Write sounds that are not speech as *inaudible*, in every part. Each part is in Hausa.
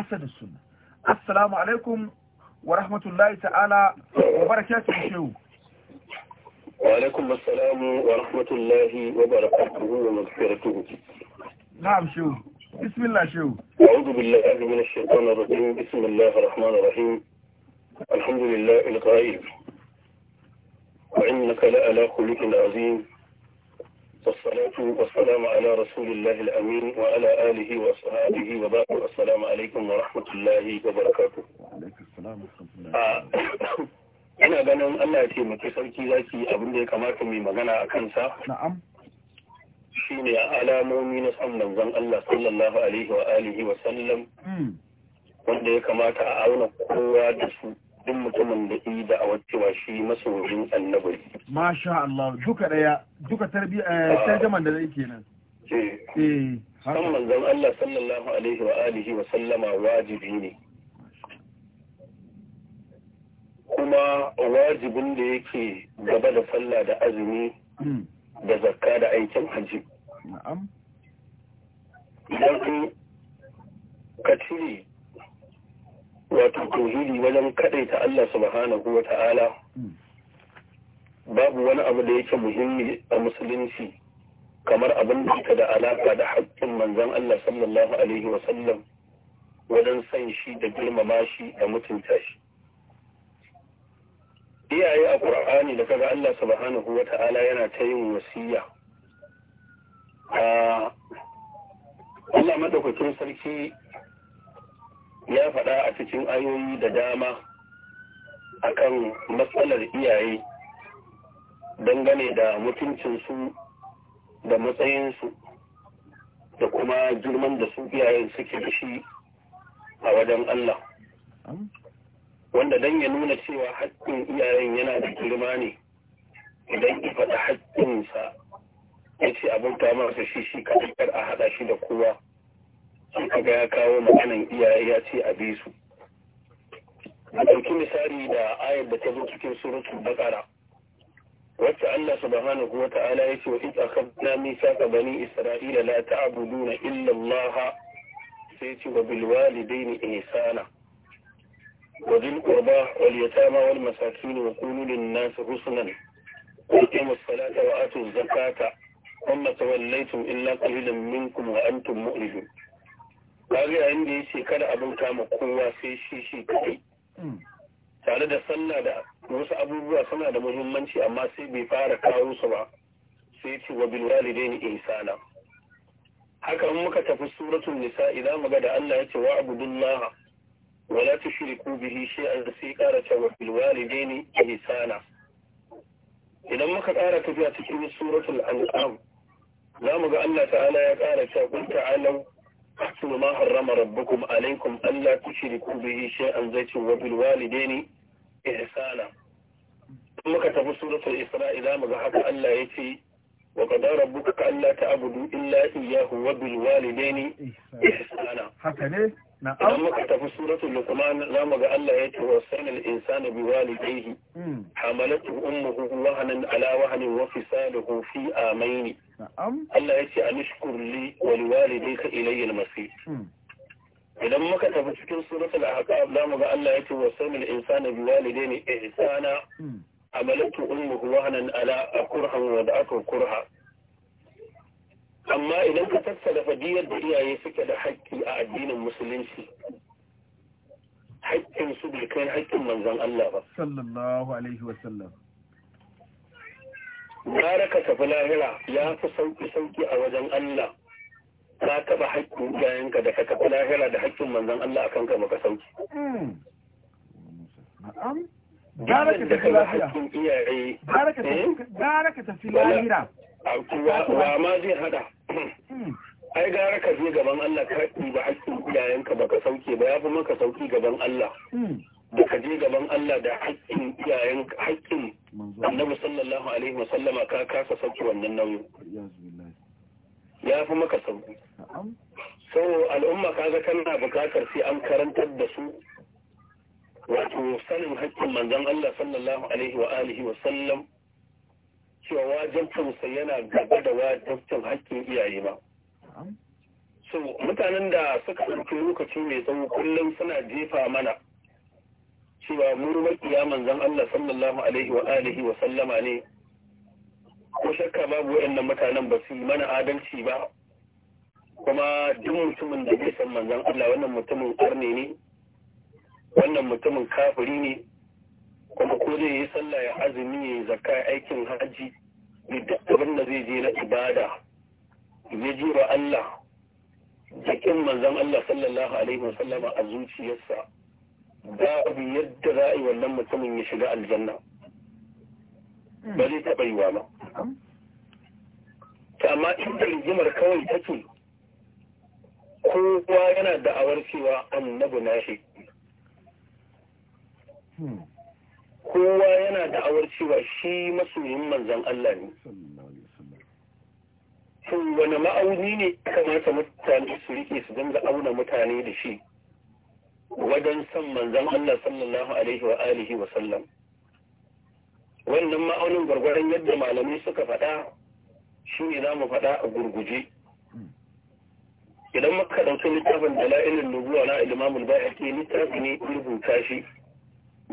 أسد السنة السلام عليكم ورحمة الله تعالى وبركاته شو. وعليكم السلام ورحمة الله وبركاته ومغفرته نعم شو بسم الله شو أعوذ بالله من الشيطان الرجيم بسم الله الرحمن الرحيم الحمد لله القائل وإنك لألا خلق عظيم والصلاة والسلام على رسول الله الأمين وعلى آله وأصحابه وبعد السلام عليكم ورحمة الله وبركاته وعليكم السلام ورحمة الله ina ganin Allah ya taimaki sarki zaki abin da ya kamata mai magana a kansa na'am shine alamomi na son manzon Allah sallallahu alaihi wa hmm. wanda ya kamata a auna kowa da su duk mutumin da yi da awar cewa shi masoyin annabi masha Allah duka ɗaya, duka tarbiya eh, ah. tarjaman da yake nan eh, eh san manzon Allah sallallahu alaihi wa alihi wa sallama wajibi ne kuma wajibin da yake gaba da sallah da azumi hmm. da zakka da aikin hajji na'am idan ka cire wato tauhidi wajen kadaita Allah subhanahu wa ta'ala babu wani abu da yake muhimmi a musulunci kamar abin da yake da alaka da haƙƙin manzon Allah sallallahu alaihi wa sallam wajen san shi da girmama shi da mutunta shi iyaye a ƙur'ani da kaga Allah subhanahu wa ta'ala yana ta yin wasiya ah, Allah madaukakin sarki ya faɗa a cikin ayoyi da dama a kan matsalar iyaye dangane da mutuncinsu da matsayinsu da kuma girman da su iyayen suke da shi a wajen Allah wanda don ya nuna cewa haƙƙin iyayen yana da girma ne idan ya faɗa haƙƙinsa ya ce abin kamar shi shi kaɗaikar a haɗa shi da kowa an kaga ya kawo maganan iyaye ya ce a bi su a ɗauki misali da ayar da ta zo cikin suratu bakara wacce Allah subhanahu wa ta'ala ya ce wa ita kabna misa ka bani isra'ila la ta'buduna illa Allah sai ce wa bil walidaini ihsana wa dil qurba wal yatama wal masakin wa qulu lin nas husnan wa aqimu as-salata wa atu az-zakata amma tawallaytum illa qalilan minkum wa antum mu'ridun ba yayin da ya ce kada abin kama kowa sai shi shi kai hmm. tare da sallah da wasu abubuwa suna da muhimmanci amma sai bai fara kawo su ba sai ce wa bil walidaini ihsana haka in muka tafi suratul nisa idan ga da Allah ya ce wa abudullah wa la tushriku bihi shay'an sai kara ta wa bil walidaini ihsana idan muka kara tafiya cikin suratul an'am za mu ga Allah ta'ala ya kara ta qul ثم ما حرم ربكم عليكم ألا تشركوا به شيئا زيت وبالوالدين إحسانا ثم كتب سورة الإسراء إذا مزحك ألا يتي وقضى ربك ألا تعبدوا إلا إياه وبالوالدين إحسانا حسنا ثم كتب سورة اللقمان لا مزح ألا يتي وصين الإنسان بوالديه حملته أمه وهنا على وهن وفصاله في آمين Allah ya ce anishkur li wa ka ilayya al hmm. idan muka tafi cikin suratul ahqaf zamu ga Allah ya ce wa samil insana biwalidayni ihsana hmm. amalatu ummuhu wahnan ala akurhan wa aka kurha amma idan ka tattara fadiyar da iyaye suke da haƙƙi a addinin musulunci haƙƙin su bai kai haƙƙin manzon Allah ba sallallahu alaihi wa sallam gara ka tafi lahira ya fi sauki sauki a wajen Allah ka taɓa haƙƙin iyayenka da ka tafi lahira da haƙƙin manzon Allah akan hmm. ka maka sauki. Gara ka tafi lahira. Eh? Gara ka tafi lahira. Wa ma zai hada. Hmm. ai gara ka je gaban Allah ka ba haƙƙin iyayenka baka sauke ba ya fi maka sauki gaban Allah hmm. da ka je gaban Allah da haƙƙin iyayen haƙƙin annabi sallallahu alaihi wasallama ka kasa sauki wannan nauyin ya fi maka sauki so al'umma kaga kana bukatar sai an karantar da su wato sanin haƙƙin manzon Allah sallallahu alaihi wa alihi wa sallam cewa wajibcinsa yana gaba da wajibin haƙƙin iyaye ma so mutanen da suka ɗauki lokaci mai tsawo kullum suna jefa mana cewa murmar kiyaman zan Allah sallallahu alaihi wa alihi wa sallama ne ko shakka babu waɗannan mutanen ba su yi mana adalci ba kuma duk mutumin da bai san manzan Allah wannan mutumin arne ne wannan mutumin kafiri ne kuma ko zai yi sallah ya azumi ya yi zakka aikin haji da duk abin da zai je na ibada ya jira Allah da manzan Allah sallallahu alaihi wa sallama a zuciyarsa babu yadda za a yi wannan mutumin ya shiga aljanna ba zai taɓa ba amma inda rigimar kawai take kowa yana da'awar cewa annabi na shi kowa yana da'awar cewa shi masoyin manzan Allah ne to wani ma'auni ne kamata mutane su rike su dinga auna mutane da shi wajen son manzon Allah sallallahu alaihi wa alihi wa sallam wannan ma'aunin gwargwaron yadda malamai suka faɗa shi ne za mu faɗa a gurguje idan muka ɗauki littafin dala'ilin nubuwa na ilimamul ke littafi ne rubuta shi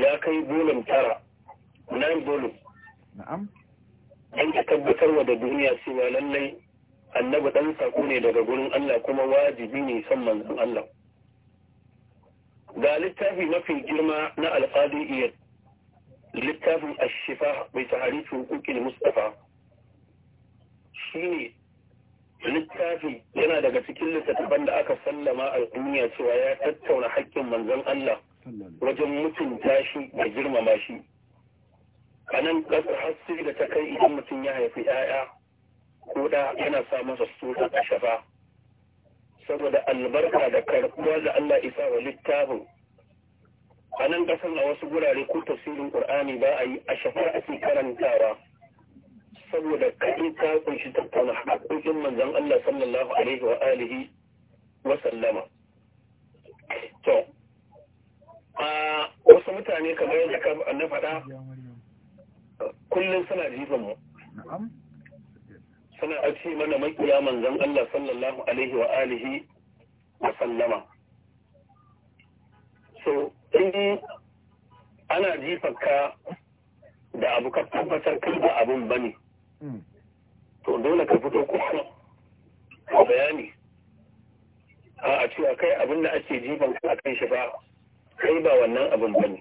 ya kai bolum tara nine bolum na'am an ka tabbatarwa da duniya cewa lallai annabi ɗan sako ne daga gurin Allah kuma wajibi ne san manzon Allah ga littafi mafi girma na alƙadi littafin ashifa mai tahari hukukin mustafa shine littafi yana daga cikin littattafan da aka sallama a duniya cewa ya tattauna haƙƙin manzon Allah wajen mutunta shi da girmama shi a nan ƙasar hasiri da ta kai idan mutum ya haifi 'ya'ya ko da yana sa masa suna a saboda albarka da karɓuwa da Allah isa wa littafin a nan kasan a wasu gurare ko tafsirin ƙur'ani ba a yi a shafar ake karantawa saboda kaɗai ta kunshi tattauna haƙoƙin manzon Allah sallallahu alaihi wa alihi wa sallama to a wasu mutane kamar yadda na faɗa kullum suna jifin mu suna a ce mana makiya manzan Allah sallallahu alaihi wa alihi wa sallama so in ana ka da abu ka tabbatar kan ba abun bane hmm. to dole ka fito kuma bayani a cewa kai abin da ake jifan ka kan shi ba kai ba wannan abin bane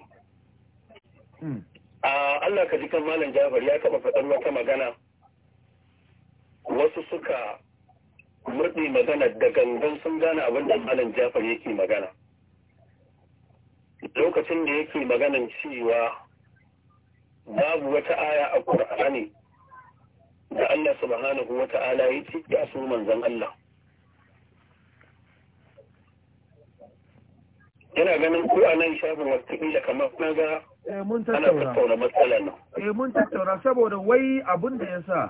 hmm. a Allah ka ji kan malam Jafar ya taba faɗar wata magana wasu suka murɗi magana da gangan sun gane abin da malam jafar yake magana lokacin da yake maganan cewa babu wata aya a ƙur'ani da Allah subhanahu wa ta'ala ya ce ya su manzan Allah yana ganin ko a nan shafin da kamar na ga eh, ana tattauna matsalar nan eh mun tattauna saboda wai abin da ya sa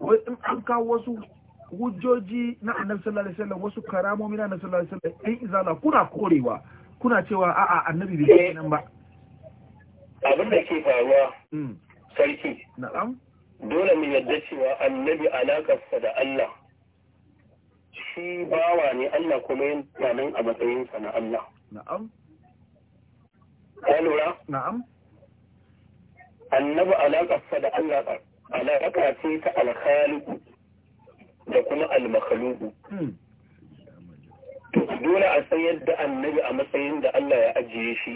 wai in an kawo wasu hujjoji na annabi sallallahu alaihi wasallam wasu karamomi na annabi sallallahu alaihi wasallam ɗan izala kuna korewa kuna cewa a'a annabi bai yi nan ba abin da ke faruwa hmm. sarki na'am dole mu yadda cewa annabi alaƙarsa da Allah shi bawa ne Allah kuma yana nan a matsayin sa na Allah na'am ka lura na'am annabi alaƙarsa da Allah alaƙa ce ta alkhaliku da kuma almakhaluku hmm. to dole a san yadda annabi a matsayin da Allah ya ajiye shi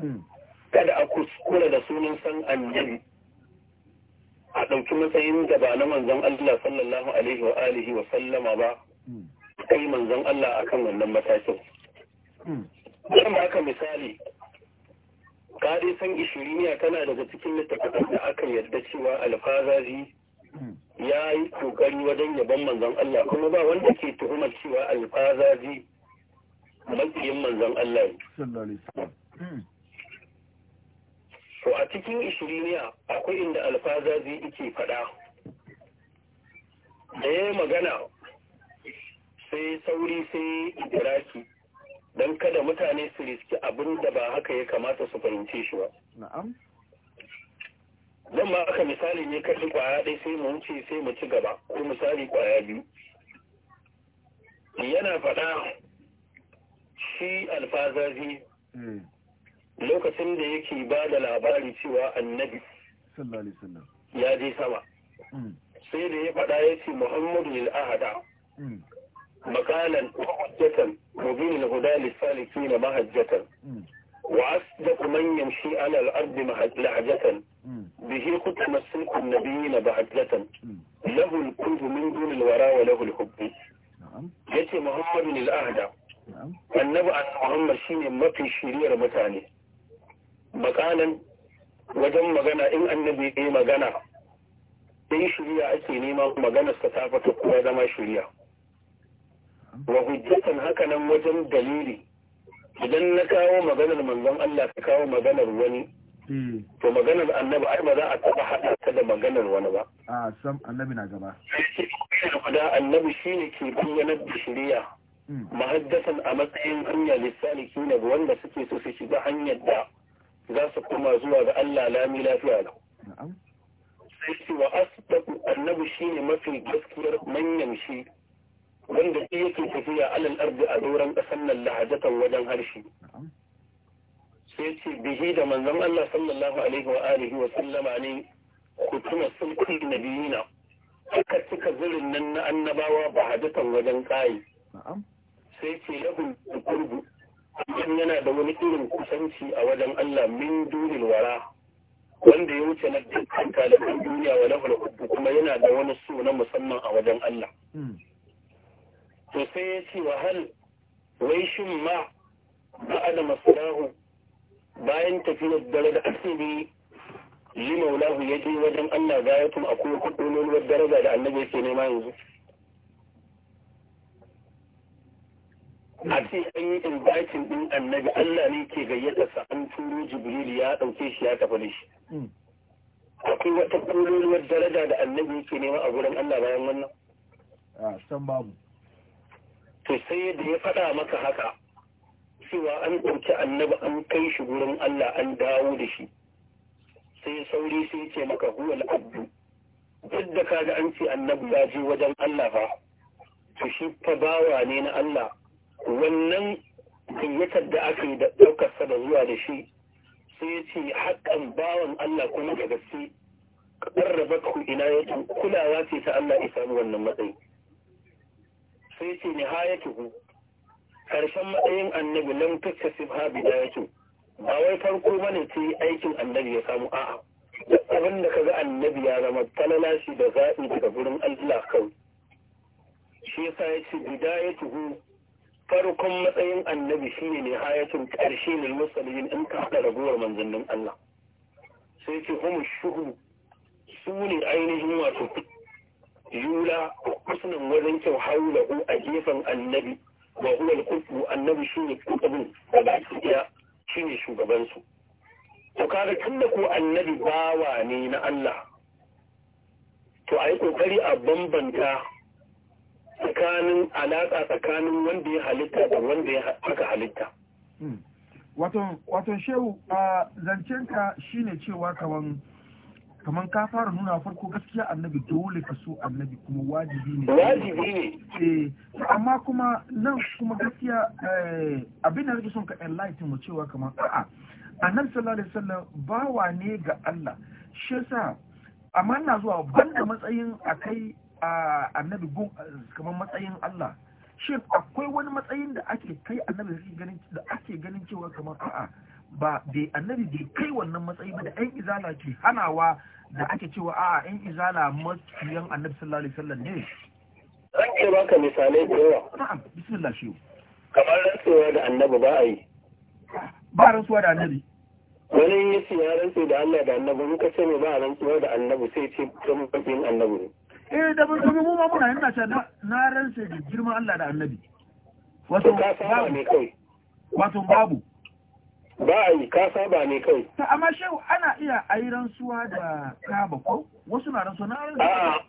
hmm. kada a kuskura da sunan san annabi a ɗauki matsayin da ba na manzon Allah sallallahu alaihi wa alihi wa sallama ba hmm. kai manzon Allah akan wannan matakin. Zan haka misali ka dai san ishiriniya tana daga cikin littattafan da aka yarda cewa alfazazi ya yi kokari wajen yaban manzon Allah kuma ba wanda ke tuhumar cewa alfazazi makiyin manzon Allah hmm. to a cikin ishiriniya akwai inda alfazazi yake faɗa da ya magana sai sauri sai idiraki don kada mutane su riski abin da ba haka ya kamata su fahimce shi ba. Na'am. Zan ma aka misali ne kashi kwaya ɗaya sai mu wuce sai mu ci gaba ko misali kwaya biyu. Yana faɗa shi alfazazi hmm. lokacin da yake ba da labari cewa annabi ya je sama. Hmm. Sai da ya faɗa ya ce Muhammadu Lil'ahada. ahada. Hmm. مكانا محجتا مبين الهدى للسالكين مهجة وعسجت من يمشي على الأرض لهجة به قتل السلك النبيين بهجة له الكل من دون الورى وله الحب جت نعم. محمد من الأهدى نعم. النبع محمد شين مطي شرير متاني مكانا وجم مغنى إن النبي إيه مغنى إيه شرية أتي نيمة مغنى استطافة قوة ما شرية wa hujjatan haka nan wajen dalili idan na kawo maganar manzon Allah ka kawo maganar wani hmm. to maganar annabi ai ba za a taba hada ta da maganar wani ba a sam annabi na gaba da annabi shine ke bayyanar da shari'a hmm. mahaddasan a matsayin hanya lissani kina ga wanda suke so su shiga hanyar da za su koma zuwa ga Allah lami lafiya lau sai shi wa asdaqu annabi shine mafi gaskiyar manyan shi wanda shi yake tafiya alal ardi a doron ƙasar nan lahajatan wajen harshe sai ce bihi da manzon Allah sallallahu alaihi wa alihi wa sallama ne kutuma sun kulli nabiyina aka cika zirin nan na annabawa ba hajatan wajen kayi sai ce lahum qurbu idan yana da wani irin kusanci a wajen Allah min dunil wara wanda ya wuce na dukkan talibin duniya wa lahul kuma yana da wani so na musamman a wajen Allah hmm. to sai ya ce wa hal wai shin ma ba'ada masarahu bayan tafiyar dare da asibi yi maulahu ya je wajen Allah gayatun akwai kudunuwar daraja da annabi yake nema yanzu a ce an yi inviting din annabi Allah ne ke gayyatarsa an turo jibril ya ɗauke shi ya tafi da shi akwai wata kudunuwar daraja da annabi yake nema a gurin Allah bayan wannan a san babu to sai da ya faɗa maka haka cewa an ɗauki annabi an kai shi wurin Allah an dawo da shi sai sauri sai ce maka huwa abdu duk da kaga an ce annabi ya je wajen Allah fa to shi fa bawa ne na Allah wannan gayyatar da aka yi da ɗaukar sa da zuwa da shi sai ya ce haƙƙan bawan Allah kuma da gaske ƙarrabat ku ina yakin kulawa ce ta Allah ya samu wannan matsayi sai ce nihayatuhu karshen matsayin annabi lam tuktasib ha bidayatu ba wai farko bane ce aikin annabi ya samu a'a abin da kaga annabi ya zama falala shi da zaɓi daga gurin Allah kawai shi yasa ya ce bidayatuhu farkon matsayin annabi shine ne hayatin ƙarshe ne musulmin in ka haɗa ragowar manzannin Allah sai ce kuma shuhu su ne ainihin wato yula husnan wajen kyau haula ko a gefen annabi wa huwa al-qutbu annabi shine qutbun da baki daya shine shugaban su to kaga tunda ko annabi bawa ne na Allah to ayi kokari a bambanta tsakanin alaka tsakanin wanda ya halitta da wanda ya aka halitta hmm. wato wato shehu a zancenka shine cewa kawan kamar ka fara nuna farko gaskiya annabi dole ka so annabi kuma wajibi ne wajibi ne eh, amma kuma nan kuma gaskiya eh, abin da nake son ka enlighten mu cewa kamar a'a annabi sallallahu alaihi wasallam bawa ne ga Allah shi yasa amma ina zuwa banda matsayin akai annabi gun kamar matsayin Allah shi akwai wani matsayin da ake kai annabi da ake ganin cewa kamar a'a ba bai annabi bai kai wannan matsayi ba da ɗan izala ke hanawa da ake cewa a ɗan izala makiyan annabi sallallahu alaihi wasallam ne Zan ke baka misalai da yawa na'am bismillah shi kamar rantsuwa da annabi ba a yi ba rantsuwa da annabi wani yi ce ya rantsu da Allah da annabi muka ce mai ba a rantsuwa da annabi sai ce kan bakin annabi eh da ban kuma mu ma muna ina na rantsu da girman Allah da annabi wato babu wato babu ba a yi ka saba ne kai ta amma shehu ana iya a yi rantsuwa da kaba ko wasu na rantsuwa na rantsuwa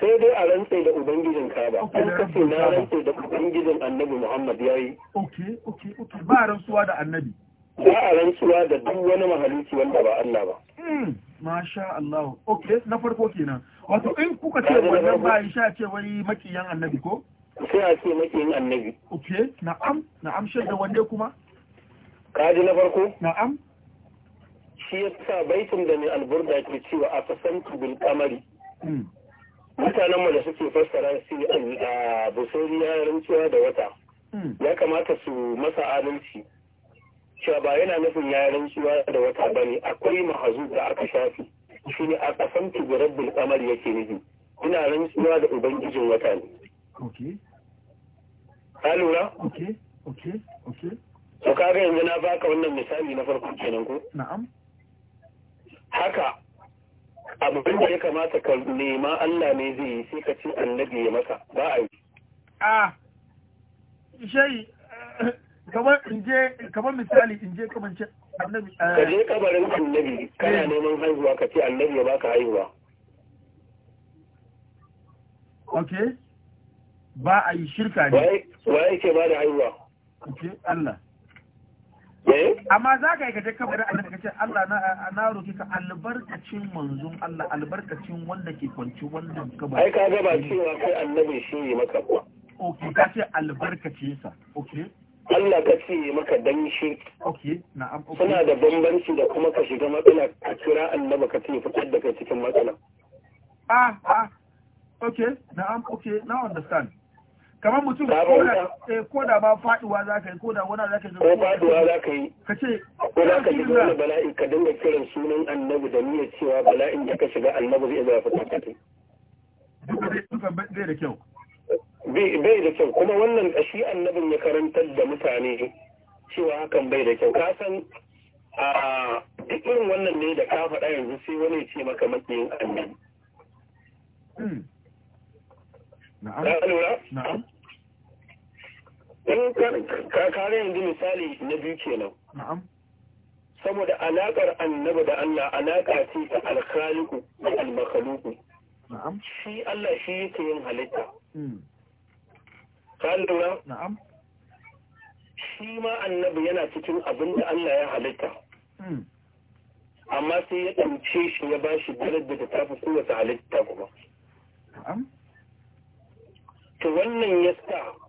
sai dai a rantse da ubangijin kaba an kace na rantse da ubangijin annabi muhammad ya yi ok ok ok ba a rantsuwa da annabi ba a rantsuwa da duk wani mahalici wanda ba allah ba hmm, masha allah ok na farko kenan wato in kuka ce wannan ba ya sha ce wani makiyan annabi ko sai a ce makiyan annabi ok na'am na'am shaida wanne kuma kaji na farko na'am shi ya sa baitin da mai alburda ke cewa a fasantu tubin kamari hmm. mutanen mu da suke fassara su eh, a busori ya rantsuwa da wata hmm. ya kamata su masa adalci cewa ba yana nufin ya rantsuwa da wata bane akwai mahazu da aka shafi shi ne a kasan bi rabin kamar yake nufi ina rantsuwa da ubangijin wata ne ka lura to kaga yanzu na baka wannan misali na farko kenan ko na'am haka abin da ya kamata ka nema Allah ne zai yi sai ka ci annabi ya maka ba a yi a shai eh, kamar in je kamar misali in je kamar ce annabi eh. ka je kabarin annabi kana eh. neman haihuwa ka ce annabi ya baka haihuwa okay ba a yi shirka ne waye ke ba da haihuwa okay Allah Eh? amma za ka yi ka taka bari Allah ka ce Allah na roki ka albarkacin manzon Allah albarkacin wanda ke kwanci wannan kabari ai ka ga ba cewa kai annabi shi yi maka kuwa okay ka ce albarkace sa okay Allah ka ce maka dan shi okay na'am okay suna da bambanci da kuma ka shiga matsala ka kira annabi ka ce fitar da kai cikin matsala ah ah okay na'am okay now understand kamar mutum ko da ba eh, faduwa za ka yi ko da wani za ka yi ko faduwa za ka yi ka ce ko za ka shiga wani bala'in ka dinga kiran sunan annabi da niyyar cewa bala'in da ka shiga annabi zai zafi fita ka duka bai da kyau bai da kyau kuma wannan shi annabin ya karantar da mutane cewa hakan bai da kyau ka san a duk irin wannan ne da ka faɗa yanzu sai wani ce maka matsayin annabi hmm. Na'am. Na'am. in kare yanzu misali na biyu kenan saboda alakar annaba da Allah alaka ce ta alkhaliku da almakaluku shi Allah shi yake yin halitta hmm. ka lura shi ma annabi yana cikin abin da Allah ya halitta hmm. amma sai ya ɗauce shi ya ba shi darajar da ta fi kowace halitta kuma to wannan ya sa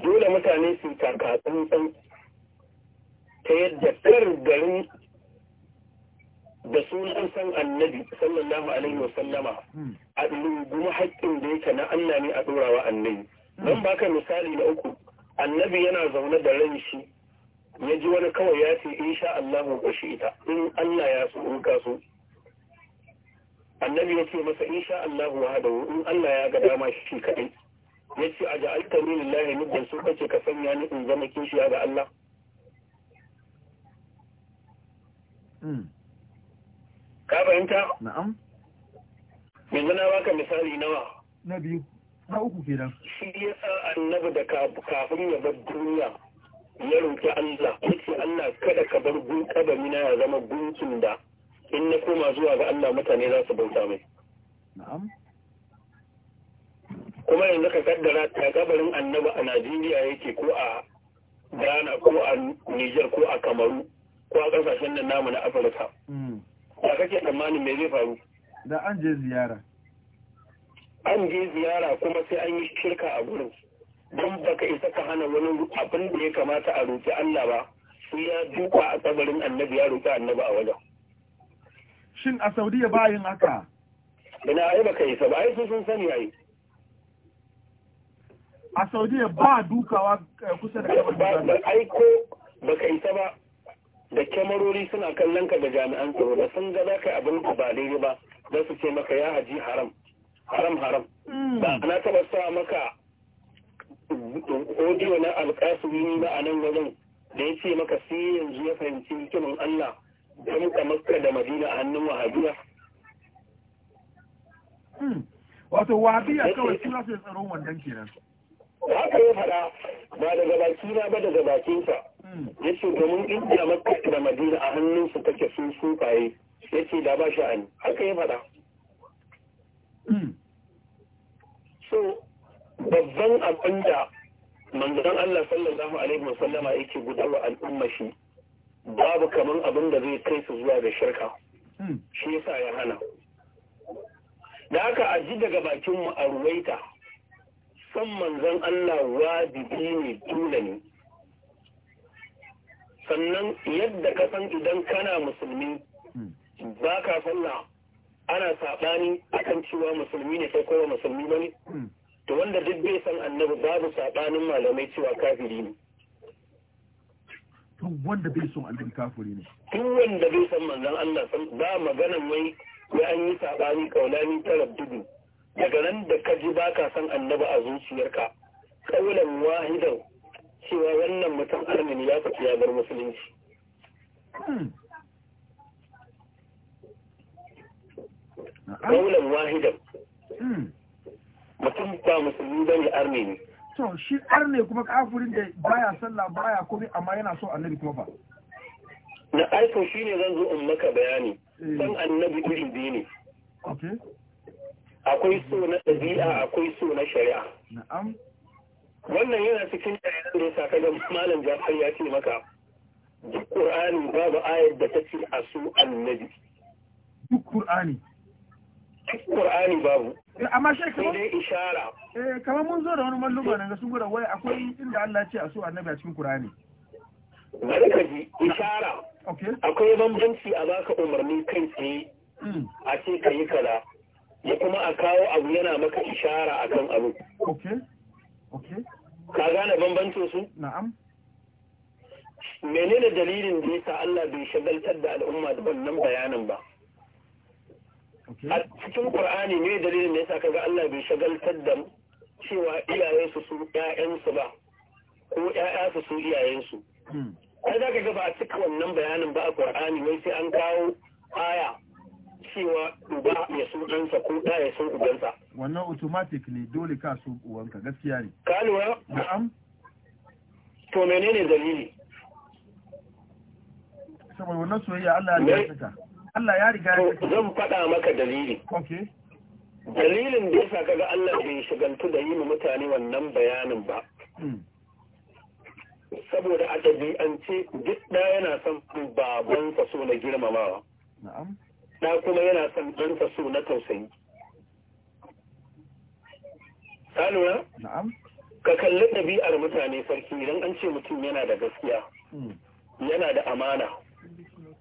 dole mutane su taka tsantsan ta yadda kar garin da sunan san annabi sallallahu alaihi wa sallama a rungumi haƙƙin da yake na Allah ne a ɗorawa annabi don hmm. baka misali na uku annabi yana zaune da ran shi ya ji wani kawai ya ce insha Allah ko shi ita in Allah ya so in ka so annabi ya ce masa insha Allah wa hadahu in Allah ya ga dama shi kaɗai ya ce a ja'alta ni lillahi nubban su kace ka sanya ni in zama kishiya ga Allah hmm. ka fahimta na'am yanzu na baka misali nawa na biyu na uku kenan shi yasa annabi da kafin ya bar duniya ya roki Allah yace Allah kada ka bar gun kabari na ya zama gunkin da in na koma zuwa ga Allah mutane za su bauta mai na'am kuma yanzu ka kaddara ta kabarin annaba a najeriya yake ko a ghana ko a niger ko a kamaru ko a kasashen nan namu na afirka da mm. kake tsammanin me zai faru da an je ziyara an je ziyara kuma sai an yi shirka a gurin don baka isa ka hana wani abin da ya kamata a roƙi Allah ba sai ya duka a kabarin annabi ya roƙi annabi a wajen shin a saudiya yin haka ina ai baka isa ba ai sun sani ai a saudiya ba dukawa eh, kusa da kamar da aiko ka isa ba da kyamarori suna kallon ka da jami'an tsaro da sun ga ka abin da ba daidai ba za su ce maka ya haji haram haram haram mm. ba na taba sa maka audio na alkasumi ba a nan wajen da ya ce maka sai yanzu ya fahimci hikimin Allah don ka makka da madina a hannun wahabiya mm. wato wahabiya kawai suna sai tsaron wannan kenan haka ya faɗa ba daga baki na ba daga bakinsa sa hmm. yace domin indiya makka da madina a hannunsu take sun sukaye yace da ba ani haka ya fada hmm. so babban abin da manzon Allah sallallahu alaihi wasallama yake gudarwa al'umma shi babu kaman abin da zai kai su zuwa ga shirka hmm. shi yasa ya hana da haka a daga bakin mu a ruwaita son manzon Allah wajibi ne dole ne sannan yadda ka san idan kana musulmi ba ka sallah ana saɓani akan cewa musulmi ne sai kowa musulmi ba ne to wanda duk bai san annabi babu saɓanin malamai cewa kafiri ne duk wanda bai son annabi kafiri ne duk wanda bai san manzon Allah san ba maganan wai ya an yi saɓani kaulani tara dubu daga nan da ka ji ba ka san annaba a zuciyarka kawulan wahidan cewa wannan mutum armin ya fita ya bar musulunci kawulan wahidan mutum ba musulmi ba ne armi ne to shi arne kuma kafurin da baya sallah baya komai amma yana so annabi kuma ba na aiko shine zan zo in maka bayani san eh. annabi irin biyu ne akwai so na ɗabi'a akwai so na shari'a wannan yana cikin ɗayan da ya sa malam jafar ya ce maka duk ƙur'ani babu ayar da ta ce a so annabi duk ƙur'ani duk ƙur'ani babu eh, amma shi kamar dai ishara eh kamar mun zo da wani malluma nan ga sun gura wai akwai inda Allah ya ce a so annabi a cikin ƙur'ani bari ka ji ishara akwai bambanci a baka umarni kai tsaye hmm. a ce ka yi kaza ya kuma a kawo abu yana maka ishara a kan abu ka gane bambancin su na'am menene dalilin da yasa Allah bai shagaltar da al'umma da wannan bayanin ba a cikin Qur'ani ne dalilin da yasa kaga Allah bai shagaltar da cewa iyaye su su ƴaƴansu ba ko ƴaƴa su su iyayensu kai hmm. ka ga ba a cika wannan bayanin ba a Qur'ani wai sai an kawo aya cewa uba ya so ɗansa ko ɗa ya so ubansa. Wannan automatic ne dole ka so uwanka gaskiya ne. Ka lura? Na'am. To menene dalili? Saboda wannan soyayya Allah ya riga saka. Allah ya riga ya saka. Zan faɗa maka dalili. Okay. Dalilin da ya sa kaga Allah bai shigantu da yi mutane wannan bayanin ba. Hmm. Saboda a ɗabi'ance duk ɗaya yana son babansa so na girmamawa. Na'am. Na kuma yana son ɗansa so na tausayi ka ka kalli ɗabi'ar mutane sarki idan an ce mutum yana da gaskiya hmm. yana da amana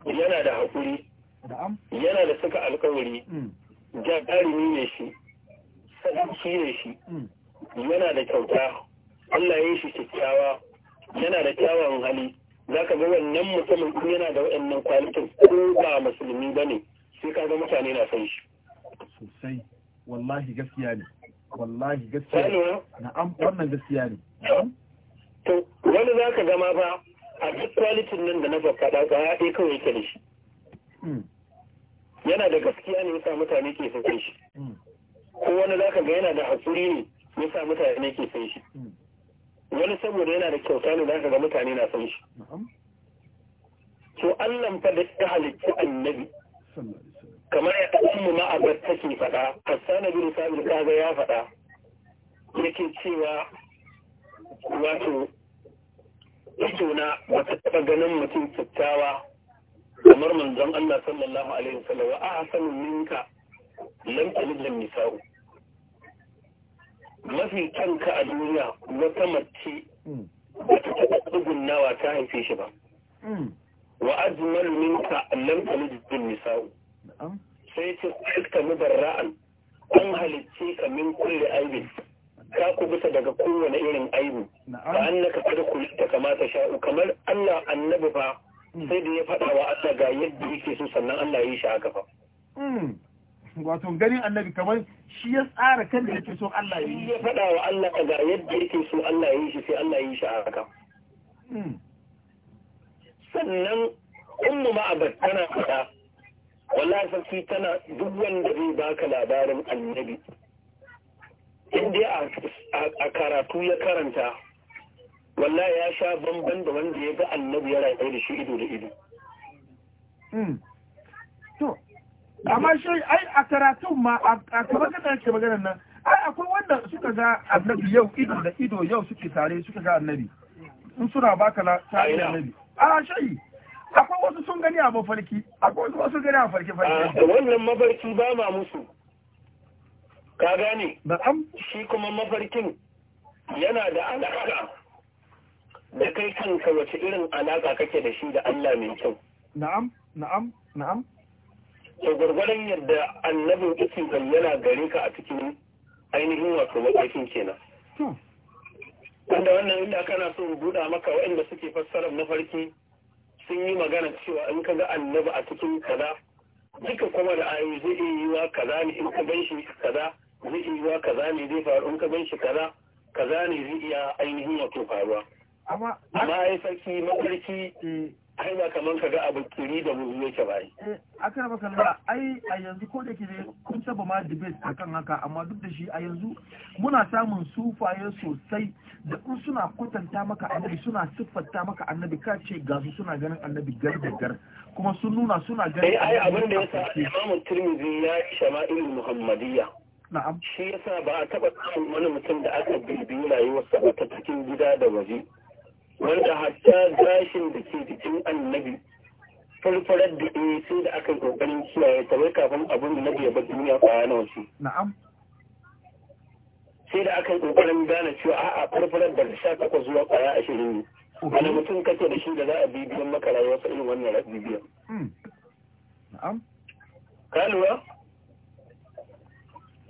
yana da haƙuri yana da suka alkawari hmm. jarumi ne shi Sarki ne shi hmm. yana da kyauta Allah ya yi shi kyakkyawa yana da kyawawan hali za ka ga wannan mutumin yana da waɗannan kwalitin ko ba musulmi ba ne sai ka ga mutane na san shi sosai wallahi gaskiya ne wallahi gaskiya ne an wannan gaskiya ne to wani za ka zama ba a duk kwalitin nan da na faɗa ga ya ɗai kawai yake da shi hmm. yana da gaskiya ne yasa mutane ke san shi hmm. ko wani za ka ga yana da haƙuri ne yasa mutane ke san shi hmm. wani saboda yana da kyauta ne za ka ga mutane na san shi to Allah fa da ya halitta annabi kamar ya mu ummu ta take faɗa hassana bin sabir kaga ya faɗa yake cewa wato idona ba ta taɓa ganin mutum kyakkyawa kamar manzon Allah sallallahu alaihi wasallam wa ahsanu minka lam talid lam nisa'u mafi kanka a duniya wata mace ba ta taɓa tsugunnawa ta haife shi ba hmm. wa ajmal minka lam talid lam nisa'u sai ce da ra'an an halicce ka min kulle aibin ka ku bisa daga kowane irin aibi ba an annaka kada kulikta kamata sha'u kamar Allah annabi fa mm. sai da ya faɗa wa Allah ga yadda yake so sannan Allah ya yi shi haka fa mm. wato ganin annabi kamar shi ya tsara kan da yake so Allah ya yi ya faɗa wa Allah ga yadda yake so Allah ya yi shi sai Allah ya yi shi haka mm. sannan ummu ma'abad tana faɗa wallahi sarki tana duk wanda zai baka labarin annabi in dai a karatu ya karanta wallahi ya sha bamban da wanda ya ga annabi ya rayu da shi ido da ido hmm. amma shi ai a karatun ma a kamar kada yake maganar nan ai akwai wanda suka ga annabi yau ido da ido yau suke tare suka ga annabi in suna baka la tare annabi a shi akwai wasu sun gani a mafarki akwai wasu wasu gani a farki wannan mafarki ba ma musu ka gane shi kuma mafarkin yana da alaƙa da kai kanka wace irin alaƙa kake da shi da Allah mai kyau na'am na'am na'am to gwargwadon yadda annabin ikin bayyana gare ka a cikin ainihin wato mafarkin kenan hmm. wanda wannan inda kana so in buɗa maka waɗanda suke fassarar mafarki sun yi magana cewa in ka ga annabi a cikin kaza duka kuma da ayoyi zai iya yi wa kaza ne in ka ganshi kaza zai iya yi wa kaza ne zai faru in ka ganshi kaza kaza ne zai iya ainihin wato faruwa amma ya mafarki mm. ai ba kamar ka ga abu kiri da mu yake bai eh, akan raba kallon ai a yanzu ko da ke ne kun saba ma debate akan haka amma duk da shi a yanzu muna samun sufaye sosai da kun suna kwatanta maka annabi suna siffanta maka annabi ka ce ga su suna ganin annabi gar da gar kuma sun nuna suna ganin eh, ai abin da yasa Imam Tirmidhi ya yi shama'il Muhammadiyya na'am shi yasa ba a taba samun wani mutum da aka bibiyi rayuwarsa ba ta cikin gida da waje wanda hatta gashin da ke jikin annabi farfarar da ɗaya eh, sai da aka ƙoƙarin kiyaye ta wai kafin abin da nabi ya bar duniya kwaya na ce na'am sai da aka ƙoƙarin gane cewa a'a farfarar da sha takwas zuwa kwaya ashirin ne wani mutum kake da shi da za a bibiyan maka rayuwarsa irin wannan bibiyan hmm. na'am ka lura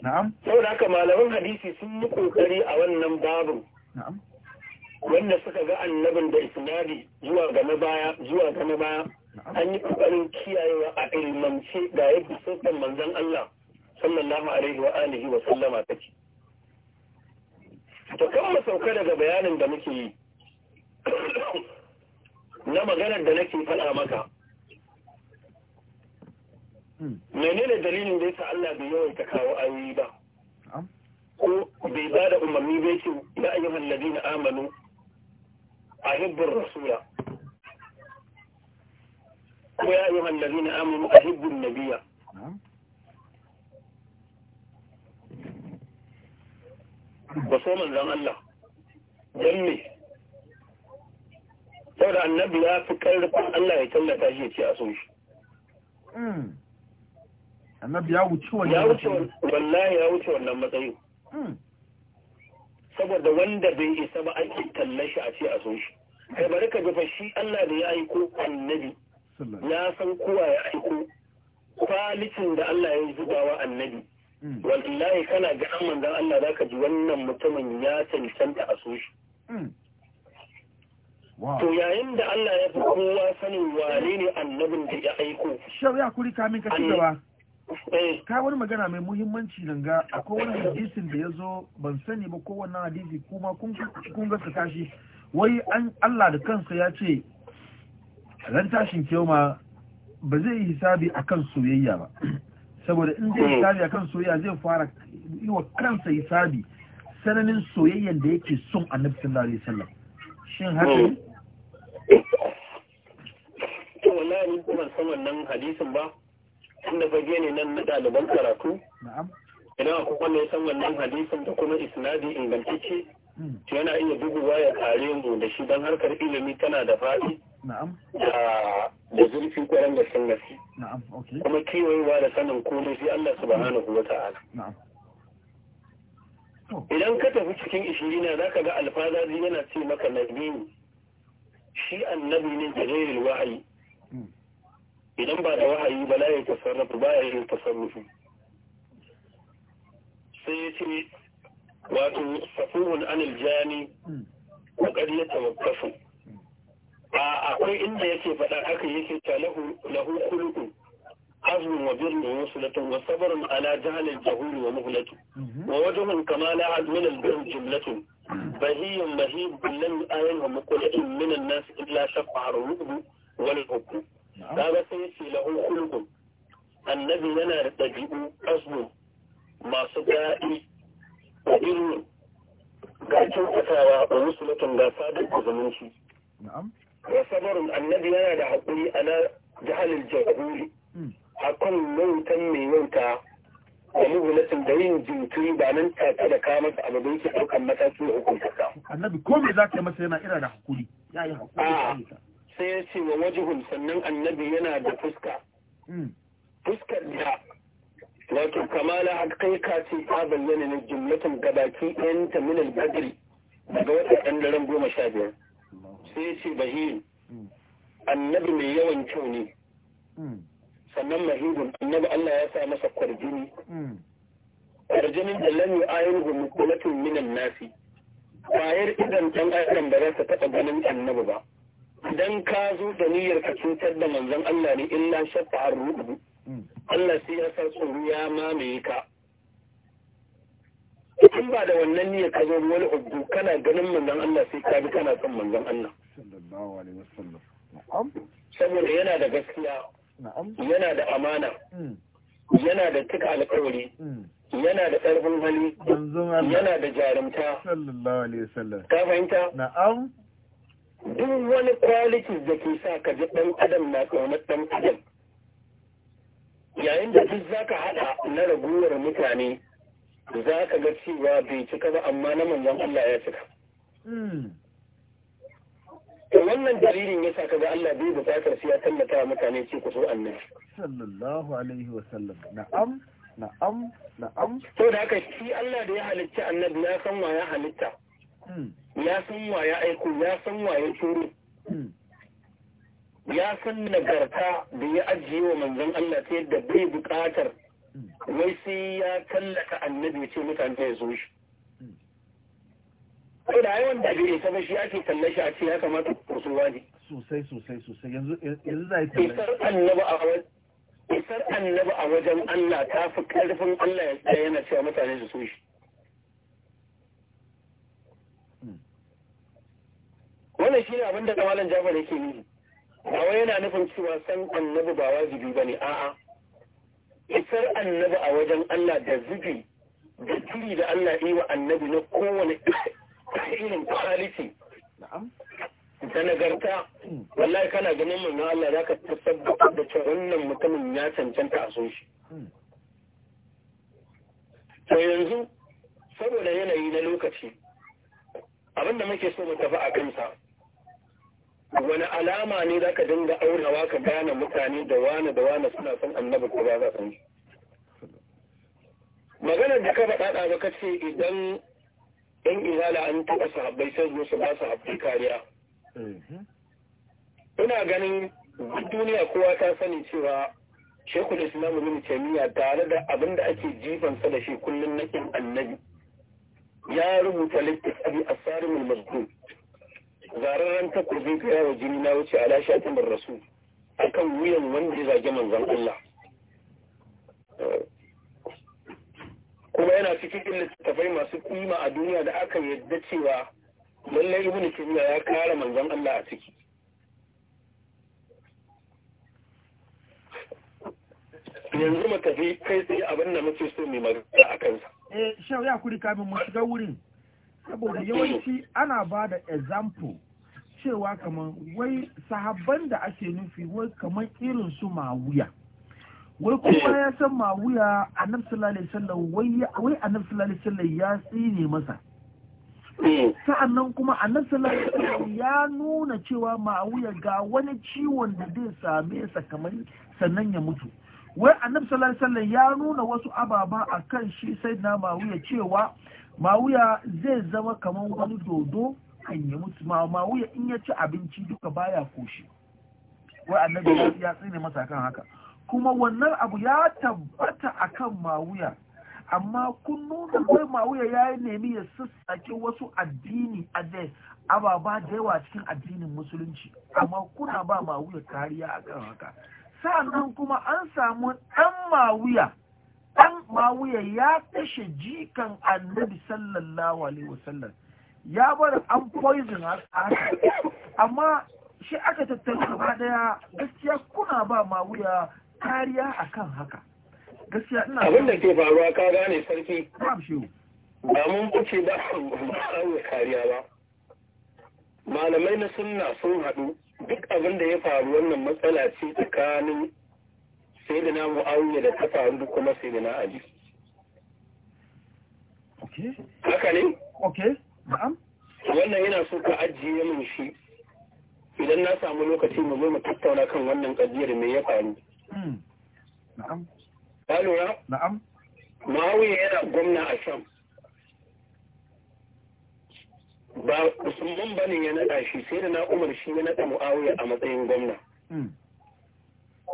na'am saboda haka malaman hadisi sun yi ƙoƙari a wannan babu na'am wanda suka ga annabin da isnadi zuwa ga na baya zuwa ga na baya an yi kokarin kiyayewa a ilmance ga yadda sosan manzon Allah sallallahu alaihi wa alihi wa sallama take to kan mu sauka daga bayanin da muke yi *coughs* na maganar da nake faɗa maka hmm. menene dalilin da yasa Allah bai yawaita kawo ayoyi ba ko bai ba da umarni bai ce ya ayyuhan ladina amanu a hibbin rasula ko ya yi hallabi na amuru a hibbin nabiya ba so manzan Allah don me saboda annabi ya fi karfin Allah ya tallata shi ya ce a so shi annabi ya wuce wannan ya ya wuce wannan matsayin saboda wanda bai isa ba ake talla shi a ce a so shi kai bari ka dafa shi Allah da ya aiko annabi ya san kowa ya aiko kwalicin da Allah ya zuba wa annabi hmm. wallahi kana ga an manzon Allah zaka ji wannan mutumin ya cancanta a so shi hmm. to yayin da Allah ya fi kowa sanin wane ne annabin da ya aiko shau kuri kamin ka ci gaba Eh. ka wani magana mai muhimmanci nan ga akwai wani hadisin da ya zo ban sani ba ko wannan hadisi kuma kun gaskata shi wai an Allah da kansa ya ce ran tashin kiyoma ba zai yi hisabi akan soyayya ba *clears throat* saboda in zai eh. hisabi akan soyayya zai fara yi wa kansa hisabi sananin soyayyan da yake son annabi sallallahu alaihi wasallam shin haka eh. to wallahi ni ban san wannan hadisin ba inda fage ne nan na ɗaliban karatu idan akwai wanda ya san wannan hadisin da kuma isnadi ingantacce hmm. to yana iya dubuwa ya kare mu da shi don harkar ilimi tana da faɗi da zurfi kwaran da sun nasi kuma kewayewa da sanin komai sai Allah subhanahu wa ta'ala idan ka tafi cikin ishirina za ka ga alfazazi yana ce maka nabi shi annabi ne da wahayi idan ba da wahayi ba la ya tasarrufu ba ya yin tasarrufi sai ya ce wato safuhun anil jani kokari ya tawakkafu a akwai inda yake faɗa haka yake ta lahu lahu khuluqun azmun wa birrun wa sulatun wa sabrun ala jahalil jahul wa muhlatu mhm. wa wajen kama la min al birr jumlatun bahiyyun mahib lam ayan wa muqlatun min an nas illa shaqa harin rubu wani hukm kaga sai yace lahu kulku annabi yana da ɗabi'u asbu masu daɗi da ilmi ga a da musulatun ga sadar da shi. ya sabarun annabi yana da haƙuri ana jahalil jahuri hmm. akan yautan mai yauta a mugunatin da yin jinkiri ba nan ta da kama masa abu da yake ɗaukan matakin hukunta annabi ko me za ka yi masa yana ira da haƙuri ya yi haƙuri sai ya ce wa wajihun sannan annabi yana da fuska hmm. fuskar da wato kamala haƙaƙa ce ta bayyana na jumlatin gabaki ta minal badri daga waɗannan daren goma sha biyar sai ya ce bahir hmm. annabi mai yawan kyau ne hmm. sannan mahidun annabi Allah ya sa masa kwarjini kwarjinin da lam yu'ayin hu mukulatun minan nasi kwayar idan ɗan adam ba za su taɓa ganin annabi ba idan ka zo da niyyar ka cutar da manzon Allah ne illa shaffa arruhu Allah sai ya sa tsoro ya mamaye ka in ba da wannan niyyar ka zo wani hudu kana ganin manzon Allah sai ka bi kana son manzon Allah sallallahu alaihi wasallam saboda yana da gaskiya yana da amana hmm. yana da tuka alƙawari hmm. yana da ƙarfin hali yana da jarumta sallallahu alaihi wasallam ka fahimta na'am duk wani kwalitin da ke sa ka ji ɗan adam na ƙaunar ɗan adam yayin da duk za ka haɗa na raguwar mutane za ka ga cewa bai cika ba amma na manzon Allah ya cika. Hmm. Ta wannan dalilin ya sa ka ga, Allah bai bukatar sai ya tallata wa mutane ce ku so annabi. Sallallahu alaihi wa sallam. Na'am, na'am, na'am. To da haka shi Allah da ya halitta annabi ya san wa ya halitta. Hmm. ya san wa ya aiko ya san wa ya turo hmm. ya san nagarta da ya ajiye wa manzon Allah ta yadda bai buƙatar hmm. wai sai ya tallata annabi ce mutane ya yazo shi ko hmm. da yawan da bai ta shi ake kalle shi a ce ya kamata ku so wani sosai sosai sosai yanzu yanzu zai ta isar annabi a wajen isar annabi a wajen Allah ta fi karfin Allah ya tsaya yana cewa mutane su so shi wannan shi ne abin da kamalan jafar yake yi ba wai yana nufin cewa san annabi ba wajibi ba ne a'a isar annabi a wajen Allah da zubi da turi da Allah yi wa annabi na kowane irin kwaliti da nagarta wallahi kana ganin mu na Allah zaka tabbatar da cewa wannan mutumin ya cancanta a son shi hmm. to yanzu saboda yanayi na lokaci abinda muke so mu tafi a kansa wani alama ne za ka dinga aunawa ka gane mutane da wane da wane suna son annabi ko ba za su maganar da ka faɗa da ka ce idan ɗan izala an taɓa sahabbai sai zo su ba su haɓɓi kariya ina ganin duniya kowa ta sani cewa shekul islamu ibn taimiyya tare da abin da ake jifansa da shi kullum na kin annabi ya rubuta littafi asarimul mazkur zararren takobi ka yawo jini na wuce ala shatin da rasu akan wuyan wanda ya zage manzan Allah kuma yana cikin littattafai masu kima a duniya da aka yadda cewa lallai ibnu kimiyya ya kare manzan Allah a ciki yanzu mu tafi kai tsaye abin da muke so mai magana a kansa eh shau ya kuri kamin mu shiga wurin saboda yawanci ana ba da example cewa kamar wai sahabban da ake nufi wai kamar irin su mawuya wai kuma eh. ya san mawuya a sallallahu sallar wai a sallallahu sallar ya tsine masa eh. sa'annan kuma a sallallahu alaihi ya nuna cewa mawuya ga wani ciwon da zai same sa kamar sannan ya mutu wai annabi sallallahu alaihi wasallam ya nuna wasu ababa akan shi sai na mawuya cewa mawuya zai zama kamar wani dodo kan yi mutu mawuya in ya ci abinci duka baya koshi wai annabi ya tsine masa kan haka kuma wannan abu ya tabbata a kan mawuya amma kun nuna kai mawuya ya yi nemi ya sassake wasu addini a dai ababa da yawa cikin addinin musulunci amma kuna ba mawuya kariya a kan haka sa'annan kuma an samu ɗan mawuya ɗan mawuya ya kashe jikan annabi sallallahu alaihi wasallam ya bar an poison a haka amma shi aka tattara gaba daya gaskiya kuna ba mawuya kariya akan haka gaskiya ina abin da ke faruwa ka gane sarki ba mun kuce ba ba kariya ba malamai na sunna sun haɗu duk abin da ya faru wannan matsala ce tsakanin sai da na mu'awiya da ta faru da kuma sai da na ali haka ne? ok na'am wannan yana so ka ajiye min shi idan na samu lokaci mu zo mu tattauna kan wannan kadiyar me ya faru hmm. na'am ka lura na'am mu'awiya yana gwamna a sham ba usman bane ya naɗa shi sai da na umar shi ya naɗa muawiya a matsayin gwamna ko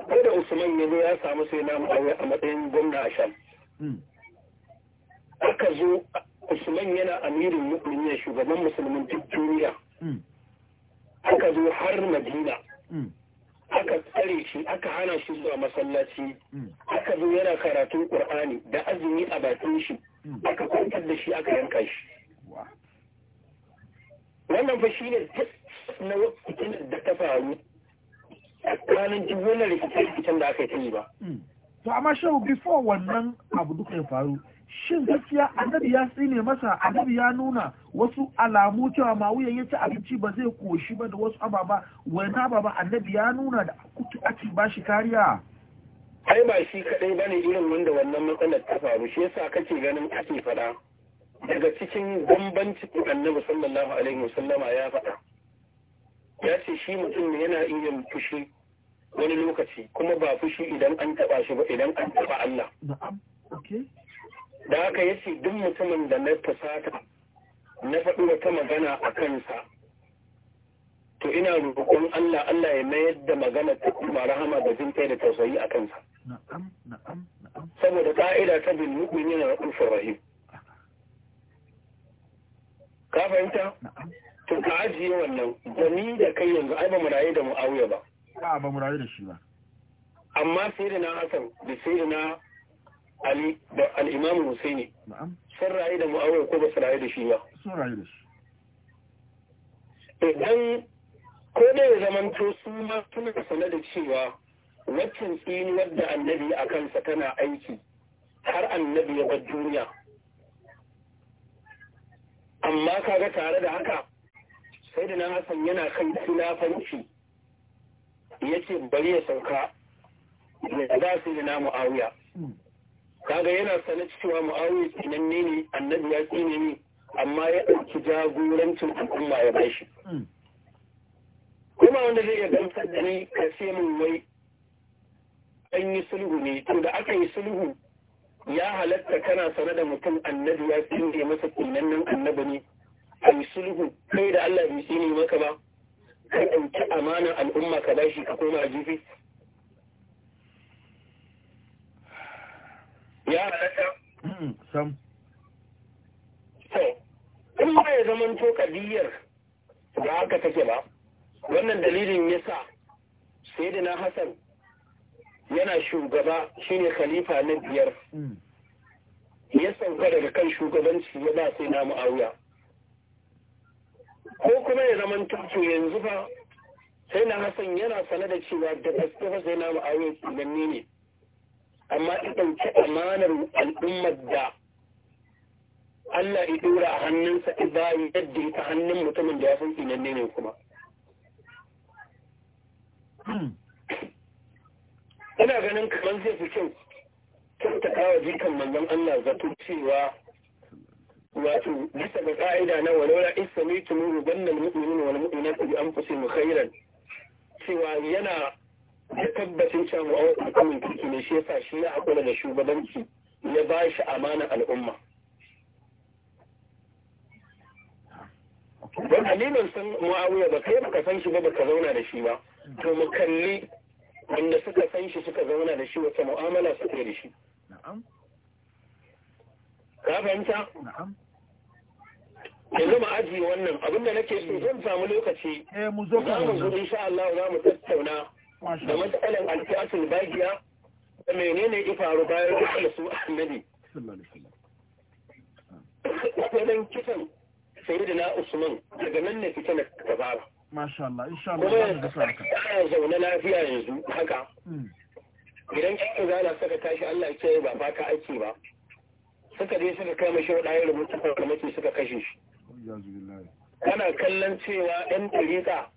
hmm. da usman ya zo ya samu sai na muawiya a matsayin gwamna a sham hmm. aka zo usman yana amirin mu'minin shugaban musulmin duk duniya hmm. aka zo har madina aka tsare shi aka hana shi zuwa masallaci aka zo yana karatun ƙur'ani da azumi a bakin shi aka kwantar da shi aka yanka shi wannan fa shine na wakilin da ta faru a tsakanin duk wannan rikice da aka yi ba. Hmm. to amma shau before wannan abu duka ya faru shin gaskiya annabi ya tsine masa annabi ya nuna wasu alamu cewa mawuyan ya ci abinci ba zai koshi ba da wasu ababa wani ababa annabi ya nuna da kutu ake ba shi kariya ai ba shi kadai bane irin wanda wannan matsalar ta faru shi yasa kake ganin ake faɗa. daga cikin bambanci annabi sallallahu alaihi wasallama ya faɗa ya ce shi mutum ne yana iya fushi wani lokaci kuma ba fushi idan an taɓa shi ba idan an taɓa Allah da haka yace duk mutumin da na fusata na faɗi wata magana a kansa to ina roƙon Allah Allah ya mayar da magana ta kuma rahama da jin da tausayi a kansa saboda ka'ida ta bin mu'min yana rahim ka fahimta to ka ajiye wannan da ni da kai yanzu ai ba mu rayu da muawiya ba a ba mu rayu da shi ba amma sai da na hasan da sai da na ali da al-imam husaini sun rayu da muawiya ko ba su rayu da shi ba sun rayu da shi idan ko da ya zamanto su ma suna sanar da cewa waccan tsini da annabi a kansa tana aiki har annabi ya bar duniya amma kaga tare da haka sai da na hasan yana kan khilafanci ya ce bari ya sauka da za su da na mu'awiya kaga yana sana cewa mu'awiya tsinanne ne annabi ya tsine ne amma ya ɗauki jagorancin al'umma ya bashi kuma wanda zai iya gamsar da ni ka sai min wai an yi sulhu ne to da aka yi sulhu ya halatta kana sane da mutum annabi ya tsinge masa kullannen annabi ne a yi sulhu kai da Allah bai tsine maka ba ka ɗauki amanar al'umma ka bashi ka koma a jifi ya halatta in ba ya zaman to kadiyar da haka take ba wannan dalilin ya sa sai da na hasan yana shugaba shine khalifa na biyar hmm. ya sauka daga kan shugabanci ya ba sai na mu'awiya ko kuma ya zaman tuto yanzu fa sai na Hassan yana sane da cewa da gaske fa sai na mu'awiya shugabanni ne amma ya ɗauki amanar al'ummar da Allah ya dora a hannunsa ibayi yadda ta hannun mutumin da ya san tsinanne ne kuma. Hmm. ina ganin kamar zai fi kyau kyauta kawo jikan manzon Allah zato cewa wato bisa ga ka'ida na walaula istamitu min rubanna almu'minuna wal mu'minatu bi anfusihim khairan cewa yana da tabbacin cewa a wata kirki ne shi yasa shi ya hakura da shugabanci ya ba shi amana al'umma don alimin san mu'awiya ba kai baka san shi ba ka zauna da shi ba to mu kalli wanda suka san shi suka zauna da shi wata mu'amala suka da shi ka fahimta yanzu ma ajiye wannan abinda nake so zan samu lokaci eh, za mu zo insha Allah za mu tattauna da matsalan alfiyatul bagiya da menene ya faru bayan da su annabi akwai dan kitan sayyidina Usman daga nan ne fita na ba Masha Allah, insha Allah za mu saka. Ana zaune lafiya yanzu haka. Hmm. Idan cikin zana suka tashi Allah ce ba ka aiki ba. Suka je suka kai mashi wadannan rubutun farmaki suka kashe shi. Kana kallon cewa ɗan ɗariƙa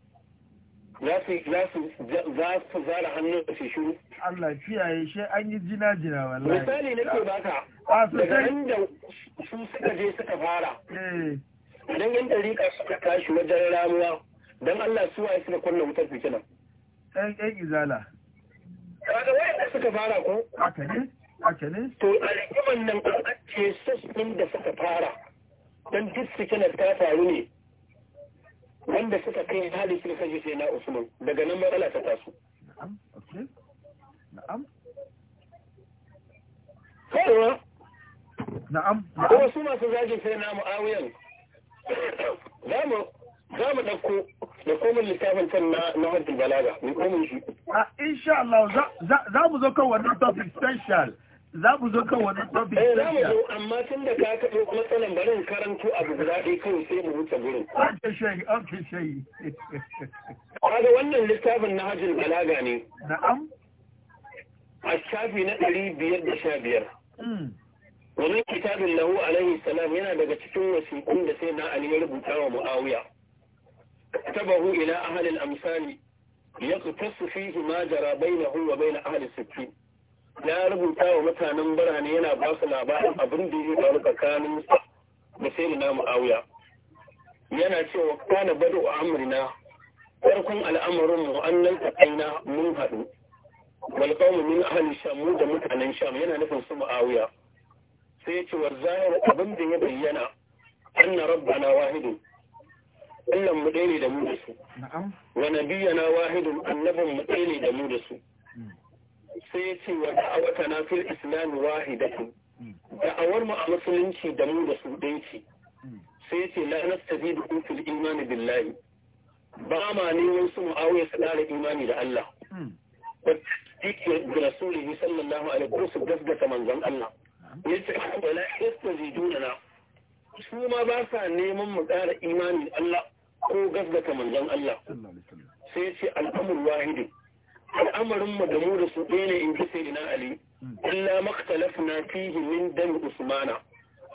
za su zara hannun su shiru. Allah kiyaye shi an yi jina jina wallahi. Misali nake baka. Daga inda su suka je suka fara. Eh. Idan yan ɗariƙa suka tashi wajen ramuwa. dan Allah su waye suka kunna wutar fitina ɗan ɗan izala kaga da suka fara ko haka ne haka ne to a nan ko ce sosin da suka fara dan duk fitina ta faru ne wanda suka kai hali suka kaje sai na Usman daga nan matsala ta taso na'am okay na'am kaiwa na'am ko su masu zagin sai na mu'awiyan *coughs* zamu za mu ɗauko da komin littafin kan na na balaga mu komin shi a insha Allah za mu zo kan wannan topic special za mu zo kan wannan topic special eh, za mu zo amma tun da ka kaɗo matsalan barin karanto abu guda ɗaya kawai sai mu wuce gurin ake shayi ake shayi kaga wannan littafin na hajjul balaga ne na'am a shafi na ɗari biyar da sha biyar hmm. wannan kitabin lahu alaihi salam yana daga cikin wasiƙun da sai na ali ya rubuta wa mu'awiya tabahu ila ahalin amsali ya kutassu fihi ma jara bainahu wa bain ahli sittin na rubuta wa mutanen birane yana basu su labarin abin da ya faru tsakanin da sai na mu'awiya yana cewa kana badu amrina farkon al'amarin mu an nan tsakaina mun haɗu wal qawmu min ahli mu da mutanen sham yana nufin su mu'awiya sai ya ce wa zahir abin da ya bayyana anna rabbana wahidun Allah mu ɗaya ne da mu da su wa nabiyyana wahidun annabin mu ɗaya ne da mu da su hmm. sai ya ce wa da'awata na fil islam wahidatu hmm. da'awar mu a musulunci da mu da su ɗaya ce hmm. sai ya ce la nastazidu fil imani billahi ba ma neman su mu'awiya su ɗara imani da Allah da rasulihi sallallahu alaihi wasallam su gaskata manzon Allah yace wala juna na su ma ba sa neman mu ƙara imanin Allah ko gasgata manzon Allah sai ce al'amur wahidin al'amarin mu da mu da su ɗaya ne in ji sai na Ali illa maktalafna fihi min dami usmana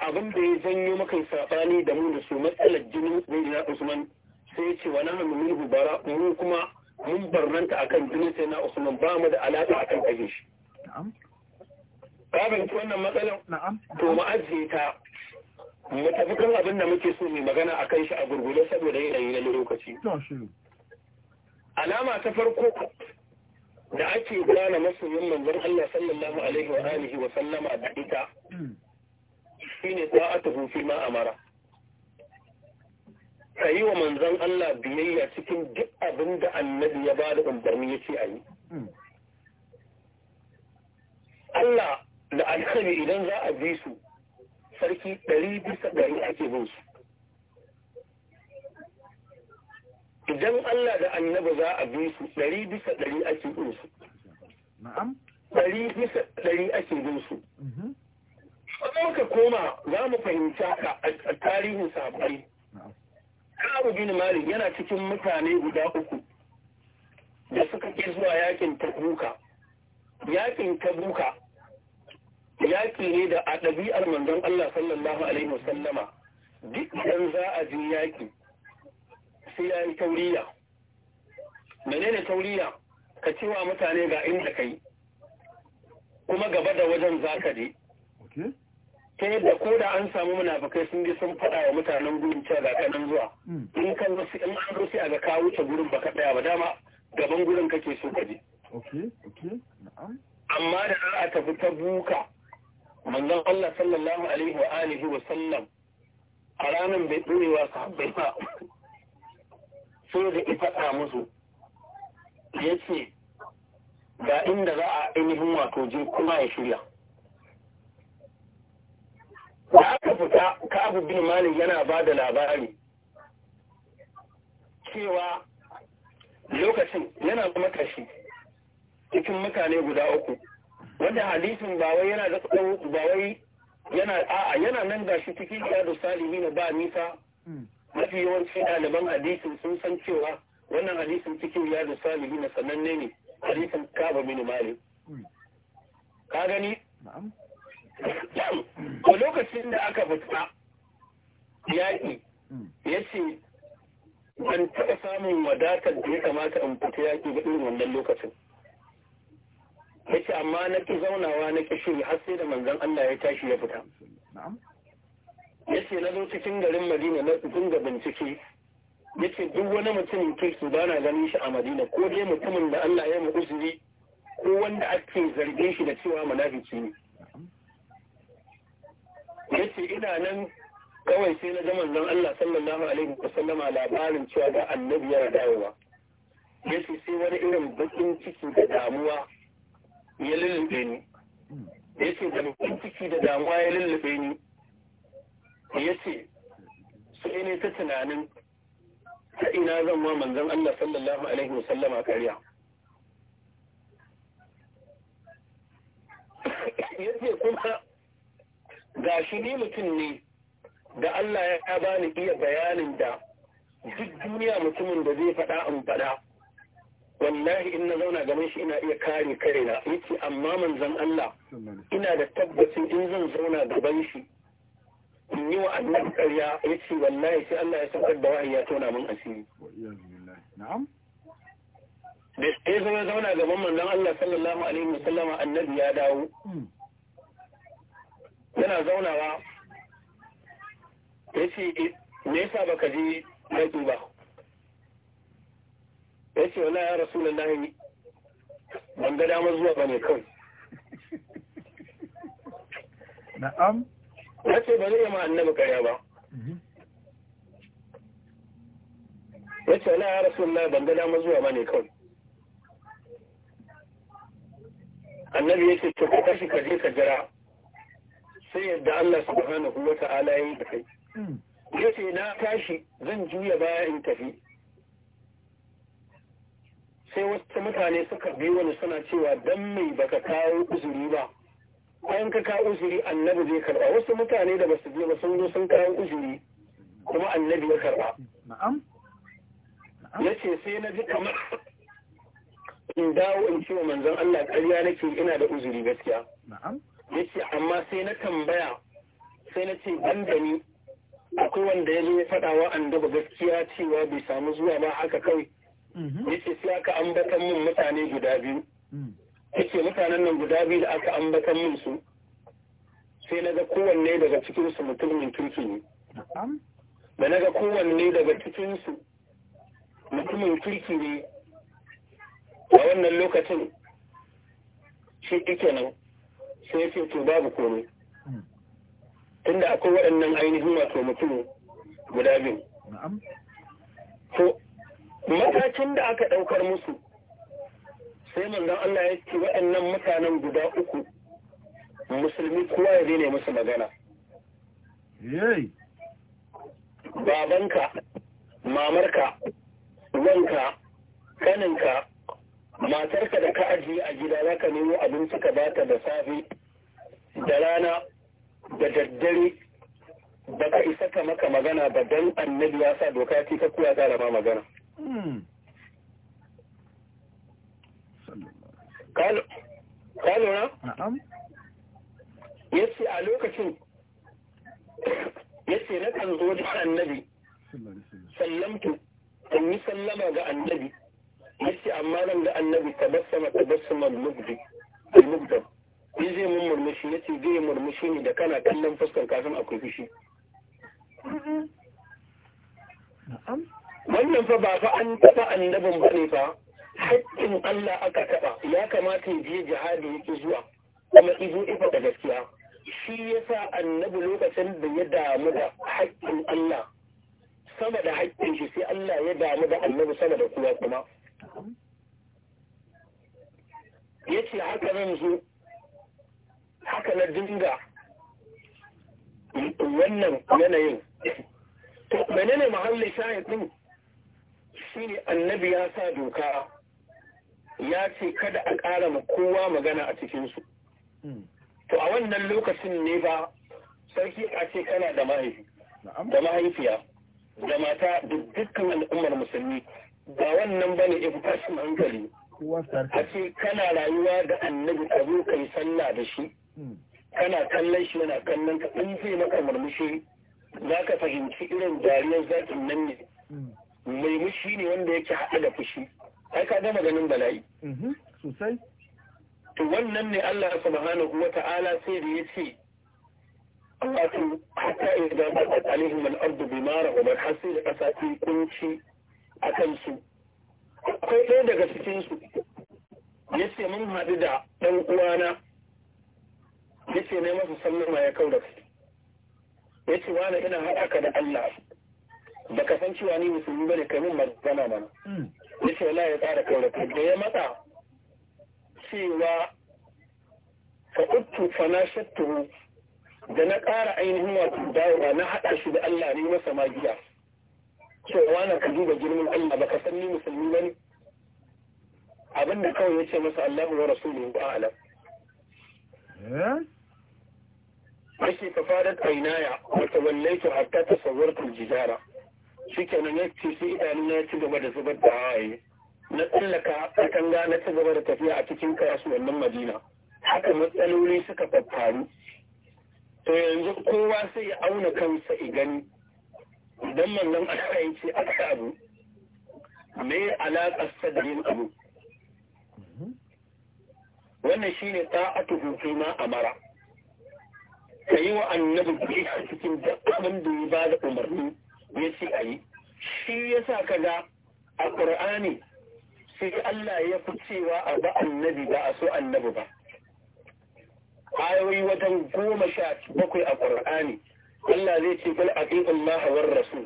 abin da ya janyo maka sabani da mu da su matsalar jinin sayyidina usman sai ce wa nahnu minhu bara mu kuma mun barnanta akan jinin sayyidina usman ba mu da alaƙa akan kashe shi ka wannan matsalar to ma'ajiye ta mu tafi abin da muke so mai magana a kan shi a gurgure saboda yanayi na lokaci alama ta farko da ake gane masoyan manzon Allah sallallahu alaihi wa alihi wa sallama da ita hmm. shine sa'atuhu fi ma amara yi wa manzon Allah biyayya cikin duk abin da annabi ya bada umarni yace a yi hmm. Allah da alkhairi idan za a bi su sarki ɗari bisa ɗari ake bin su idan Allah da annabi za a bi su ɗari bisa ɗari ake bin su ɗari bisa ɗari ake bin su kuma mhm. muka koma za mu fahimta a tarihin sabari Abu bin Malik yana cikin mutane guda uku da suka ke zuwa yakin tabuka yakin tabuka yaki ne da a ɗabi'ar manzon Allah sallallahu alaihi wasallama duk idan za a je yaki sai ya yi tauriya menene tauriya ka cewa mutane ga inda kai kuma gaba da wajen za ka je ta yadda ko da an samu munafukai sun je sun faɗa wa mutanen gurin cewa ga kanan zuwa hmm. in kan wasu in an rufe a ga ka wuce gurin baka ɗaya ba dama gaban gurin kake so ka je amma da za a tafi ta buka manzon Allah sallallahu alaihi wa alihi wa sallam a ranar bai ɗorewa sahabbai ba sai da faɗa musu ya ce ga inda za a ainihin wato jin kuma ya shirya da aka fita ka abu bin malik yana ba da labari cewa lokacin yana kuma shi, cikin mutane guda uku wanda hadisin ba wai yana da ba wai yana a'a yana nan gashi cikin iyadu na ba nisa hmm. mafi yawanci ɗaliban hadisin sun san cewa wannan hadisin cikin iyadu na sananne ne hadisin kaba mini mali hmm. ka gani ko lokacin da aka fita yaƙi hmm. ya ce ban taɓa samun wadatar da ya kamata in fita yaƙi ga irin wannan lokacin yace amma na ki zaunawa na ki shiri har sai da manzan Allah ya tashi ya fita yace ce na zo cikin garin madina na da bincike yace duk wani mutumin kirki ba na ganin shi a madina ko dai mutumin da Allah ya mu'uzuri ko wanda ake zargin shi da cewa munafici ne yace ce ina nan kawai sai na ga manzon Allah sallallahu alaihi a labarin cewa da annabi yana dawowa yace ce sai wani irin bakin ciki da damuwa ya lullube ni da ya ce da bakin ciki da damuwa ya lullube ni ya ce su ne ta tunanin ta ina zan ma manzan Allah sallallahu alaihi wasallama kariya ya ce kuma ga shi ne mutum ne da Allah ya bani iya bayanin da duk duniya mutumin da zai faɗa in faɗa wallahi in na zauna gaban shi ina iya kare kare na yace amma manzon Allah ina da tabbacin in zan zauna gaban shi in yi wa annabi ƙarya yace wallahi sai Allah ya saukar da wahayi ya tona min asiri na'am da sai zama zauna gaban manzon Allah sallallahu alaihi wasallama annabi ya dawo yana zaunawa yace eh, me yasa baka je yaƙi ba ya ce wala ya rasu da nahi ban ga damar zuwa ba ne kawai na'am ya ce ba zai ma annabi karya ba mhm. ya ce wala ya rasu da ban ga damar zuwa ba ne kawai annabi ya ce to ko kashi ka je ka jira sai yadda Allah subhanahu wa ta'ala ya yi da kai hmm. ya ce na tashi zan juya baya in tafi sai wasu mutane suka bi wani suna cewa dan mai baka kawo uzuri ba bayan ka kawo uzuri annabi zai karba wasu mutane da basu je ba sun zo sun kawo uzuri kuma annabi ya karba Ya ce sai na ji kamar in dawo in ce wa manzon Allah ƙarya nake ina da uzuri gaskiya Ya ce amma sai na tambaya sai na ce ban da ni akwai wanda ya zo ya faɗa wa annabi gaskiya cewa bai samu zuwa ba haka kawai Mhm. yace sai aka ambatan min mutane guda biyu mm. yace mutanen nan guda biyu da aka ambatan min su sai naga kowanne daga cikin su mutumin kirki ne da naga kowanne daga cikin su mutumin kirki ne a wannan lokacin shi ike nan sai ya ce to babu komai mm. tunda akwai waɗannan ainihin wato mutum guda biyu to matakin da aka ɗaukar musu sai manzon Allah ya ce waɗannan mutanen guda uku musulmi kowa ya daina musu magana babanka mamarka wanka kaninka matarka da ka ajiye a gida za ka nemo abinci ka bata da safe da rana da daddare ba ka isa ka maka magana ba don annabi ya sa doka ce ka ma magana Hmm. ka ya ce a lokacin ya ce na kan zo da annabi sallamtu in yi sallama ga annabi ya ce amma nan da annabi tabassama tabassama al-mugdam in zai mun murmushi ya ce zai murmushi ne da kana kallon fuskar kasan akwai fushi na'am wannan fa ba fa an taɓa annabin ba ne fa haƙƙin Allah aka taɓa ya kamata ya je jihadi ya zuwa kuma izo ifa da gaskiya shi yasa annabi lokacin da ya damu da haƙƙin Allah sama da haƙƙin shi sai Allah ya damu da annabi sama da kuwa kuma ya ce haka nan zo haka na dinga wannan yanayin to menene muhalli shahid din shine annabi ya sa doka ya ce kada a ƙara ma kowa magana a cikinsu hmm. to a wannan lokacin ne ba sarki a ce kana da mahaifi da mahaifiya da mata da dukkan al'ummar musulmi ba wannan ba ne ifi tashin hankali a ce kana rayuwa da annabi a zo kai sallah da shi hmm. kana kallon shi yana kallon ka in zai maka murmushi za ka fahimci irin dariyar zakin nan ne hmm. mai mushi ne wanda yake haɗa da fushi ai ka gama ganin bala'i mhm, sosai to wannan ne Allah subhanahu wa sai da yace wato hatta idan ba alaihim al-ardu bima rahabat hasil qasati kunci akan su akwai ɗaya daga cikin su yace mun haɗu da ɗan uwana yace ne masa sallama ya kauda kai yace wani ina haɗa ka da Allah da cewa ni musulmi ne kai min magana mana ya hmm. ce wallahi ya tsara kaurafi da ya matsa cewa fa uttu fa na shattu da na ƙara ainihin wato dawowa na haɗa shi da Allah ne masa magiya cewa na ka duba girman Allah ba ka san ni musulmi ba ne? Abinda kawai ya ce masa Allah wa rasuluhu a'lam eh? Ashi fa fadat ainaya wata tawallaitu hatta ta al-jidara shi kenan ya ce idanu na ci gaba da zubar da hawaye na tsallaka katanga na ci gaba da tafiya a cikin kasuwannin madina haka matsaloli suka faru to yanzu kowa sai ya auna kansa i gani idan mannan aka yi ce aka abu me alaƙar sa da yin abu wannan shine ta'atu hukuma amara ka yi wa annabi a cikin abin da ya ba da umarni ya ce a yi shi ya sa kaga a ƙur'ani sai Allah ya fi cewa a ba annabi ba a so annabi ba ayoyi watan goma sha bakwai a ƙur'ani Allah zai ce kul aqiqul ma hawar rasu.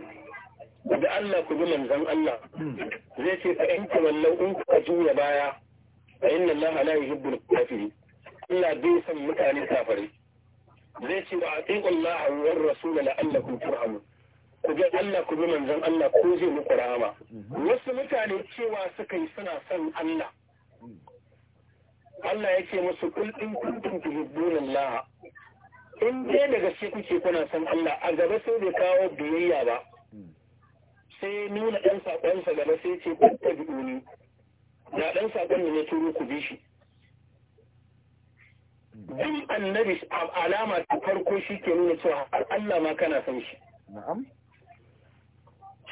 da Allah ku bi manzon Allah zai ce ka in tawallau in ku juya baya fa inna Allah la yuhibbul kafirin Allah bai san mutane kafare zai ce wa aqiqul ma hawar rasul la'allakum turhamun ku bi Allah ku bi manzon Allah ko zai muku rahama wasu mutane cewa suka yi suna son Allah Allah ya ce musu kul in kuntum Allah in dai da gaske kuke kuna son Allah a gaba sai bai kawo biyayya ba sai nuna ɗan saƙonsa gaba sai ce ku ta ni na ɗan saƙon da ya turo ku bi shi bin annabi alama ta farko shi ke nuna cewa Allah ma kana son shi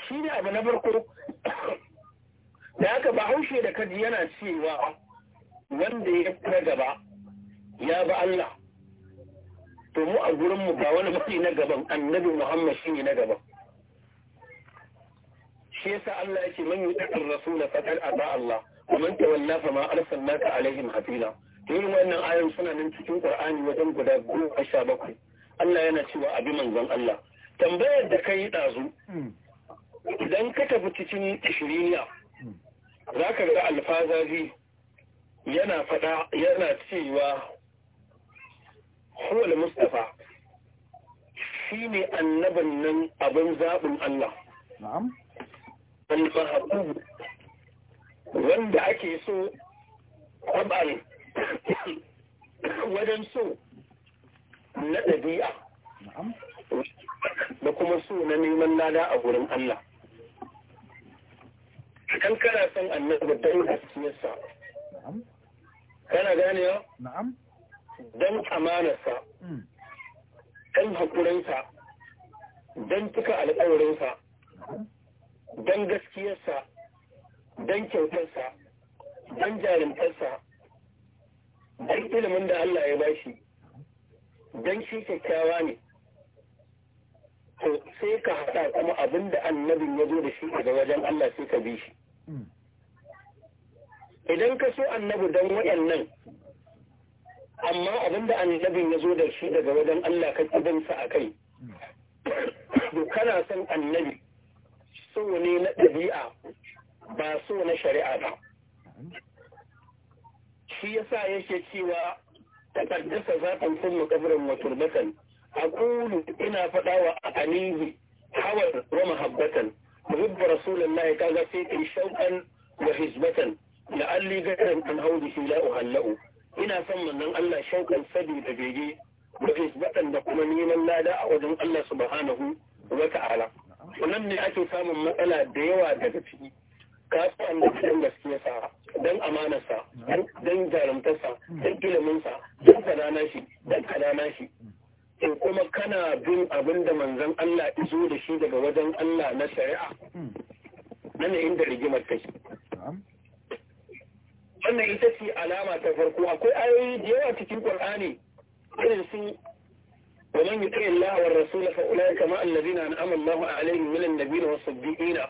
shi ne abu na farko da haka bahaushe da kaji yana cewa wanda ya na gaba ya ba Allah to mu a gurinmu ba wani mafi na gaban annabi Muhammad shi ne na gaban shi yasa Allah yake man yuti'ir rasula a ata Allah wa man tawalla fa ma arsalnaka alaihim hafiza irin wannan ayoyin suna nan cikin Kur'ani wajen guda bakwai. Allah yana cewa abi manzon Allah tambayar da kai ɗazu. Hmm. idan ka tafi cikin ishiriniya za ka ga alfazazi yana fada yana cewa huwal mustafa shi ne annaban nan abin zaɓin Allah al-mahabu wanda ake so kwabar wajen so na ɗabi'a da kuma so na neman lada a wurin Allah idan kana son annabi don gaskiyarsa kana ganewa na'am don amanarsa hmm. don haƙurinsa don tuka alƙawarinsa don gaskiyarsa don kyautarsa don jarumtarsa don ilimin da Allah ya bashi don shi kyakkyawa ne to sai ka haɗa kuma abin da annabin ya zo da shi daga wajen Allah sai ka bi shi idan ka so annabi don wayannan amma abinda Annabi ya zo da shi daga wajen Allah ka sa a kai kana son annabi so ne na ɗabi'a ba so na shari'a ba shi yasa yake cewa takaddasa za ta sun mukabirin waturbatan a ina faɗawa a alihi hawar wa mahabbatan وحب رسول الله كذا فيك شوقا وحزمة لعلي غير أن أوده لا أهلأ إنا سمى أن الله شوقا سبي دبيجي وحزمة دقم نيما لا لا أوجن الله سبحانه وتعالى wannan ne ake samun matsala da yawa daga ciki ka gaske sa dan cikin sa dan amanarsa sa jarumtarsa don iliminsa don kanana shi dan kanana shi in kuma kana bin abinda da manzon Allah izo da shi daga wajan Allah na shari'a hmm. nan inda rigimar kai wannan ita ce alama ta farko akwai ayoyi da yawa cikin Qur'ani irin su wa man yuti Allah wa rasulahu fa ulai kama alladhina an'ama Allahu alaihim min an-nabiyyin wa as-siddiqina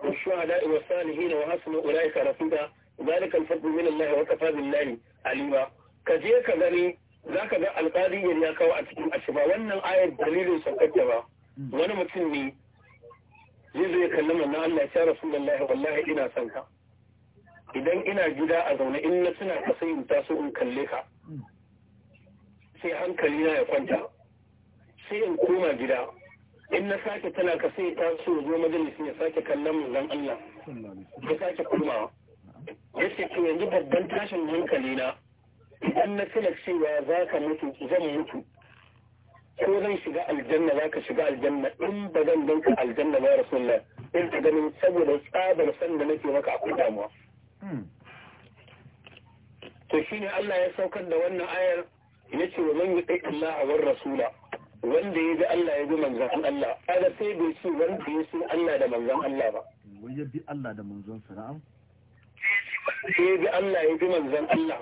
wa shuhada wa salihin wa hasna ulai ka rafida zalika al-fadlu min Allah wa kafa billahi alima ka je ka gani za ka ga alƙaliyar ya kawo a cikin ashiba wannan ayar dalilin saukarta ba hmm. wani mutum ne zai zo ya kalli manna Allah ya rasu lallahi wallahi ina son ka idan ina gida a zaune in na suna kasa in taso in kalle ka hmm. sai hankali na ya kwanta sai in koma gida in na sake tana ka sai taso zo majalisin ya sake kallon manzon Allah ya sake komawa ya ce to yanzu babban tashin hankali na idan na tuna cewa za ka mutu zan mutu ko zan shiga aljanna za ka shiga aljanna in ba zan danka aljanna ba rasulullah in ka ganin saboda tsabar san da nake maka akwai damuwa hmm. to shine Allah ya saukar da wannan ayar ya ce wa man yuti Allah wa rasula wanda ya bi Allah ya bi manzan Allah kaga sai bai ce wanda ya so Allah da manzan Allah ba wani ya bi Allah da manzon sa na'am ya bi Allah ya bi manzan Allah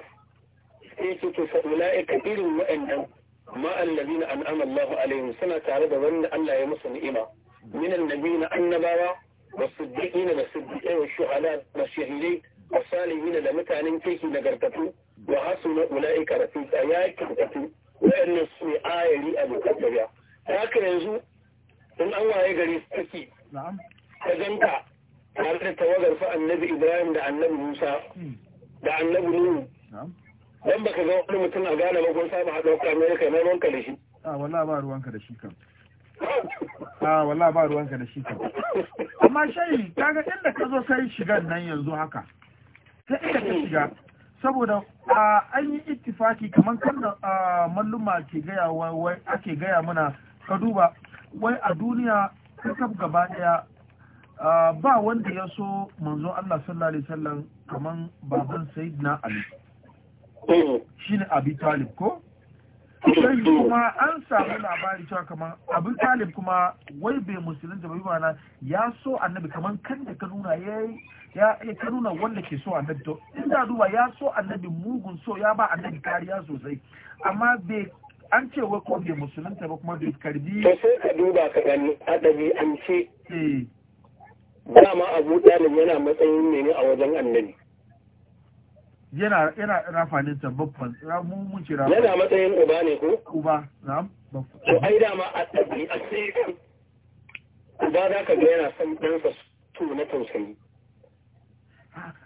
sai ce to sa'ula'ika irin waɗannan ma'allabina an'ama Allahu alaihim suna tare da wanda Allah ya musu ni'ima minan nabiyina annabawa والصديقين والصديقين والشهداء والشهيدين والصالحين da mutanen kirki nagartatu wa hasuna ulaika rafiqa ya kirkatu wa'annan su ne ayari a dokar haka yanzu in an waye gari saki ta ganta tare da tawagar fa annabi Ibrahim da annabi Musa hmm. da annabi Nuhu ba ka ga wani mutum a Ghana ba kun saba haɗa ka America mai ruwanka da shi a wala ba ruwanka da shi kan a wala ba ruwanka da shi kan amma shayi kaga inda ka zo kai shigan nan yanzu haka ta inda ka shiga saboda an yi ittifaki kamar kan da malluma ke gaya wai ake gaya mana ka duba wai a duniya kakaf gaba daya ba wanda ya so manzo Allah sallallahu alaihi wasallam kaman baban sayyidina Ali Eh. shi ne abi talib ko sai kuma an samu labari cewa kamar abin talib kuma wai bai musulun da bai mana ya so annabi kamar kan da ka nuna ya ka nuna wanda ke so annabi to in da duba ya so annabi mugun so ya ba annabi kariya sosai amma bai an ce wai ko bai musulun ta ba kuma bai karbi to sai ka duba ka gani adabi an ce eh. dama abu talib yana matsayin ne a wajen annabi yana yana rafa ne tabbafan mu mun ce rafa yana matsayin uba ne ko uba na'am to ai da ma a tsabi a sai uba za ka ga yana son dan sa to na tausayi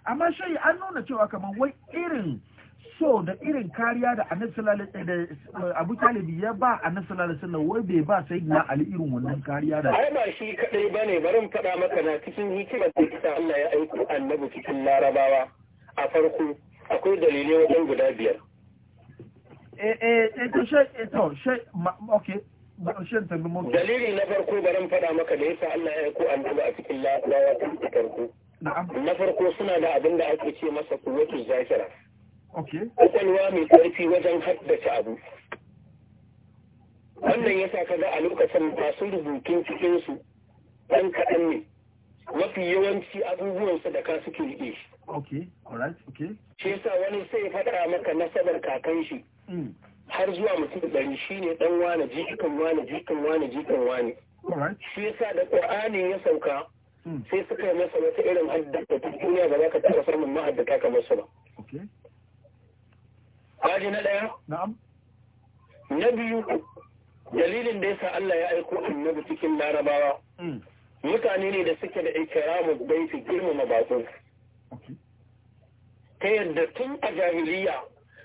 amma shi an nuna cewa kamar wai irin so da irin kariya da annabi sallallahu alaihi da Abu talibi ya ba annabi sallallahu alaihi wasallam wai bai ba sai sayyidina Ali irin wannan kariya da ai ba shi kadai bane barin fada maka na cikin hikimar da Allah ya aiko annabi cikin Larabawa a farko akwai dalilai wajen guda biyar dalili na farko barin faɗa maka da yasa Allah ya ko an a cikin lafiya tun da na farko suna da abin da ake ce masa kuwatu zakira kwakwalwa mai ƙarfi wajen haddace abu wannan ya sa kada a lokacin masu rubutun cikinsu ɗan kaɗan ne mafi yawanci abubuwansu da ka suke rike shi okay alright okay shi yasa wani sai ya faɗa maka nasabar kakan shi hmm. har zuwa mutum ɗari shi ne ɗan wane jikan wane jikan wane jikan wane shi yasa da ƙur'ani ya sauka hmm. sai suka yi masa wata irin haddata ta duniya ba za ka taɓa samun mahaddata kamar su ba Kaji na ɗaya? Na'am. Na biyu, dalilin da yasa Allah ya aiko annabi cikin larabawa. Hmm. Mutane ne da suke da ikiramu baiti girmama baƙo. ta yadda tun a jahiliya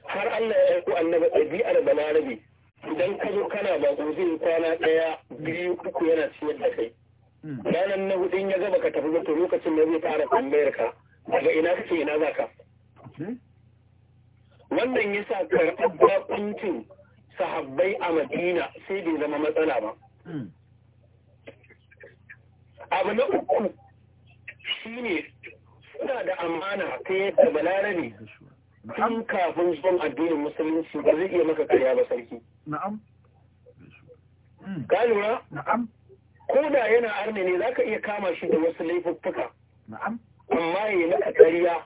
har Allah ya aiko annaba ɗabi'ar balarabe idan ka zo kana bako zai kwana ɗaya biyu uku yana ciyar da kai hmm. ranar na hudun ya gaba ka tafi ba to lokacin da zai fara tambayar ka daga ina kake ina za ka wannan ya sa karɓar bakuncin sahabbai a madina sai bai zama matsala ba hmm. abu na uku shine suna da amana ta yadda balarabe tun kafin zuwan addinin musulunci ba zai iya maka karya ba sarki na'am ka lura na'am ko da yana arne ne za ka iya kama shi da wasu laifuffuka na'am amma ya maka karya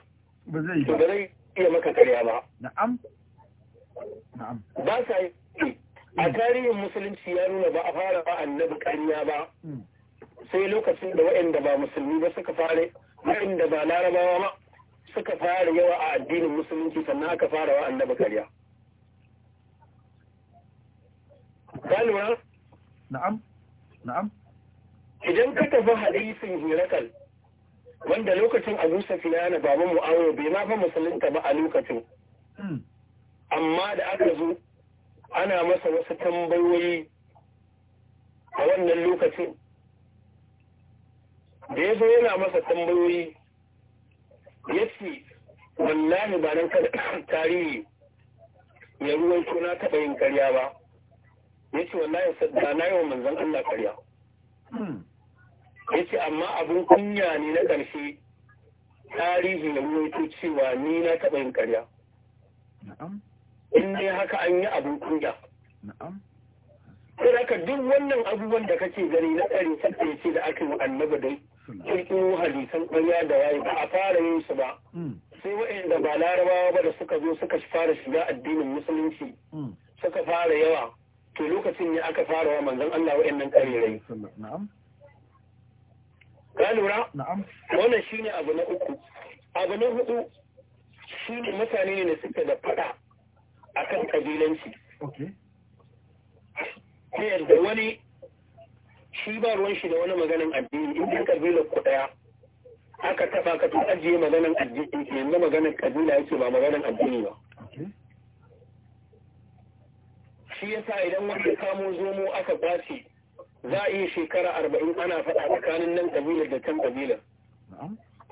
ba zai ba zai iya maka karya ba na'am na'am ba sa yi. a tarihin musulunci ya nuna ba a fara ba annabi karya ba hmm. sai lokacin da waɗanda ba musulmi ba suka fara waɗanda ba larabawa ma suka fara yawa a addinin musulunci sannan aka fara wa annaba karya ka na'am na'am idan ka tafi hadisin hirakal wanda lokacin abu safiyana baban awo bai ma fa musulunta ba a lokacin hmm. amma da aka zo ana masa wasu tambayoyi a wannan lokacin da ya zo yana masa tambayoyi ya ce wallahi ba nan kada *coughs* tarihi ya ruwan na taɓa yin karya ba ya ce wallahi sadda na yi wa manzan Allah karya ya ce amma abin kunya ne na ƙarshe tarihi ya ruwaito cewa ni na taɓa yin karya in ne haka an yi abin kunya sai haka duk wannan abubuwan da kake gani na ɗari sadda ce da aka yi annaba dai kirkiro hadisan ƙarya da waye ba a fara yin su ba mm. sai waɗanda ba larabawa ba da suka zo suka fara shiga addinin musulunci mm. suka fara yawa to lokacin ne aka fara wa manzon Allah waɗannan ƙarirai ka lura wannan shine abu na uku abu na hudu shine mutane ne suka da fada akan kabilanci ta yadda wani shi ba ruwan shi da wani maganin addini in dai kabilar ku ɗaya aka taɓa ka tun ajiye maganin addini ke yanzu maganin kabila yake ba maganin addini ba shi yasa idan wani kamo zomo aka kwace za a yi shekara arba'in ana faɗa tsakanin nan kabilar da can kabilar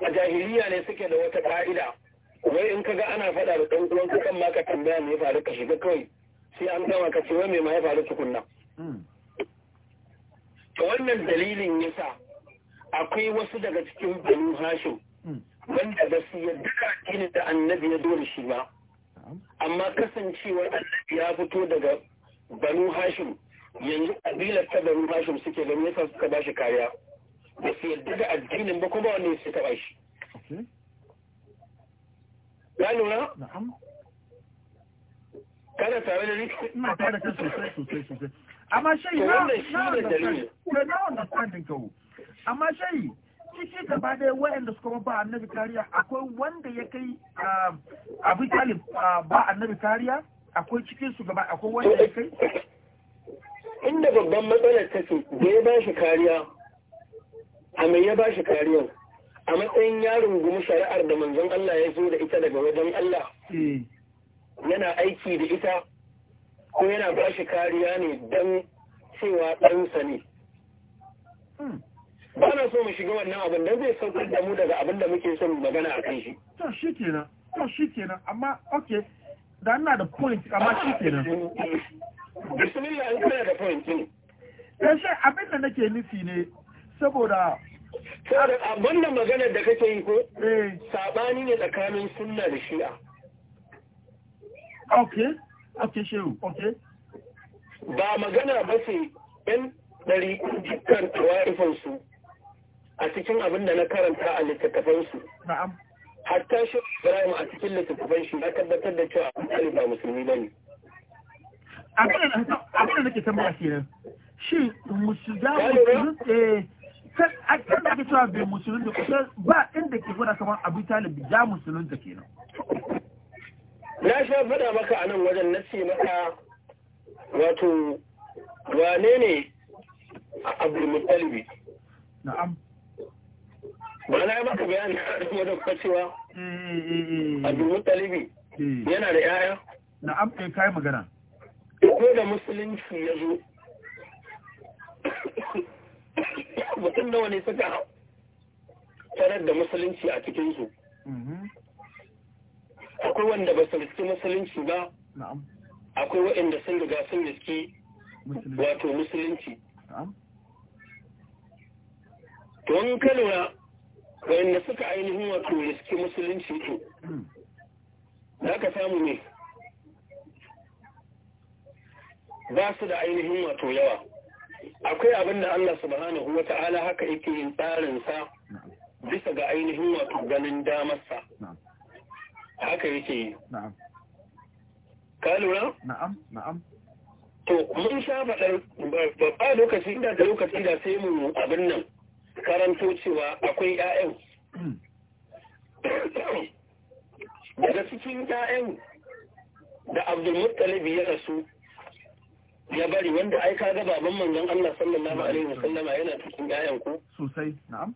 a jahiliya ne suke da wata ƙa'ida, wai in ka ga ana faɗa da ɗan uwan ka kan ma ka tambaya me ya faru ka shiga kawai sai an gama ka ce wai me ma ya faru tukunna hmm. ta wannan dalilin yasa akwai wasu daga cikin banu hashim hmm. wanda ba su yarda da addinin da annabi ya dole shi ba amma kasancewar annabi ya fito daga banu hashim yanzu kabilar ta banu hashim suke gani yasa suka ba shi kariya ba su yarda da addinin ba kuma wanda ya taɓa shi ya lura kana tare da ni ina tare da sosai sosai sosai amma shayi na understanding kawo amma shayi cikin gaba ɗaya da suka ba annabi kariya akwai wanda ya kai abu talib ba annabi kariya akwai cikin su gaba akwai wanda ya kai inda babban matsalar ta su da ya ba shi kariya a mai ya ba shi kariya a matsayin yaron gumi shari'ar da manzon Allah ya zo da ita daga wajen Allah eh. yana aiki da ita ko yana ba shi kariya ne don cewa ɗansa ne hmm. ba na so mu shiga wannan abin don zai saukar da mu daga abin da muke son magana a kan shi to shi kenan to shi kenan amma ok, da ina da point amma shi kenan bismillah in kana da point ne eh shi abin da nake nufi ne saboda saboda abin da maganar da kake yi ko eh. Saɓani ne tsakanin sunna da shi'a okay ok shehu ok ba magana ba ce yan ɗari dukkan tawaifansu a cikin abin da na karanta a littattafansu hatta shi ibrahim a cikin littattafan shi ya tabbatar da cewa abin ba musulmi ba ne abin da nake tambaya kenan shi musulmi eh, kan da ke cewa bai musulunta ba inda ke gwada kamar abu talib ya musulunta kenan na sha faɗa maka a nan wajen na ce maka wato wane ne a abdulmuttalibi na'am ba na yi maka bayanin *laughs* a cikin wajen kwacewa mm-hmm. abdulmuttalibi mm-hmm. yana da yaya na'am kai eh, kai magana ko da musulunci ya zo *coughs* mutum nawa ne suka tarar da musulunci a cikinsu mm-hmm. akwai wanda ba su riski musulunci ba akwai waɗanda sun riga sun riski wato musulunci to in ka lura waɗanda suka ainihin wato riski musulunci to hmm. za ka samu ne ba su da ainihin wato yawa akwai abin da Allah subhanahu wa ta'ala haka yake yin tsarinsa bisa ga ainihin wato ganin damarsa. haka yake na'am ka lura na'am na'am to mun sha faɗar babba lokaci inda da lokaci da sai mu abin nan karanto cewa akwai 'ya'yan daga cikin 'ya'yan da abdulmuttalib ya rasu ya bari wanda ai ka ga baban manzon Allah sallallahu alaihi wasallama yana cikin ƴaƴan ku sosai na'am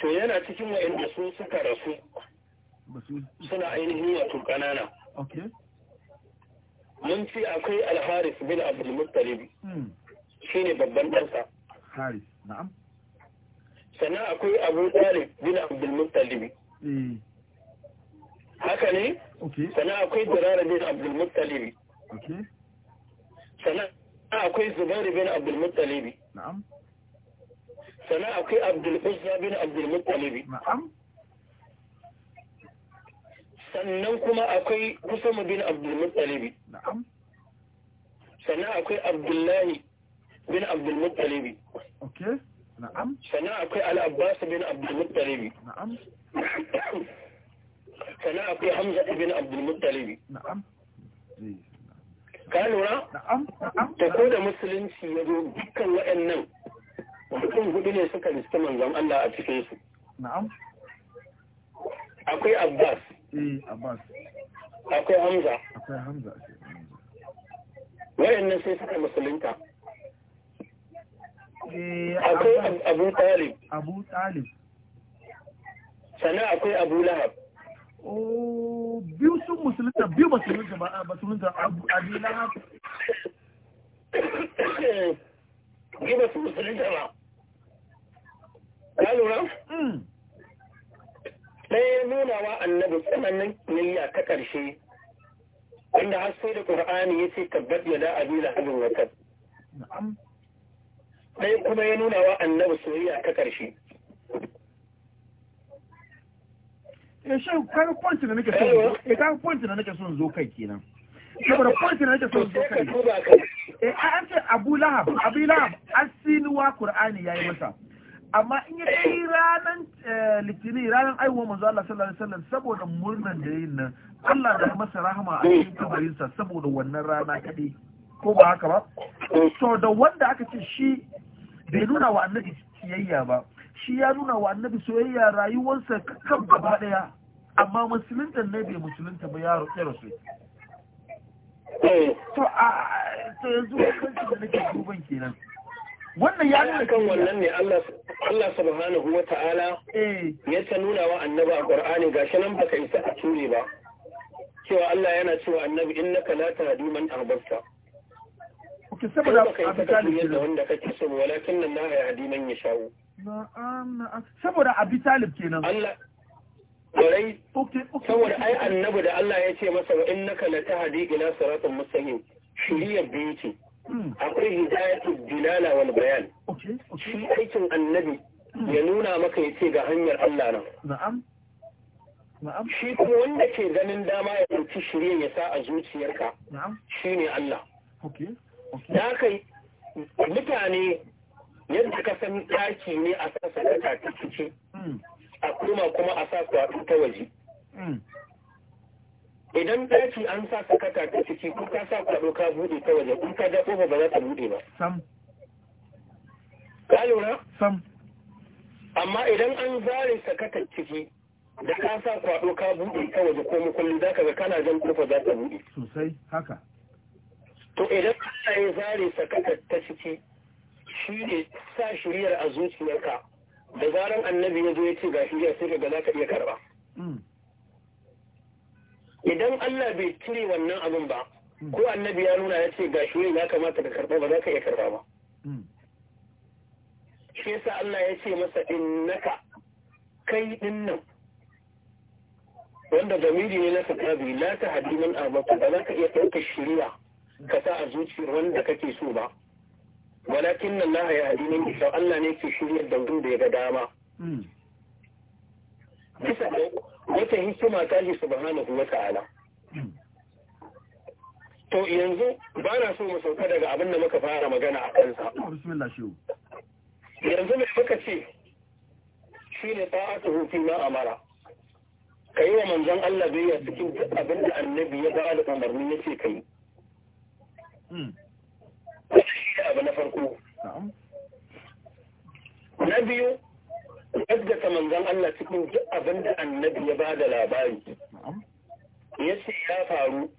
to yana cikin da su suka rasu suna ainihin wato ƙanana. mun ce akwai alharis bin abdulmuttalib hmm. shine babban ɗansa sannan akwai abu tsari bin abdulmuttalib eh. haka ne sannan akwai durara bin abdulmuttalib sannan akwai Zubairu bin abdulmuttalib sannan akwai abdulkusa bin abdulmuttalibi sannan kuma akwai kusama bin abdulmuttalibi sannan akwai abdullahi bin abdulmuttalibi sannan akwai al'abbas bin abdulmuttalibi sannan akwai hamza bin abdulmuttalibi ka lura? ta ko da musulunci ya zo dukkan waɗannan mutum hudu ne suka riske manzon Allah a cikin su na'am akwai Abbas eh Abbas akwai Hamza akwai Hamza wayannan sai suka musulunta eh, akwai Abu Talib Abu Talib sannan akwai Abu Lahab oh, biyu sun musulunta biyu ba su ba a musulunta abu lahab *coughs* biyu ba su musulunta ba ka lura ɗaya mm. nuna wa annabi tsananin niyya ta ƙarshe wanda har sai da ƙur'ani ya ce tabbat ya da abi lahabin wata ɗaya kuma ya nuna wa annabi soyayya ta ƙarshe ya eh, shi kaga point da nake son zo eh, kaga point da nake son zo kai kenan saboda point da nake son zo kai eh an ce abu lahab abi lahab asinuwa qur'ani yayi masa amma in ya kai ranar eh, litinin ranar aiwa manzo Allah sallallahu alaihi wasallam saboda murnan da yin nan Allah da masa rahama a cikin kabarinsa saboda wannan rana kadai ko ba haka ba to da wanda aka ce shi bai nuna wa annabi kiyayya ba shi ya nuna wa annabi soyayya rayuwarsa kan gaba ɗaya, amma musulunta ne bai musulunta ba ya rasu eh. to a yanzu kan da nake duban kenan wannan ya nuna kan wannan ne Allah Allah subhanahu wa ta'ala eh. ya ta nuna wa annabi a Qur'ani gashi nan baka isa a ture ba cewa Allah yana cewa annabi innaka la tahdi man ahbabta ki saboda abin da wanda kake so walakin nan na yahdi man yashau na'am saboda abi talib kenan Allah kwarai saboda ai annabi da Allah ya ce masa wa innaka la tahdi ila siratin mustaqim shiriyar biyu ce akwai hidayatul dilala wal bayan shi aikin annabi hmm. ya nuna maka ya ce ga hanyar Allah nan na'am shi kuma wanda ke ganin dama ya ɗauki shirye ya sa a zuciyarka shi ne Allah da mutane yadda ka san ɗaki ne a sa sadaka ta ciki hmm. a koma kuma a sa kwaɗo ta waje hmm. idan ɗaki an sa sakata ta ciki ko ka sa kwado ka buɗe ta waje in ka ja ƙofa ba za ta buɗe ba sam ka lura sam amma idan an zare sakatar ciki da ka sa kwado ka buɗe ta waje ko mukulli za zaka ga kana jan ƙofa za ta buɗe sosai haka to idan ka yi zare sakatar ta ciki shi ne sa shiriyar a zuciyarka da zaran annabi ya zo ya ce ga shirya sai ka ga za ka iya karɓa mm. idan Allah bai cire wannan abin ba ko annabi ya nuna ya ce ga shi ya kamata ka karba ba za ka iya karba ba hmm. shi yasa Allah ya ce masa innaka kai din nan wanda zamiri ne na sakabi la ta hadi man abaka ba za ka iya ɗauka shiriya ka sa a zuciyar wanda kake so ba walakin nan Allah ya haɗi man Allah ne ke shirya dangin da ya ga dama hmm. bisa ga wata hikima ta su subhanahu wa ala to yanzu ba na so mu sauka daga abin da muka fara magana a kansa yanzu mai muka ce shi ne ta'atuhu na ma amara ka yi wa manzon Allah biyya cikin abin da annabi ya ba da umarni ya ce ka yi annabi ya ba da labari ya ya faru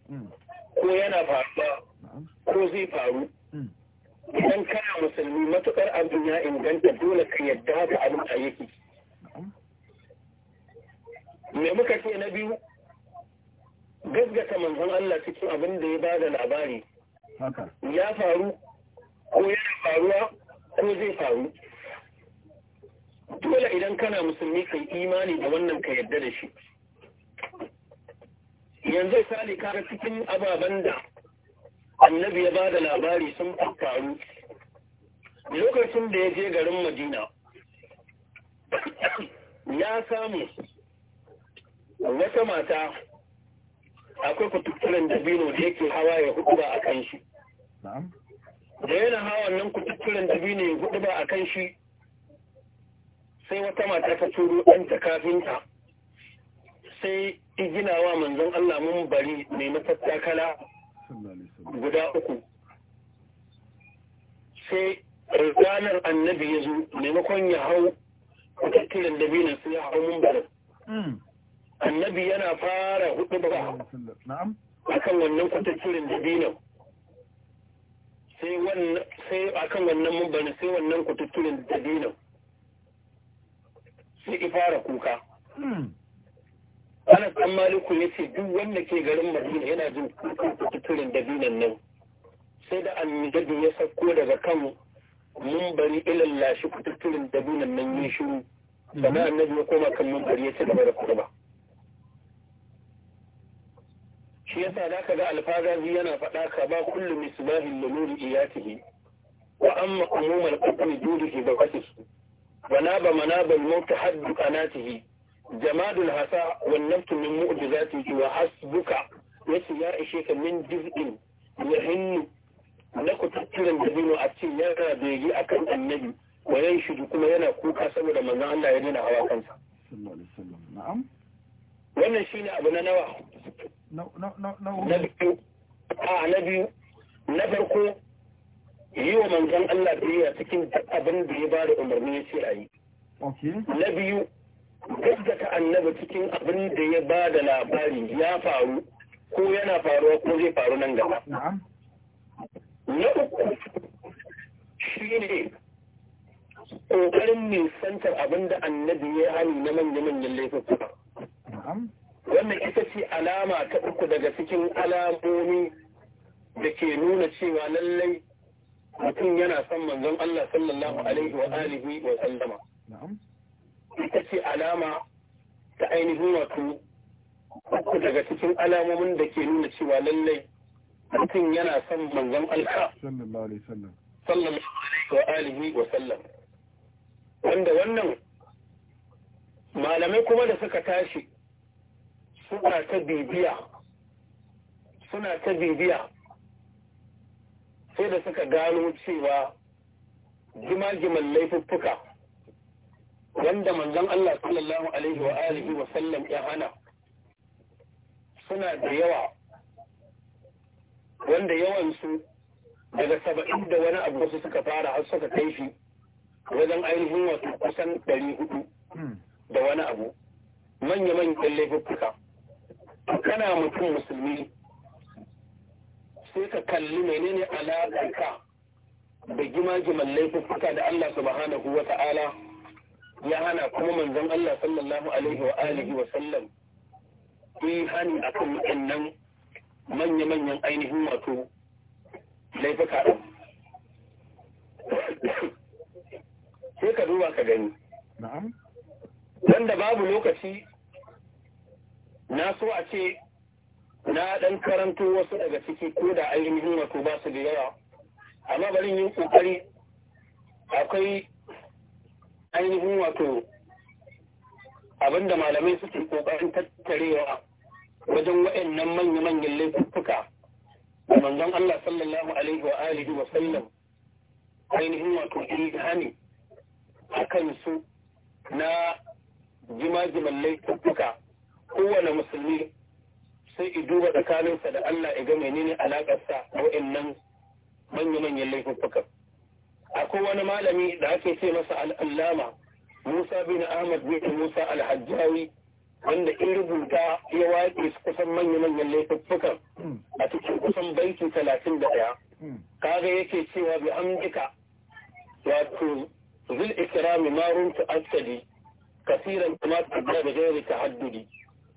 Allah ya ga menene alakarsa wa'annan manya-manyan laifuffukan akwai wani malami da ake ce masa al'allama Musa bin Ahmad bin Musa al-Hajjawi wanda in rubuta ya waƙe kusan manya-manyan laifuffukan a cikin kusan banki talatin da ɗaya kaga yake cewa bi amdika wato zil ikirami marun tu'attadi kasiran kuma da gairi haddudi.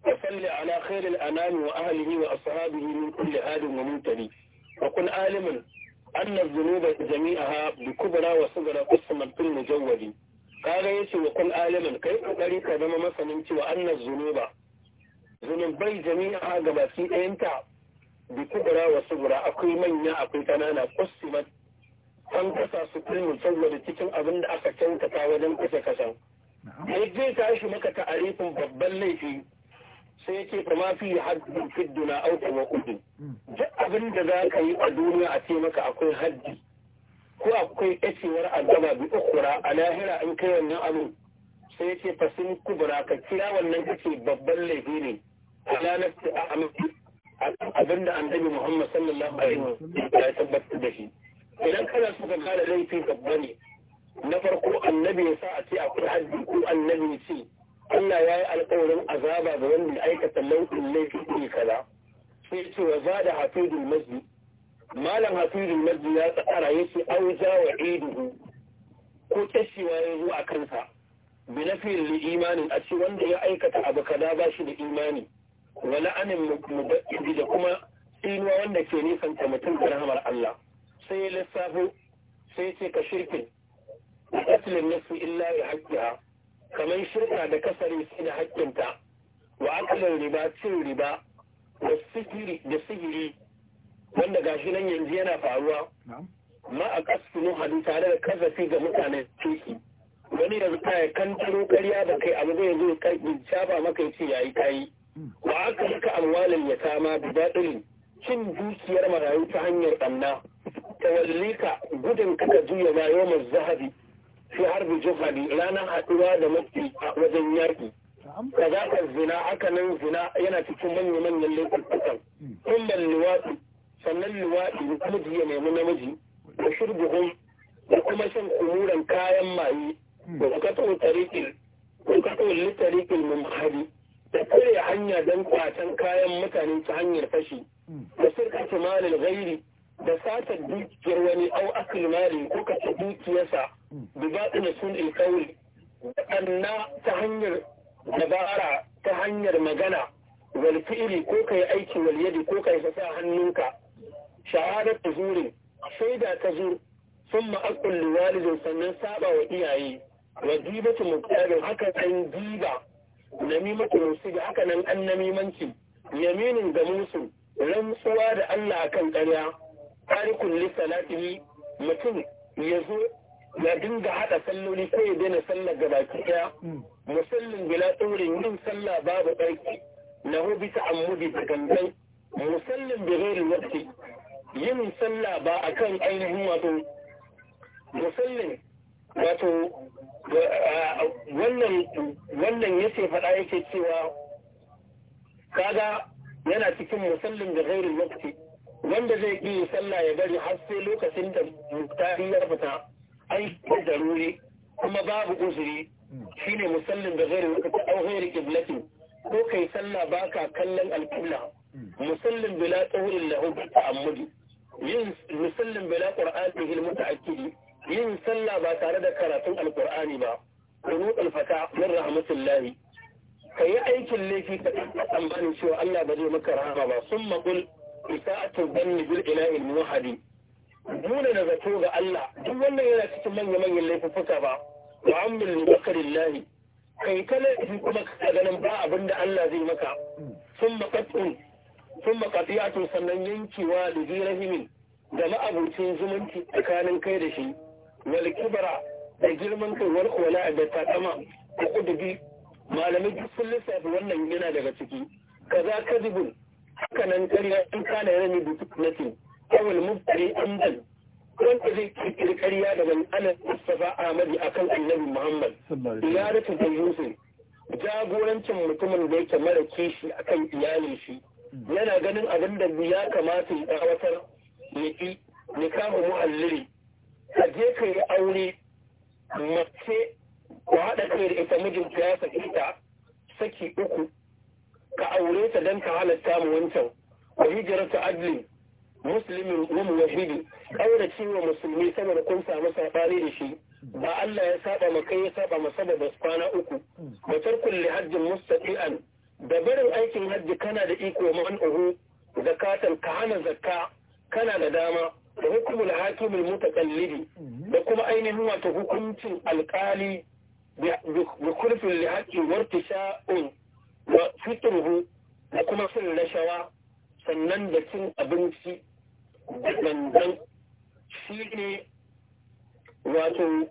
وصل على خير الأنام وأهله وأصحابه من كل آد ومنتري وكن عالما أن الذنوب جميعها بكبرى وصغرى قسما في المجود قال يسي وكن عالما كي أقري كذا مثلا أنت وأن الذنوب ذنوبي جميعها قباسي أنت بكبرى وصغرى أقوي من أقوي كنانا قسمت an kasa su kulmu saboda cikin abin da aka kyautata wajen kusa kasan. Ai zai tashi maka ta'arifin babban laifi sai yake fa ma fi haddi fi duna au kuma udin hmm. duk abin da za ka yi a duniya a ce maka akwai haddi ko akwai kacewar azaba bi ukura a lahira in kai wannan abu sai yace fa sun kubura ka kira wannan kake babban laifi ne ala nafsi a amince abin da annabi Muhammad sallallahu alaihi wasallam ya tabbatar da shi idan kana so ka kare laifi babba ne na farko annabi ya sa a ce akwai haddi ko annabi ya ce Allah ya yi alƙawarin azaba ga wanda ya aikata lauɗin laifi ne kaza sai ce wa za da hafidul masjid malam hafidul masjid ya tsara ya ce auja wa iduhu ko tashiwa ya zo a kansa Binafiyar da imanin a ce wanda ya aikata abu kaza ba shi da imani wala anin mubaɗi da kuma tsinuwa wanda ke nisan ta mutum da rahamar Allah sai ya lissafo sai ce ka shirkin a asalin nasu illa ya haƙƙiha kamar shirka da kasare sai da haƙƙinta wa akalar riba cin riba da sihiri wanda gashi nan yanzu yana faruwa ma a kasfinu hadu tare da kasafi ga mutane tuki wani yanzu ta ya kantaro karya da kai abu zai zo karbi caba maka ya ce yayi kayi hmm. wa aka rika alwalin ya tama da daɗin cin dukiyar marayu ta hanyar ɗanna wallika gudun kaka juya ma zahabi fi harbi jihadi ranar haɗuwa da mafi a wajen yaƙi kazakar zina nan zina yana cikin manya-manyan laifukan ban luwaɗi sannan luwaɗi namiji ya nemi namiji da shirguhun da kuma shan kumuran kayan maye da bukatun tarikin bukatun littarikin mumhari da kare hanya don kwacen kayan mutane ta hanyar fashi da sirka malin gairi da satar dukiyar wani au akil mali ko kace dukiyarsa bibaɗin sun ilkauli waɗanna ta hanyar dabara ta hanyar magana wal fi'ili ko kayi aiki walyadi ko kai sa hannunka shahadar ta zurin shaida ta zur sun ma'akul liwalidin sannan saba wa iyaye wa gibatu muktarin haka an giba namimatu musigi haka nan an namimanci yaminin ga musu rantsuwa da Allah akan ƙarya tarikun lissalatihi mutum ya zo ya dinga haɗa salloli ko ya daina sallar gaba ɗaya hmm. musallin bila ɗaurin yin sallah babu ɗarki na hobi ta ammudi da gangan musallin bigirin wakti yin sallah ba a kan ainihin wato musallin wato eh, wannan wannan yace faɗa yake cewa kaga yana cikin musallin da gairin wakti wanda zai iya sallah ya bari har sai lokacin da ta ya fita an daruri kuma babu uzuri shine musallin da gari wata auhairu kiblatin ko kai sallah baka kallon alƙibla musallin bila tsawurin lahu bi ta'ammudi yin musallin bila qur'ani hil muta'akkidi yin sallah ba tare da karatun alqur'ani ba qunut al-fata min rahmatillahi kayi aikin laifi ka tsammanin cewa Allah ba zai maka rahama ba summa qul isa'atu dhanni bil ilahi al-muwahhid nuna da zato ga Allah duk wannan yana cikin manya-manyan laifuffuka ba mu'amil bakarin lahi kai kana in kuma ka ganin ba abinda Allah zai maka sun makatun sun sannan yankewa da zirahimin da ma'abucin zumunci tsakanin kai da shi wal kibra da girman kai wal wala da takama da kudubi malamai duk sun lissafi wannan yana daga ciki kaza kadibun haka nan ƙarya in kana yana ne da awal mubtari an bal wanda zai kirkiri ƙarya da man ana mustafa ahmadi akan annabi muhammad ya rufe da yusuf jagorancin mutumin da yake mara kishi akan iyalin shi yana ganin abin da ya kamata ya dawatar niki nikahu muhallili a je ka yi aure mace ku haɗa kai da ita mijinta ya saki ta saki uku ka aure ta don ka halatta mu wancan wa hijiratu adlin muslimin wa muwahidi kaura cewa musulmi saboda kun samu sabani da shi ba Allah ya saba ma kai ya saba ma saboda kwana uku wa tarkul li hajjin mustaqian da barin aikin hajji kana da iko man uhu zakatan ka hana zakka kana da dama da hukumul hakimul mutakallidi da kuma ainihin wato hukuncin alkali bi kulfin li haqqi wartisha'un wa fitruhu da kuma cin rashawa sannan da cin abinci da gangan shi ne wato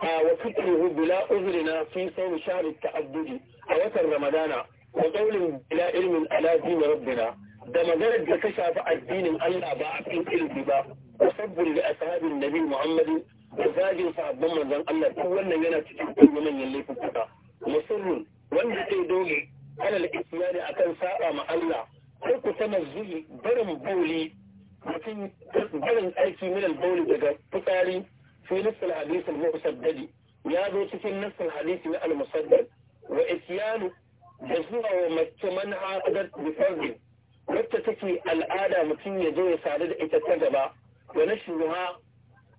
a wasu ƙirhu bila uzurina fi sau shari ta'addudi a watan ramadana wa ƙaunin bila ilmin ala dina rabbina da maganar da ta shafi addinin Allah ba a cikin ilmi ba musabbin da ashabin nabi Muhammadu da zagin sahabban manzon Allah ko wannan yana cikin kullu manyan laifuka musulmin wanda zai doge alal isyani akan saba ma Allah ko ku tana barin boli mutum barin aiki min albauli daga fitsari fi nisal hadisul musaddadi ya zo cikin nassin hadisi na al-musaddad wa isyanu da zuwa wa mace man hadar bi fardin wacce take al'ada mutum ya zo ya sadu da ita ta gaba wa nashruha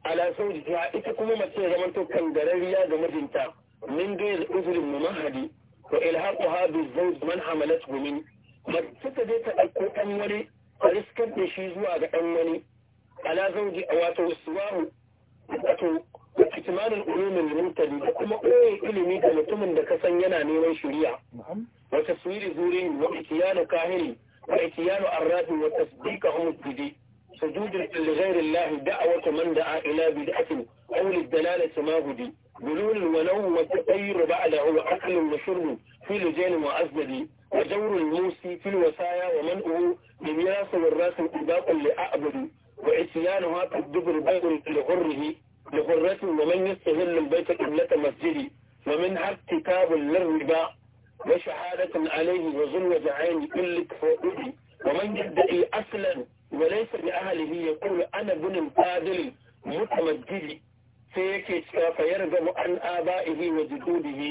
ala zawjiha ita kuma mace ya zamanto kangarariya ga mijinta min uzurin mu mahadi. wa ilhaquha bi zawj man hamalathu min mace ta je ta ɗauko dan wani a riskar shi zuwa ga ɗan wani ana zan ji a wato suwaru wato kitimanin ulumin rintali da kuma koyon ilimi da mutumin da ka san yana neman shari'a wata suwiri zuri wa ikiyanu kahiri wa ikiyanu arrafi wa tasbika hamus bide sujudin lillahi lillahi da'awata man da'a ila bid'atin awli dalalati ma hudi bilul walaw wa tayyir ba'da huwa aqlun wa shurbun fi lijalin wa azdadi وجور الموسي في الوصايا ومنعه بميراث والراس اللي لأعبد وعصيانها قد دبر بيت لغره لغرة ومن يستهل البيت قبلة مسجده ومنها ارتكاب للربا وشهادة عليه وظل عين كل كفؤه ومن يدعي أصلا وليس بأهله يقول أنا ابن القادل متمجدي سيكشف فيرغب عن آبائه وجدوده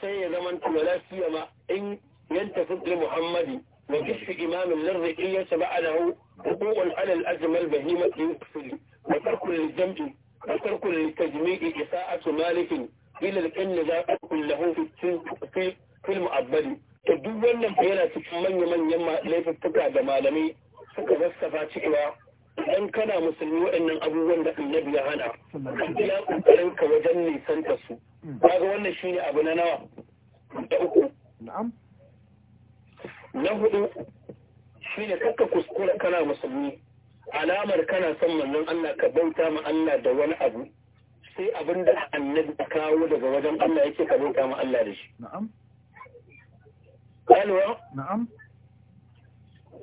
سيزمن ولا سيما إن ينتفض لمحمد وكشف إمام للرئية بعده وقوع على الأزمة البهيمة يكفل وترك للجمع وترك للتجميع إساءة مالك إلى الإن ذا له في في في المعبد duk wannan yana cikin manya-manyan laifuffuka da malamai suka wasafa cewa idan kana musulmi waɗannan abubuwan da annabi ya hana ka iya ƙoƙarin ka wajen nisanta su kaga wannan shine abu na nawa da uku na hudu shi ne kakka kuskura kana musulmi alamar kana son manzon Allah ka bauta ma Allah da wani abu sai abin da annabi ta kawo daga wajen Allah yake ka bauta ma Allah da shi na'am alwa na'am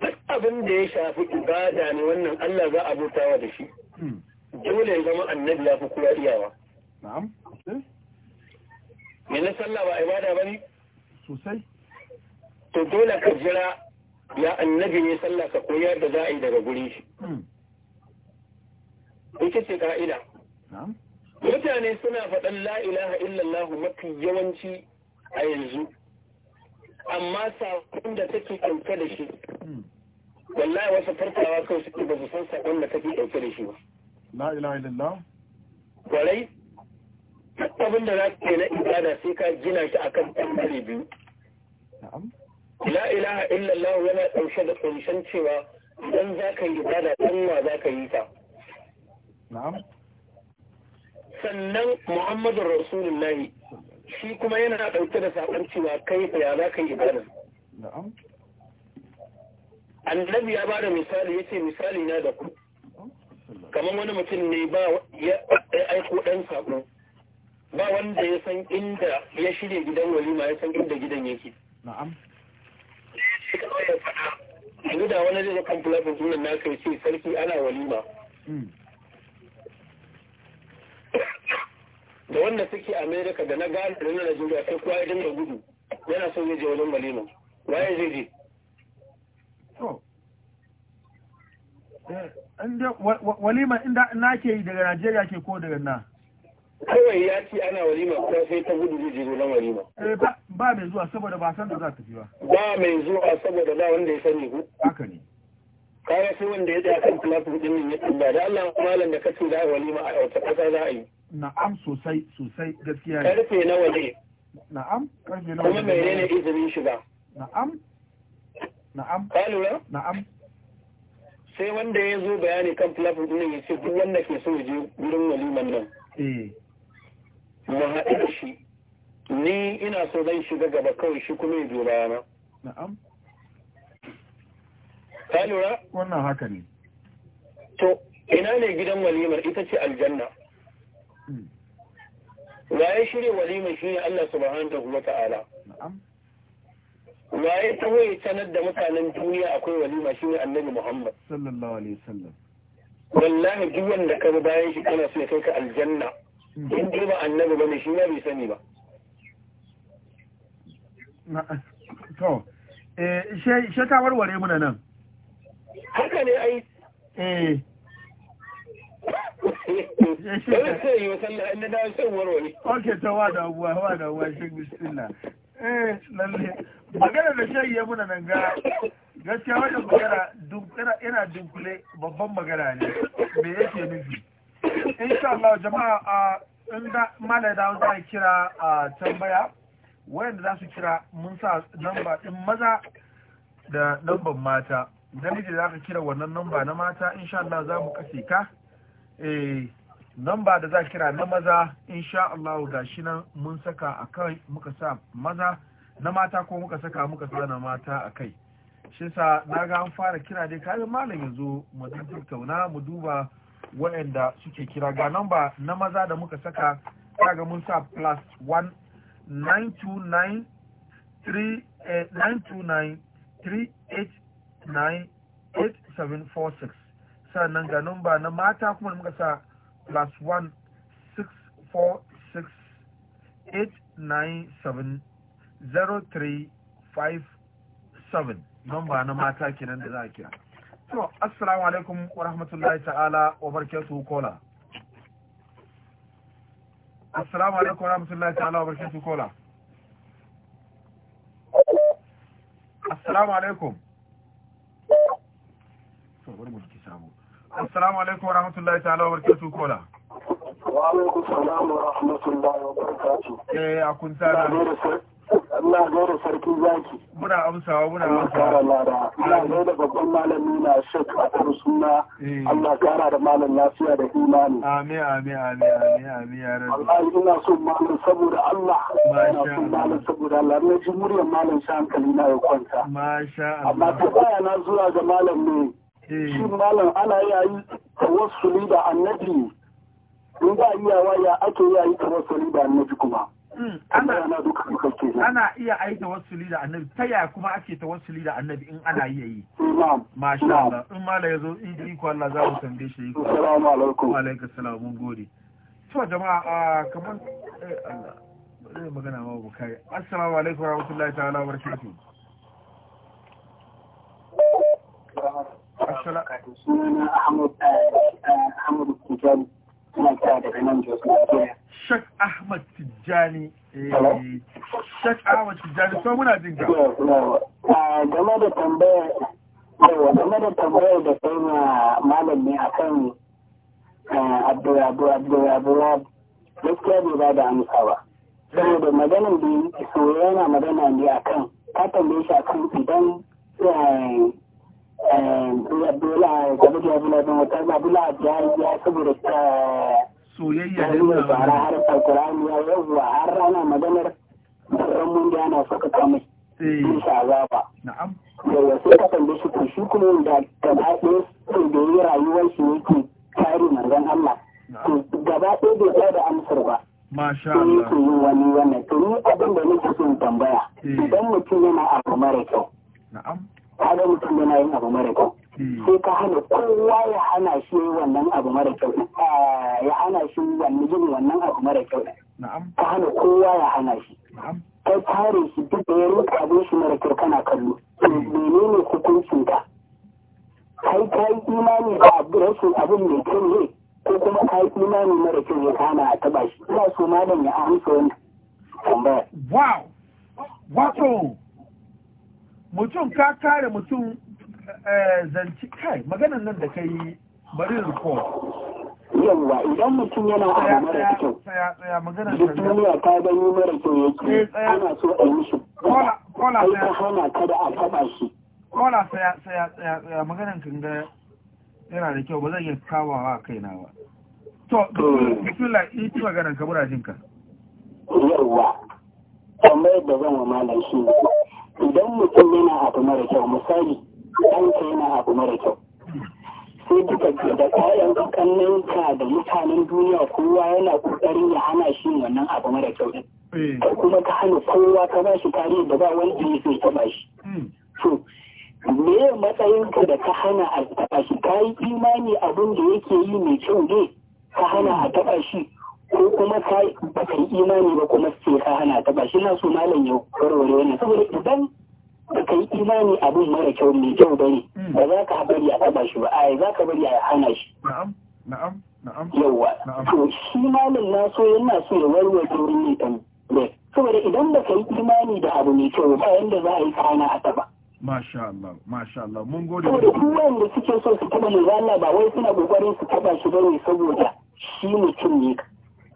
duk abin da ya shafi ibada ne wannan Allah za a bautawa da shi hmm. dole ya zama annabi ya fi kowa iyawa na'am ne na sallah ba ibada bane sosai to dole ka jira ya annabi ne sallah ka koyar da za a yi daga guri shi ita ce ka'ida mutane suna faɗan la ilaha illallah mafi yawanci a yanzu amma sakon da take ɗauke da shi wallahi wasu farkawa kai suke ba su san sakon da take ɗauke da shi ba la ilaha illallah kwarai abin da za ka na ibada sai ka gina shi akan ɓangare biyu la ilaha illallah yana ɗauke da ƙunshen cewa idan za ka yi ibada ɗan wa za ka yi ta sannan muhammadu Rasulullah shi kuma yana ɗauke da saƙon cewa kai ya za ka yi ibada annabi ya bada misali ya ce misali na da ku kamar wani mutum ne ba ya aiko ɗan saƙo ba wanda ya san inda ya shirya gidan walima ya san inda gidan yake shi kawai ya faɗa yanzu da wani zai kan fulafin sunan na kai ce sarki ana walima hmm. da wanda suke amerika da na gane da na najeriya sai kowa ya dinga gudu yana so ya je wajen walima waye zai je eh, walima inda na ke yi daga najeriya ke ko daga na kawai ya ci ana walima ko sai ta gudu zai je na walima eh, ba mai zuwa saboda ba san da za ta fi ba ba mai zuwa saboda ba wanda ya sani ku haka ne kaya sai wanda ya tsaya kan filafin din nan ya tsalla da Allah malam da kace za a walima a wata kasa za a yi na'am sosai sosai gaskiya ne karfe nawa ne na'am karfe nawa kuma menene izinin shiga na'am na'am ka lura na'am sai wanda ya zo bayani kan platform din ya ce duk wanda ke so ya je gurin waliman nan eh mu haɗu da shi ni ina so zan shiga gaba kawai shi kuma ya biyo bayana na'am Ta lura wannan haka ne to ina ne gidan walimar ita ce aljanna hmm. waye shirya walimar shi ne Allah subhanahu wa ta'ala waye ta waye sanar da mutanen duniya akwai walima shi ne annabi Muhammad sallallahu alaihi wasallam wallahi duk wanda ka bayan shi kana so ya kai ka aljanna in dai ba annabi bane shi ya bai sani ba to eh she ta warware muna nan haka ne ai eh *laughs* Okay, ta wa da abuwa, wa da abuwa, shi bismillah. Eh, lalle. Magana da shayi ya muna nan ga gaskiya wajen magana yana dunkule babban magana ne. Me yake nufi? insha Allah jama'a a inda malai da za kira a tambaya wayanda za su kira mun sa namba din maza da namban mata namiji za ka kira wannan namba na mata insha Allah za mu kase ka eh namba da za kira na maza insha Allah gashi nan mun saka akai muka sa maza na mata ko muka saka muka sa na mata akai shi sa na ga an fara kira dai kayan malam yanzu mu tattauna mu duba waɗanda suke kira ga namba na maza da muka saka kaga mun sa plus 1 929 8746 sannan ga namba na mata kuma da muka sa plus 1 646 897 0357 namba na mata kenan da za a kira to assalamu alaikum wa rahmatullahi ta'ala wa barkatu kola assalamu alaikum wa rahmatullahi ta'ala wa barkatu kola assalamu alaikum to wani mu ji samu assalamu alaikum wa rahmatullahi ta'ala wa barkatu kola wa alaikum salam wa rahmatullahi wa barkatu. eh akunta tana Allah gaira sarki zaki. Muna amsawa muna amsawa. Allah gaira da babban malami na shek a suna. Eh. Allah kara da malam lafiya da imani. Amin amin amin amin amin ya rabu. Wallahi ina so malam saboda Allah. Ina so malam saboda Allah. Na ji muryar malam shi hankali na ya kwanta. Masha Allah. Amma ta baya na zuwa ga malam ne. Eh. Shi malam ana yayi tawassuli da annabi. In ba iyawa ya ake yayi tawassuli da annabi kuma. Hmm, ana iya ai tawassuli da annabi ta yaya kuma ake tawassuli da annabi in ana iya yi masha Allah in mala yazo in ji ko Allah za mu tambaye shi iko assalamu alaikum wa alaikum assalam mun gode to jama'a kaman eh Allah zai magana ma bukari assalamu alaikum wa rahmatullahi ta'ala wa barakatuh Assalamu alaikum. Sunana Ahmad eh, eh, Ahmad Tijani. Shek Ahmad Tijjani. Eh, Shek Ahmad Tijjani, so muna jin ka. Ah, game da tambayar game da tambayar da kai na malami akan kan eh, Abdurabu Abdurabu gaskiya bai ba da amsa ba. Saboda maganin da yake so yana magana ne akan ka tambaye shi akan idan eh, Abdullahi game da ya yi saboda ta soyayya da yau har alkurani har maganar barran mun ana saka kamai bisa azaba ka da da yi rayuwar shi yake kare manzon Allah to gaba ɗaya bai da amsar ba Masha yi wani wannan. To ni abin tambaya. Idan mutum yana abu mara kyau. Na'am. hana mutum yana yin abu mara kyau hmm. sai ka hana kowa ya hana shi wannan abu mara kyau ah, ya hana shi wannan yin wannan abu mara kyau ka hana kowa ya hana shi kai kare shi duk da ya rinka abin shi mara kyau kana kallo hmm. ne hukuncin ka kai ka yi imani da rashin abin mai kyau ne ko kuma ka yi imani mara kyau ya kama a taba shi ina so malam ya amsa wannan tambaya wow wato mutum ka kare mutum eh, zanci kai maganan nan da ka yi bari report yawwa idan mutum yana abu mara kyau duk duniya ta gani mara kyau yake eh, ana so a yi shi kola ta hana kada a taba shi kola tsaya tsaya tsaya maganan kan ga yana da kyau ba zan iya kawawa kaina ba to hmm. bismillah in ci maganan ka burajinka yawwa kamar da zan wa malam shi idan mutum yana abu mara kyau misali ɗanka yana abu mara kyau sai duka da kayan ka da mutanen duniya kowa yana ƙoƙarin ya hana shi wannan abu mara kyau din eh. ko kuma ka hana kowa ka ba shi kariya da ba wani sai zai taɓa shi hmm. to me ka da ka hana a taɓa shi ka yi imani abin da yake yi mai kyau ne ka hana a taɓa shi ko kuma ka baka yi imani ba kuma sai ka hana ta ba shi na so malam ya warware wannan saboda idan baka yi imani abin mara kyau mai kyau bane hmm. ba za ka bari a taba shi ba a za ka bari a hana shi na'am na'am na'am yawa to shi malam na so yana so ya warware wurin ne dan saboda idan baka yi imani da abu mai kyau ba yanda za a yi ka hana a taba Masha Allah, Masha Allah, mun gode. Saboda kuma yadda suke so su taba manzo Allah ba wai suna kokarin su taba shi bane saboda shi mutum ne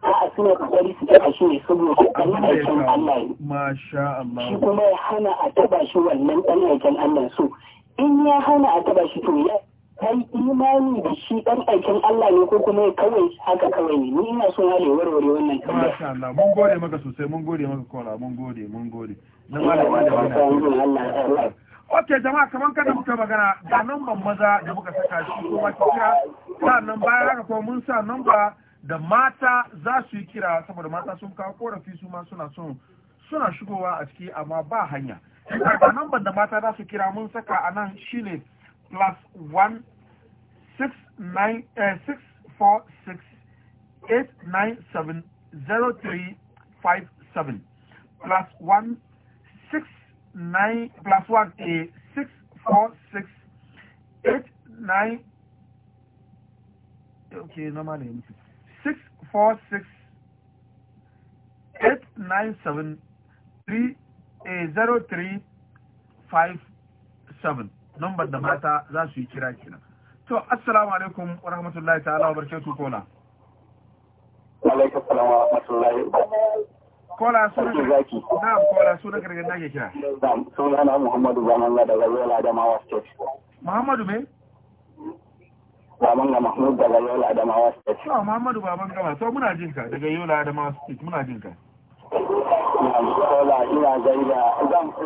a suna kokari su taɓa shi ne saboda an aikin Allah ne shi kuma ya hana a taɓa shi wannan ɗan aikin Allah so in ya hana a taɓa shi to ya kai imani da shi ɗan aikin Allah ne ko kuma kawai haka kawai ne ni ina son halaye warware wannan tambaya masha Allah mun gode maka sosai mun gode maka kola mun gode mun gode na malama da wannan ok jama'a kamar kada muka magana da namban maza da muka saka shi kuma kira sa sannan bayan haka kuma mun sa nan ba. da mata za su yi kira saboda mata sun kawo korafi su ma suna son suna shigowa a ciki amma ba hanya nan ban da mata za su kira mun saka a nan shine plus one six eh, six six nine nine four eight seven zero three five seven plus one six nine plus one a eh, six four six eight nine okay na normal four six eight nine seven three zero three five seven number da mata za su yi kira kina to assalamu alaikum wa rahmatullahi ta'ala wa barakatuh kola alaikum salam wa kola sunan zaki na'am kola suna gargaɗin da ke kira sunan Muhammadu Zaman da daga Yola da Mawa State Muhammadu me baban ga mahmud daga yola adamawa state to muhammadu baban gama to muna jin ka daga yola adamawa state muna jin ka ina gaida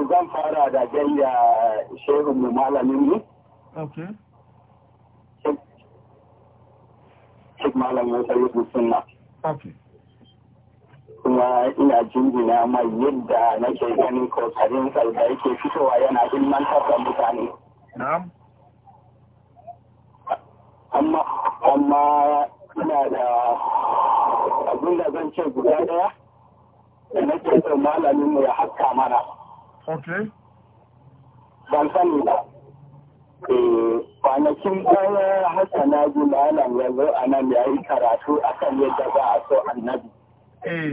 zan fara da gaida shehun mu malamin mu okay Sheikh Malam Musa Yusuf Sunna. Okay. kuma ina jingina mai yadda nake ganin kokarin da yake fitowa yana ilmantar da mutane. Na'am. amma amma ina da abin da zan ce guda daya da nake son malamin mu ya haska mana okay ban sani ba eh, kwanakin baya haka na ji malam ya zo a nan ya yi karatu akan yadda za a so annabi eh.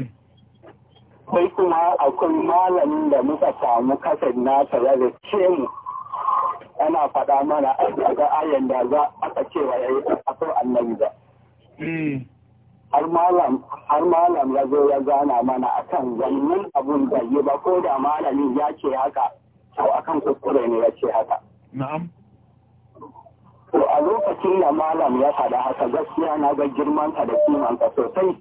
sai kuma akwai malamin da muka samu kasar nasa ya ce mu ana faɗa mana a ga ayan da za aka cewa ya yi ƙasar annabi ba. Hmm. Har malam ya zo ya zana mana a kan zannin abun da yi ba ko da malamin ya ce haka, to a kan kuskure ne ya ce haka. Na'am. To a lokacin da malam ya faɗa haka gaskiya na ga girmanta da kimanta sosai.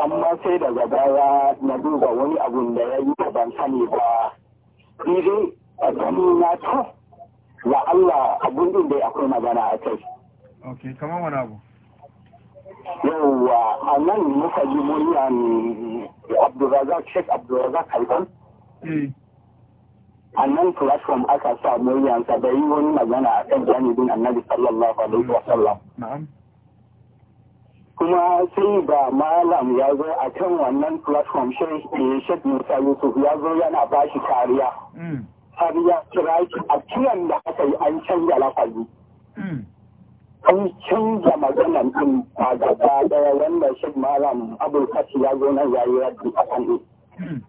Amma sai daga baya na duba wani abun da ya yi ban sani ba. a gani na ta ya Allah abun din dai akwai magana a kai ok kamar wani abu yawwa a nan muka ji murya ne abdulrazak Sheikh abdulrazak haifan eh. a nan platform aka sa muryansa da yi wani magana a kan janibin annabi sallallahu alaihi wa wasallam kuma sai da malam ya zo a kan wannan platform shek eh, musa yusuf ya zo yana bashi shi kariya hmm. buhari ya a kiran da aka yi an canza lafazi hmm. an canza maganan ɗin a gaba ɗaya wanda shi malam abul ya zo nan ya yi a kan hmm.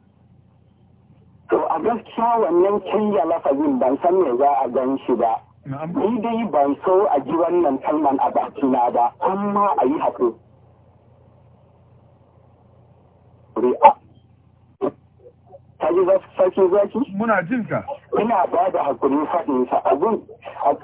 to a gaskiya wannan canza lafazin ban san me za a gan shi ba ni dai ban so a ji wannan kalman a bakina ba amma a yi haƙo Kaji za sake zaki? Muna jin ka. Ina ba da hakurin faɗinsa abin.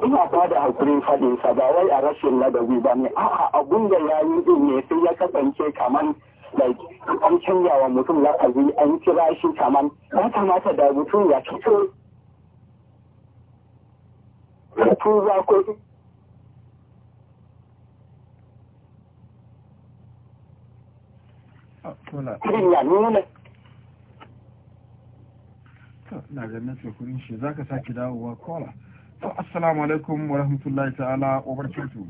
ina ba da hakurin faɗinsa ba wai a rashin ladabi ba ne, a'a abun da ya yi din ne sai ya kasance kaman like an canja wa mutum lakabi an kira shi kaman ya kamata da mutum ya fito ah, ya tuba ko na ina ganin sai kurin shi ka sake dawowa kola to assalamu alaikum wa rahmatullahi ta'ala wa barkatu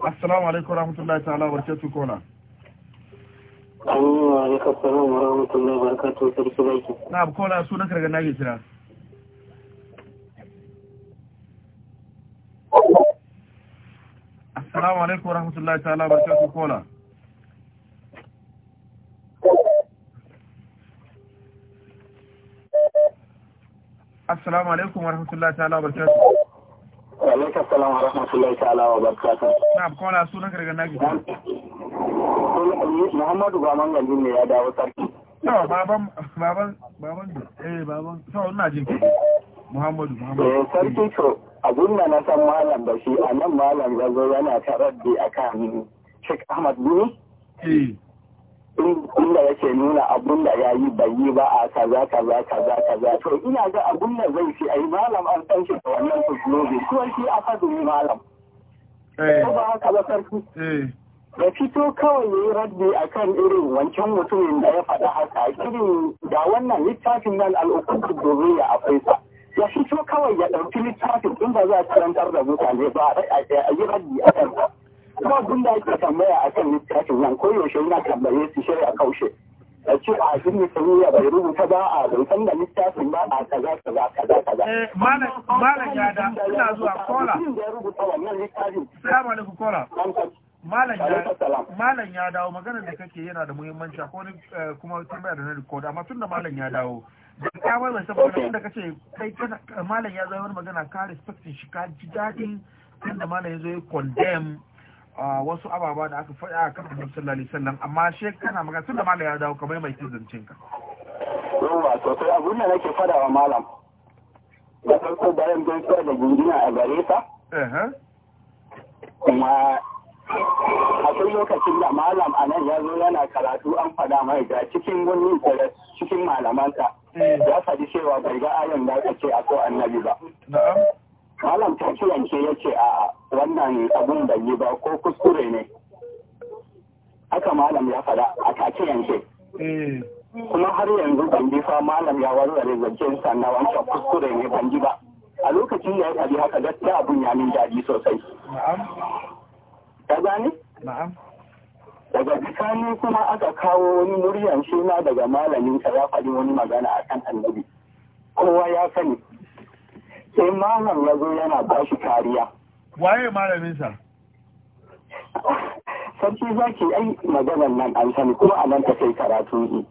Assalamu alaikum wa rahmatullahi ta'ala wa barkatu kola Allah Assalamu alaikum wa rahmatullahi wa barakatuh sarki Na kola sunan karga nake kira Assalamu alaikum wa rahmatullahi ta'ala barkatu kola. Assalamu alaikum wa rahmatullahi ta'ala barkatu. Alaikum salam wa rahmatullahi ta'ala wa barkatu. Na'am kola sunan gargan gida. Muhammadu Baman Gandu ne ya dawo sarki. Yawa baban baban baban eh baban sau ina jin Muhammadu Muhammadu. Eh sarki abin da na san malam ba shi a nan malam zazo yana ta rabbi a kan shek Ahmad Gumi. Hmm. Inda yake nuna abin da ya yi bai yi ba a kaza kaza kaza kaza to ina ga abin da zai fi ai malam an san shi da wannan fuslobi kuma shi a fadin malam. Eh. Ko ba haka ba sarki. Da eh. fito kawai ya yi raddi a kan irin wancan mutumin da ya faɗa haka irin ga wannan littafin nan al'ukutu domin ya akwai sa. ya fito kawai ya ɗauki littafin inda za a karantar da mutane ba a yi rabi a kan ba kuma abin da ake tambaya a kan littafin nan ko yaushe yana tambaye su shirya kaushe da ce a jin mutum ya bai rubuta ba a bai san da littafin ba a kaza kaza kaza kaza. Eh, malam Yada ina zuwa kola. Salamu alaikum kola. Malam ya dawo maganar da kake yana da muhimmanci ko eh, kuma tambayar da na rikoda amma tun da malam ya dawo da ka wala saboda inda ka ce kai malam ya zama magana ka respect shi ka ji daɗin inda malam ya zo ya condemn uh, wasu ababa da aka faɗa a kan annabi sallallahu alaihi wasallam amma she kana magana tunda malam ya dawo kamar mai zancen ka yawa to sai abin da nake faɗa wa malam da farko bayan gaisuwa da gudina a gare sa kuma akwai lokacin da malam a nan ya zo yana karatu an fada mai da cikin wani cikin malamansa hmm. ya faɗi cewa bai ga ayon da aka ce a ko annabi ba malam ta ci yanke ya ce a wannan abun da yi ba ko kuskure ne haka malam ya faɗa a ta ci yanke hmm. kuma har yanzu ban bi fa malam ya warware zancen sannan wancan kuskure ne ban ji ba a lokacin da ya faɗi haka gaskiya abun ya min daɗi sosai na'am daga bisani kuma aka kawo wani muryan shi ma daga malamin ka ya faɗi wani magana a kan annabi kowa ya sani sai malam ya zo yana ba shi kariya waye malamin sa sarki ki ai maganar nan an sani kuma a nan ta kai karatu ne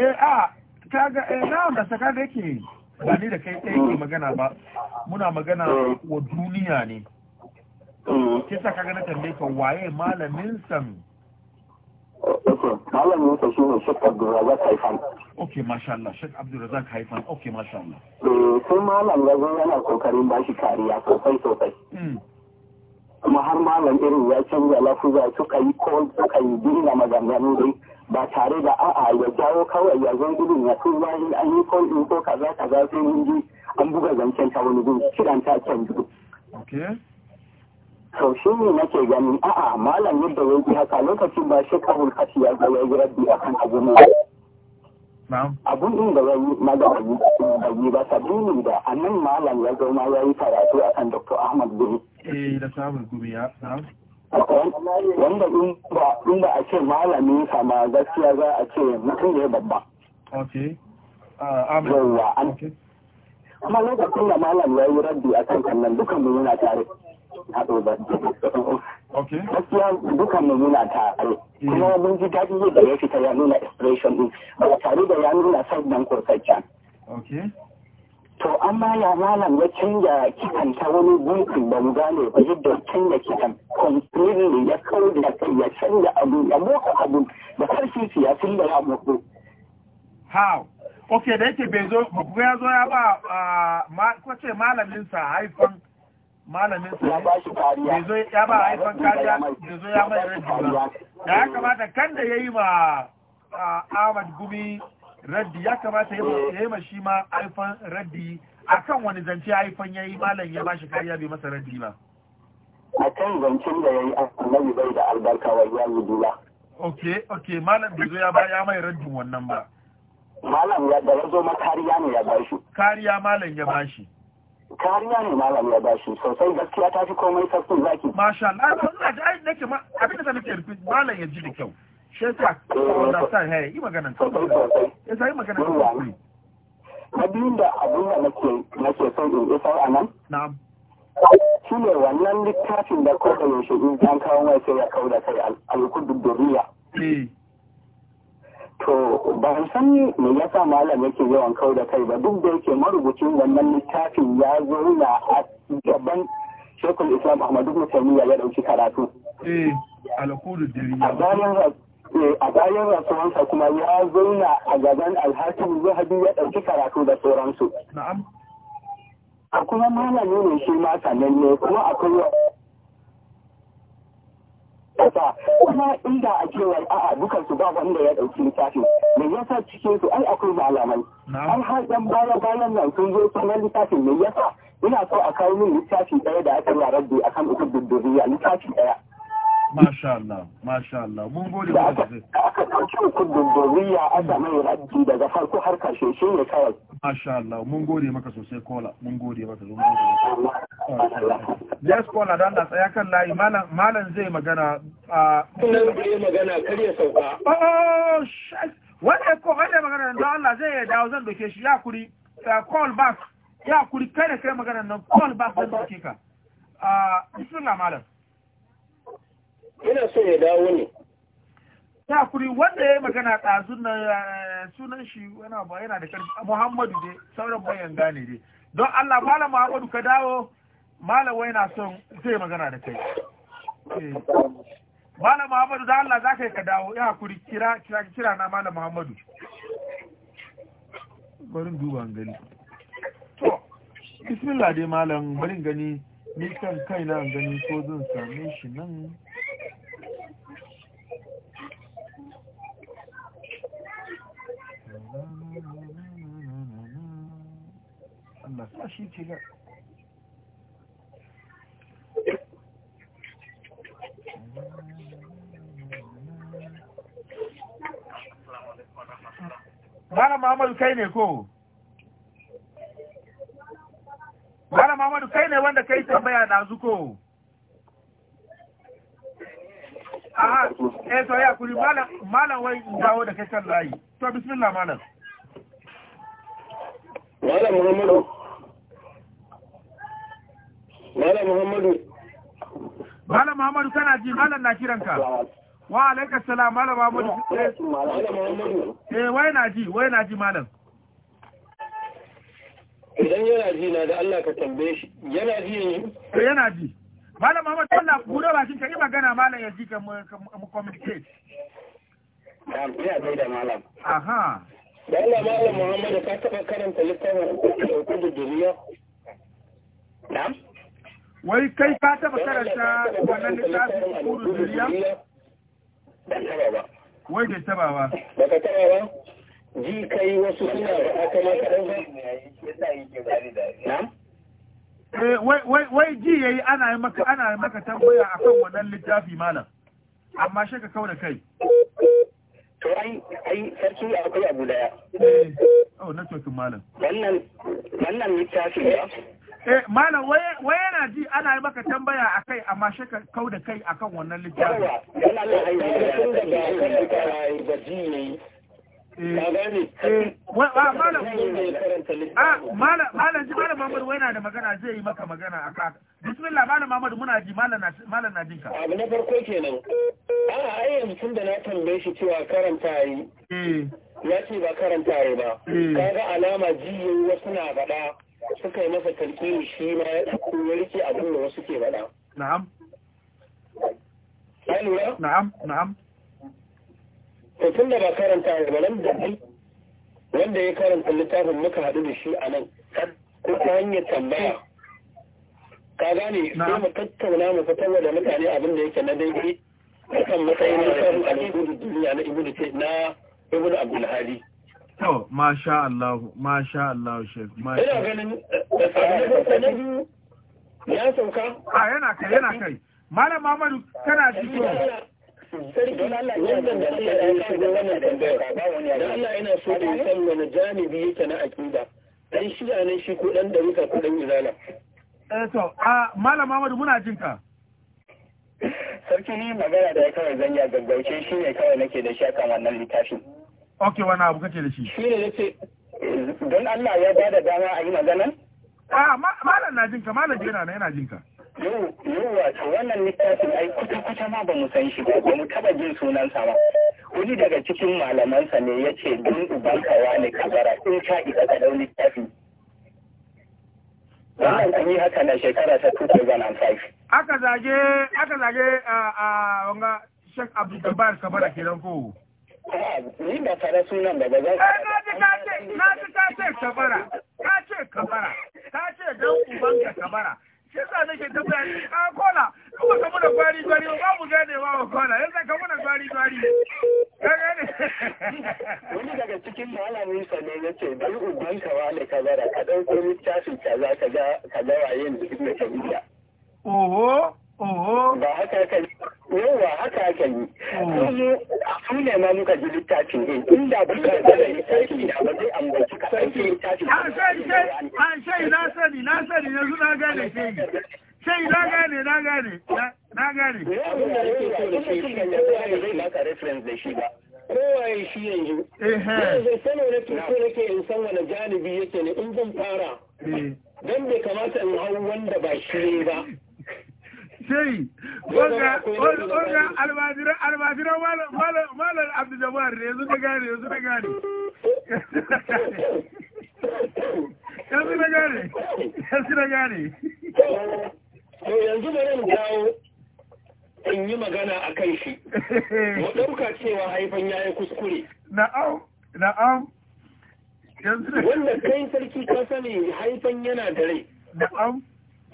eh a kaga eh na da saka da yake ba ni da kai ɗaya ke mm. magana ba muna magana eh. wa duniya ne kisa mm. ka na tambaye ka waye malamin san malamin sa shine Sheikh Abdulrazak Haifan ok masha Allah Sheikh Abdulrazak Haifan okay masha Allah eh sai malam gazo yana kokarin bashi kariya sosai sosai mm. kuma har malam irin ya canza lafuza suka yi ko suka yi dinga maganganu dai ba tare da a'a ya jawo kawai ya zan gudun ya tun bayan an yi ko in ko kaza kaza sai mun ji an buga zancen ta wani gun kiran ta can Okay. to shi ne nake ganin. a'a malam yadda ya yi haka lokacin ba shi kabul kashi ya zai yi rabbi a kan abu ne abun din da ya yi na da yi ba sabini da a nan malam ya ma ya yi karatu a kan dr ahmad guri eh da sabon wanda in ba a ce malami ma gaskiya za a ce mutum ne babba okay ah, yawwa kuma lokacin da malam ya yi rabbi a kan kannan dukkan mu yana tare haɗo ba ok gaskiya mu nuna ta are mm. kuma mun ji daɗi da ya fita ya nuna expression din ba tare da ya nuna side dan kurkacca to amma ya malam ya canja kitan ta wani gunkin ba mu gane ba yadda canja kitan completely ya kawo da kai ya canja abu ya motsa abu da harshe shi ya tunda ya motsa how ok da yake bai zo ba ya zo ya ba ah, ma kwace malamin sa haifan malamin su ne zo ya ba haifan kariya da zo ya mai raddi ba da ya kamata kan da ya yi ma Ahmad Gumi raddi ya kamata eh. ya yi ma shi ma haifan raddi a kan wani zance haifan ya yi malam ya ba shi kariya bai masa raddi ba. a kan zancen da ya yi annabi bai da albarka wa ya yi dula. Ok, ok, malam da zo ya ba ya mai raddin wannan ba. Malam ya da ya zo ma kariya ne ya ba shi. Kariya malam ya ba shi. kariya ne malam ya bashi sosai gaskiya ta fi komai sassun zaki masha Allah ina ji nake ma abin da nake rufi malam ya ji da kyau wanda sa ya yi magana yi magana da abin da nake nake son in isa a nan na'am shi ne wannan littafin da ko da yaushe in an kawo mai sai ya kauda kai yi kudu duriya To ba mu san me yasa malam yake yawan kau da kai ba duk da yake marubucin wannan littafin ya na a gaban Shekul Islam Ahmadu Ibn ya dauki karatu. Eh, dariya. Eh, a bayan rasuwansa kuma ya na a gaban alhakin zahabi ya dauki karatu da sauransu. Na'am. A kuma malami ne shi ma sananne kuma akwai kasa kuma inda a cewar a'a dukan su ba wanda ya dauki littafin me yasa cikin su ai akwai malamai an har dan baya bayan nan sun zo sanar littafin me yasa ina so a kawo min littafi daya da aka yi rabbi akan ukun dudduriya littafi daya Masha Allah, Masha Allah, mun gode wa sosai. Aka ɗauki hukumin domin ya aza mai daga farko har kashe shi ne kawai. Masha Allah, mun gode maka sosai kola, mun gode maka zo mun Yes kola dan da tsaya kan layi malam zai magana a nan zai magana kar ya sauka. Oh shit. Wanda ko wanda magana don Allah zai ya dawo zan doke shi ya kuri call back. Ya kuri kai da kai magana nan call back zan doke ka. Ah bismillah malam. ina so ya dawo ne ta kuri wanda ya magana ɗazun na eh, sunan shi yana ba yana da karfi muhammadu dai sauran bayan gane dai don allah malam muhammadu ka dawo malam wai na son zai magana da kai eh. malam muhammadu da allah za ka yi ka dawo ya hakuri kira kira kira na malam muhammadu barin duba gani to bismillah dai malam barin gani ni kan kaina gani ko zan same shi nan Allah sa shi ce ga Malam Muhammadu kai ne ko? Malam Muhammadu kai ne wanda kai tambaya na zuko. Aha, eh to ya kuri malam mala wai dawo da kai kan layi. To bismillah malam. Malam Muhammadu Malam Muhammadu. Malam Muhammadu kana ji malam na kiranka. Wa alaika salam malam Muhammadu. Mala Muhammadu. Eh wai na ji wai na ji malam. Idan yana ji na da Allah ka tambaye shi. Yana ji ne? Eh yana ji. Malam Muhammadu Allah da bakin ka yi magana malam ya ji ka mu communicate. Ya bai da malam. Aha. Da Allah malam Muhammadu ka taba karanta littafin da kudu duniya. Na'am. wai kai ka taba karanta wannan littafi kuru zuriya wai bai taba ba ba ka taba ba ji kai wasu suna ba aka ma kaɗan eh wai ji yayi ana yi maka ana yi maka tambaya akan wannan littafi malam amma shi ka kau da kai to ai ai sarki akwai abu daya eh. oh na malam wannan wannan littafi ya eh malam wai yana ji ana yi maka tambaya a kai amma shi ka kau da kai akan wannan littafin yana da aiki eh, ah, Malam ji Malam Mamadu wai na da magana zai yi maka magana a ka. Bismillah Malam Mamadu muna ji Malam na jinka. Abu na farko kenan. Ana ah, ai yanzu tun da na tambaye shi cewa karanta yi. Eh. Ya ce ba karanta yi ba. Eh. Kaga alama ji wasu na faɗa. suka yi masa tarkiyu shi ma ya ɗauko ya rike abin da wasu ke faɗa. Na'am. Ya lura? Na'am, na'am. To tun da ba karanta ba nan da ai wanda ya karanta littafin muka haɗu da shi a nan ko ta hanyar tambaya. Ka gane sai mu tattauna mu fitar da mutane abin da yake na daidai akan matsayin littafin al'ubudu duniya na Ibn na Ibn Abdullahi. To, masha Allahu, masha Allahu yana kai, yana kai. Malam Muhammadu kana ji to. Sarki da ya shigo wannan tambaya. Da Allah yana da san wani yake na Dan ne shi ko dan ko dan izala. Eh a Malam Muhammadu muna jin Sarki ni magana da ya kawai zan ya gaggauce shi ne kawai nake da shi kan wannan littafin. ok wani abu kake da shi shi ne yace don Allah ya bada dama a yi magana Ah, malam na jinka malam jena na yana jinka yau wato wannan littafin ai kuta-kuta ma ba mu san shi ba ba mu taba jin sunansa ba wani daga cikin malamansa ne ya ce don uban kawa ne kabara in ka isa ka dau littafi wannan an yi haka na shekara ta 2005 aka zage aka zage a wanga Sheikh abdul kabara kenan ko Ni ba fara sunan daga zan. Na ji ka ce, na ji ka ce kabara, ka ce kabara, ka ce dan ubanka kabara. Shi sa nake tabbaya ni a kola, kuma ka muna gwari gwari ba mu ganewa wa kola, yanzu ka muna gwari gwari. Ka gane. *laughs* Wani daga cikin malamin sa ne yace dan ubanka wani kabara, ka dauko littafin kaza kaza kaza wayen da kike tabbata. Oho. ba haka haka yawa haka ka yi yanzu hmm. a sune ma muka ji littafin din inda ba ka da littafin da ba zai ambaci ka sai littafin a sai sai sai na sani na sani yanzu na gane sai sai na gane na gane na gane kowaye shi yanzu yanzu sanar da tuso nake in san wani janibi yake ne in zan fara eh. don bai kamata in hau wanda ba shi ne ba sai shehi wanga almajiran malar abdu jama'ar ne yanzu na gane yanzu na gane yanzu na gane yanzu na gane yanzu da mu dawo in yi magana a kan shi mu ɗauka cewa haifan ya yi kuskure na'am na'am wanda kai sarki ka sani haifan yana da rai na'am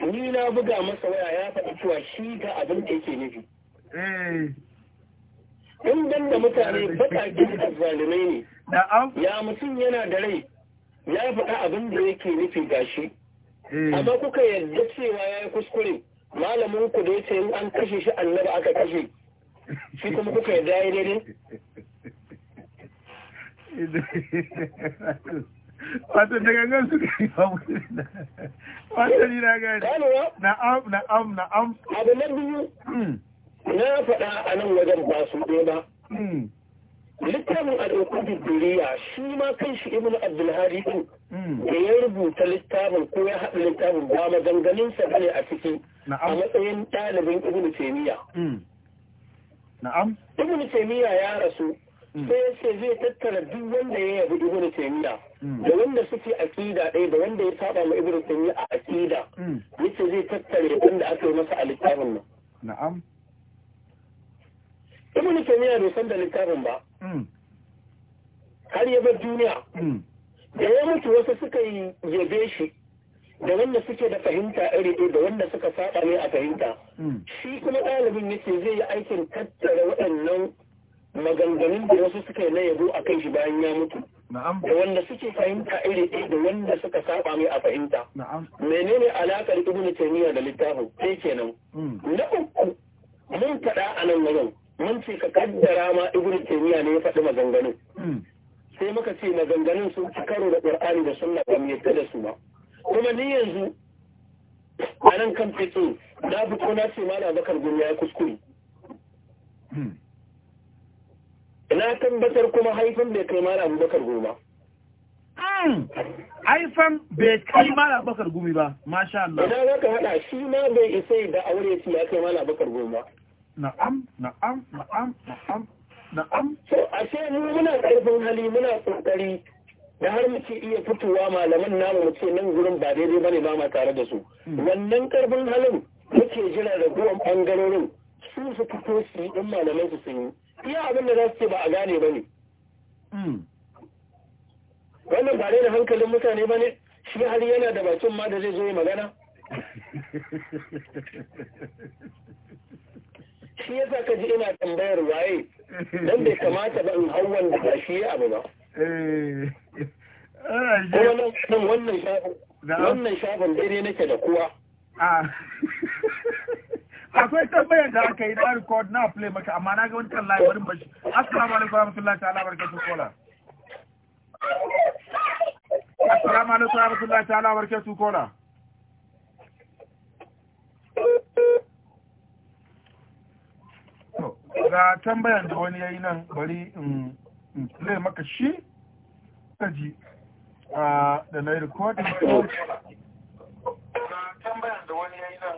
ni na buga masa waya ya faɗi cewa shi ga abin da yake nufi eh. in ban da mutane da zalimai ne ya mutum yana da rai ya faɗa abin da yake nufi ga shi eh. amma kuka yarda cewa ya yi kuskure malamin ku da yace in an kashe shi annaba aka kashe shi kuma kuka yarda ya daidai *laughs* wato da su suka yi wato ni na gani am na am. abu na biyu hmm. na faɗa a nan wajen ba su ɗaya ba hmm. littafin al'ukudin duriya shi ma kan shi ibn Abdullahi din hmm. da ya rubuta littafin ko ya haɗa littafin ba maganganun sa bane a ciki a matsayin ɗalibin ibn taymiya na'am ibn taymiya ya rasu sai ya ce zai tattara duk wanda ya yabi ibn taymiya da wanda suke akida ɗaya da wanda ya saba ma ibn taymiya a akida yace zai tattare wanda aka yi masa a littafin nan na'am ibn taymiya bai san da littafin ba mm. har ya bar duniya mm. da ya mutu wasu suka yi yabe shi da wanda suke da fahimta iri ɗaya da wanda suka saba ne a fahimta mm. shi kuma ɗalibin yace zai yi aikin tattara waɗannan maganganun da wasu suka yi na yabo a kan shi bayan ya mutu da wanda suke fahimta iri ɗaya da wanda suka saba mai a fahimta menene alakar ibnu taimiyar da littafin sai kenan hmm. na uku mun faɗa a nan wajen mun ce ka kaddara ma ibnu taimiyar ne ya faɗi maganganun hmm. sai muka ce maganganun sun ci karo da qur'ani da sunna ba mu yadda da su ba kuma ni yanzu a nan kan fito na fito na ce malam bakar gumi ya kuskure hmm. na tabbatar kuma haifan bai kai mara abubakar gumi ba hmm, haifan bai kai mara abubakar gumi ba masha Allah idan za ka haɗa shi ma bai isa da aure shi ya kai mara abubakar gumi ba na'am na'am na'am na'am na'am so ashe mu muna ƙarfin hali muna ƙoƙari da har muke iya fitowa malaman namu mu ce nan gurin ba daidai bane ba ma tare da su hmm. wannan karfin halin muke jira da ɓangarorin su su fito su yi dan malaman su sun yi iya abin da za su ce ba a gane ba ne hmm. wannan ba da hankalin mutane ba ne shi har yana da bakin ma da zai zo yi magana *laughs* shi ya sa ji ina tambayar waye don bai kamata ba in hau wanda ba shi ya abu ba eh. wannan shafin daidai nake da kuwa ah. *laughs* akwai tambayar da aka yi na record na play maka amma na ga wani kan live wani bashi assalamu alaikum warahmatullahi ta'ala barakatuh kola assalamu alaikum warahmatullahi ta'ala barakatuh kola ga tambayar da wani yayi nan bari in play maka shi kaji ah, da na yi recording tambayar da wani yayi nan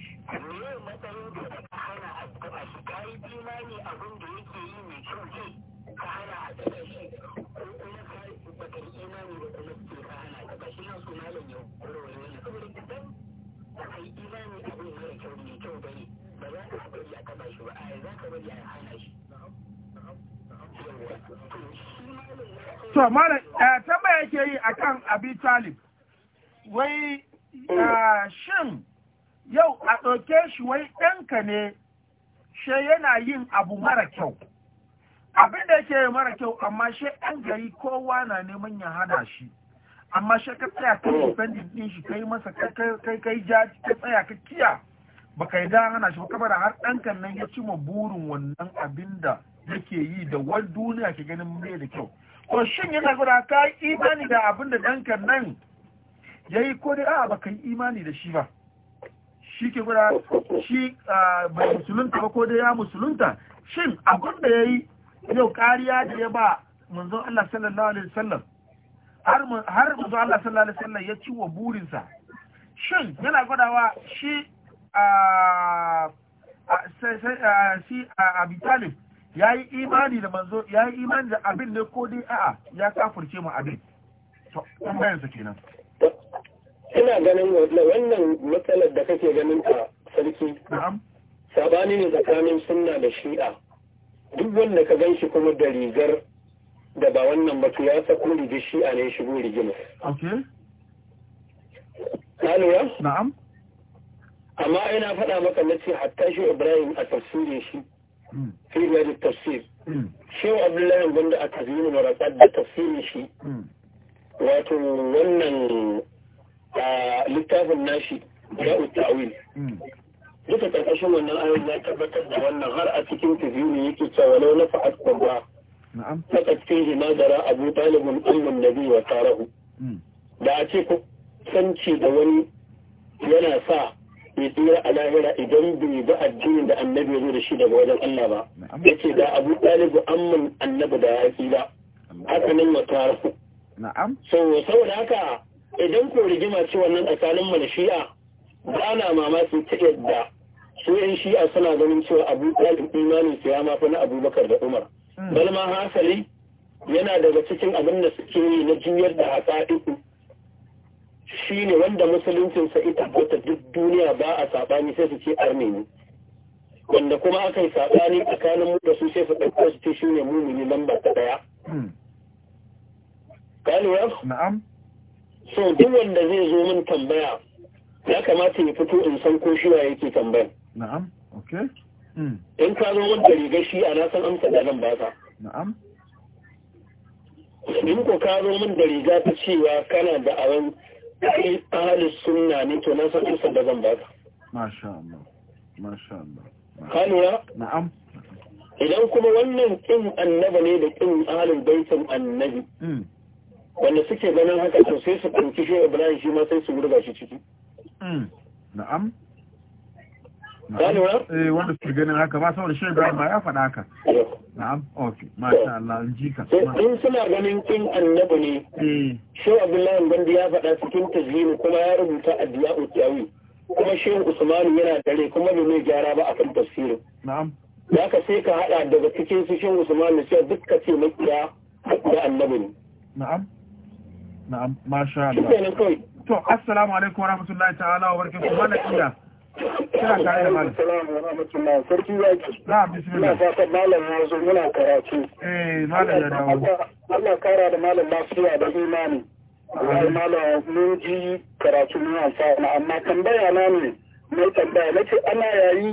me matsayin da ka hana a taba shi kayi yi imani abin da yake yi mai kyau ne ka hana a taba shi ko kuma ka yi baka yi imani da kuma ke ka hana a taba shi na so malam ya warware wannan saboda idan baka yi imani abin mara kyau mai kyau ba ne ba za ka bari a taba shi ba a za ka bari a hana shi So, Mala, eh, tambaya yake yi a kan Abi Talib, wai eh, shin yau a ɗauke shi wai ɗanka ne she yana yin abu mara kyau abin da yake mara kyau amma she ɗan gari kowa na neman ya hana shi amma she ka tsaya ka defending ɗin shi kai masa kai kai jaji ka tsaya ka kiya ba da hana shi ba bara har ɗankan nan ya cima burin wannan abin da yake yi da wani duniya ke ganin mai da kyau to shin yana gura ka imani da abin da ɗankan nan ya yi ko dai a'a ba ka yi imani da shi ba shi ke guda shi bai musulunta ba ko dai ya musulunta shin abin da ya yi yau kariya da ya ba manzon Allah sallallahu alaihi wasallam har manzon Allah sallallahu alaihi wasallam ya ciwo burinsa shin yana gwadawa shi a si abi talib ya yi imani da manzo ya yi imani da abin ne ko dai a'a ya kafurce mu abin to tambayarsa kenan ina ganin wannan matsalar da kake ganin ta sarki sabani ne tsakanin sunna da shi'a duk wanda ka gan shi kuma da rigar da ba wannan ba ya sako da shi'a ne shigo rigima na lura? na'am amma ina faɗa maka na ce hatta shi ibrahim a tafsirin shi hmm. fi da tafsir hmm. shi shehu abdullahi gwanda a tafsirin da tafsirin shi hmm. wato wannan a littafin nashi ya ta'awil hmm. duka karkashin wannan ayoyin ya tabbatar da wannan har a cikin tijini yake cewa lau na fa'at ba fakat fihi ma dara abu talibun ilmin nabi wa tarahu hmm. da a ce ku sanci da wani yana sa ya tsira a lahira idan bai bi addinin da annabi ya zo da shi daga wajen Allah ba Ya ce da abu talibu amman annabi da ya tsira haka nan wa tarahu na'am so saboda haka idan ko rigima ce wannan tsakanin mu da shi'a ba na mamaki ta yadda su yan shi'a suna ganin cewa abu ɗalib imanin su ya mafi na abubakar da umar hmm. balma hasali yana daga cikin abin da suke yi na juyar da haƙa'iku shi ne wanda musuluncinsa ita bata duk duniya ba a saɓani sai su ce armeni wanda kuma aka yi saɓani tsakanin mu da su sai su ɗauko su ce shi ne mumini lamba ta ɗaya. Hmm. so duk wanda zai zo min tambaya ya kamata ya fito in san ko shiwa yake tambaya na'am okay hmm. in ka zo wanda riga shi a na san amsa da nan ba ka na'am in ko ka zo min da riga ta cewa kana da awan kai ahli sunna ne to na san amsa da zan baka masha Allah masha Allah ka na'am idan kuma wannan kin annaba ne da kin ahlul baitin annabi hmm. wanda suke ganin haka to sai su ɗauki shi ibrahim shi ma sai su wurga shi ciki hmm. na'am Eh wanda su ganin haka ba saboda shi Ibrahim ba ya faɗa haka. Na'am. Okay. Masha Allah jika. In suna ganin kin annabi ne. Eh. Shi Abdullahi Bandi ya faɗa cikin tazhimi kuma ya rubuta addu'a Tiyawi. Kuma shi Usman yana dare kuma bai mai gyara ba akan tafsirin. Na'am. Da ka sai ka haɗa daga cikin su shi Usman ne sai dukka ce makiya da annabi ne. Na'am. na'am masha Allah to assalamu alaikum wa rahmatullahi ta'ala wa barakatuh mana iya kira tare da malam assalamu wa rahmatullahi sarki zaki na'am bismillah ina ka malam ya zo muna karatu eh malam ya dawo Allah kara da malam lafiya da imani Allah malam mun ji karatu mun amfana amma tambaya na ne mai tambaya nace ana yayi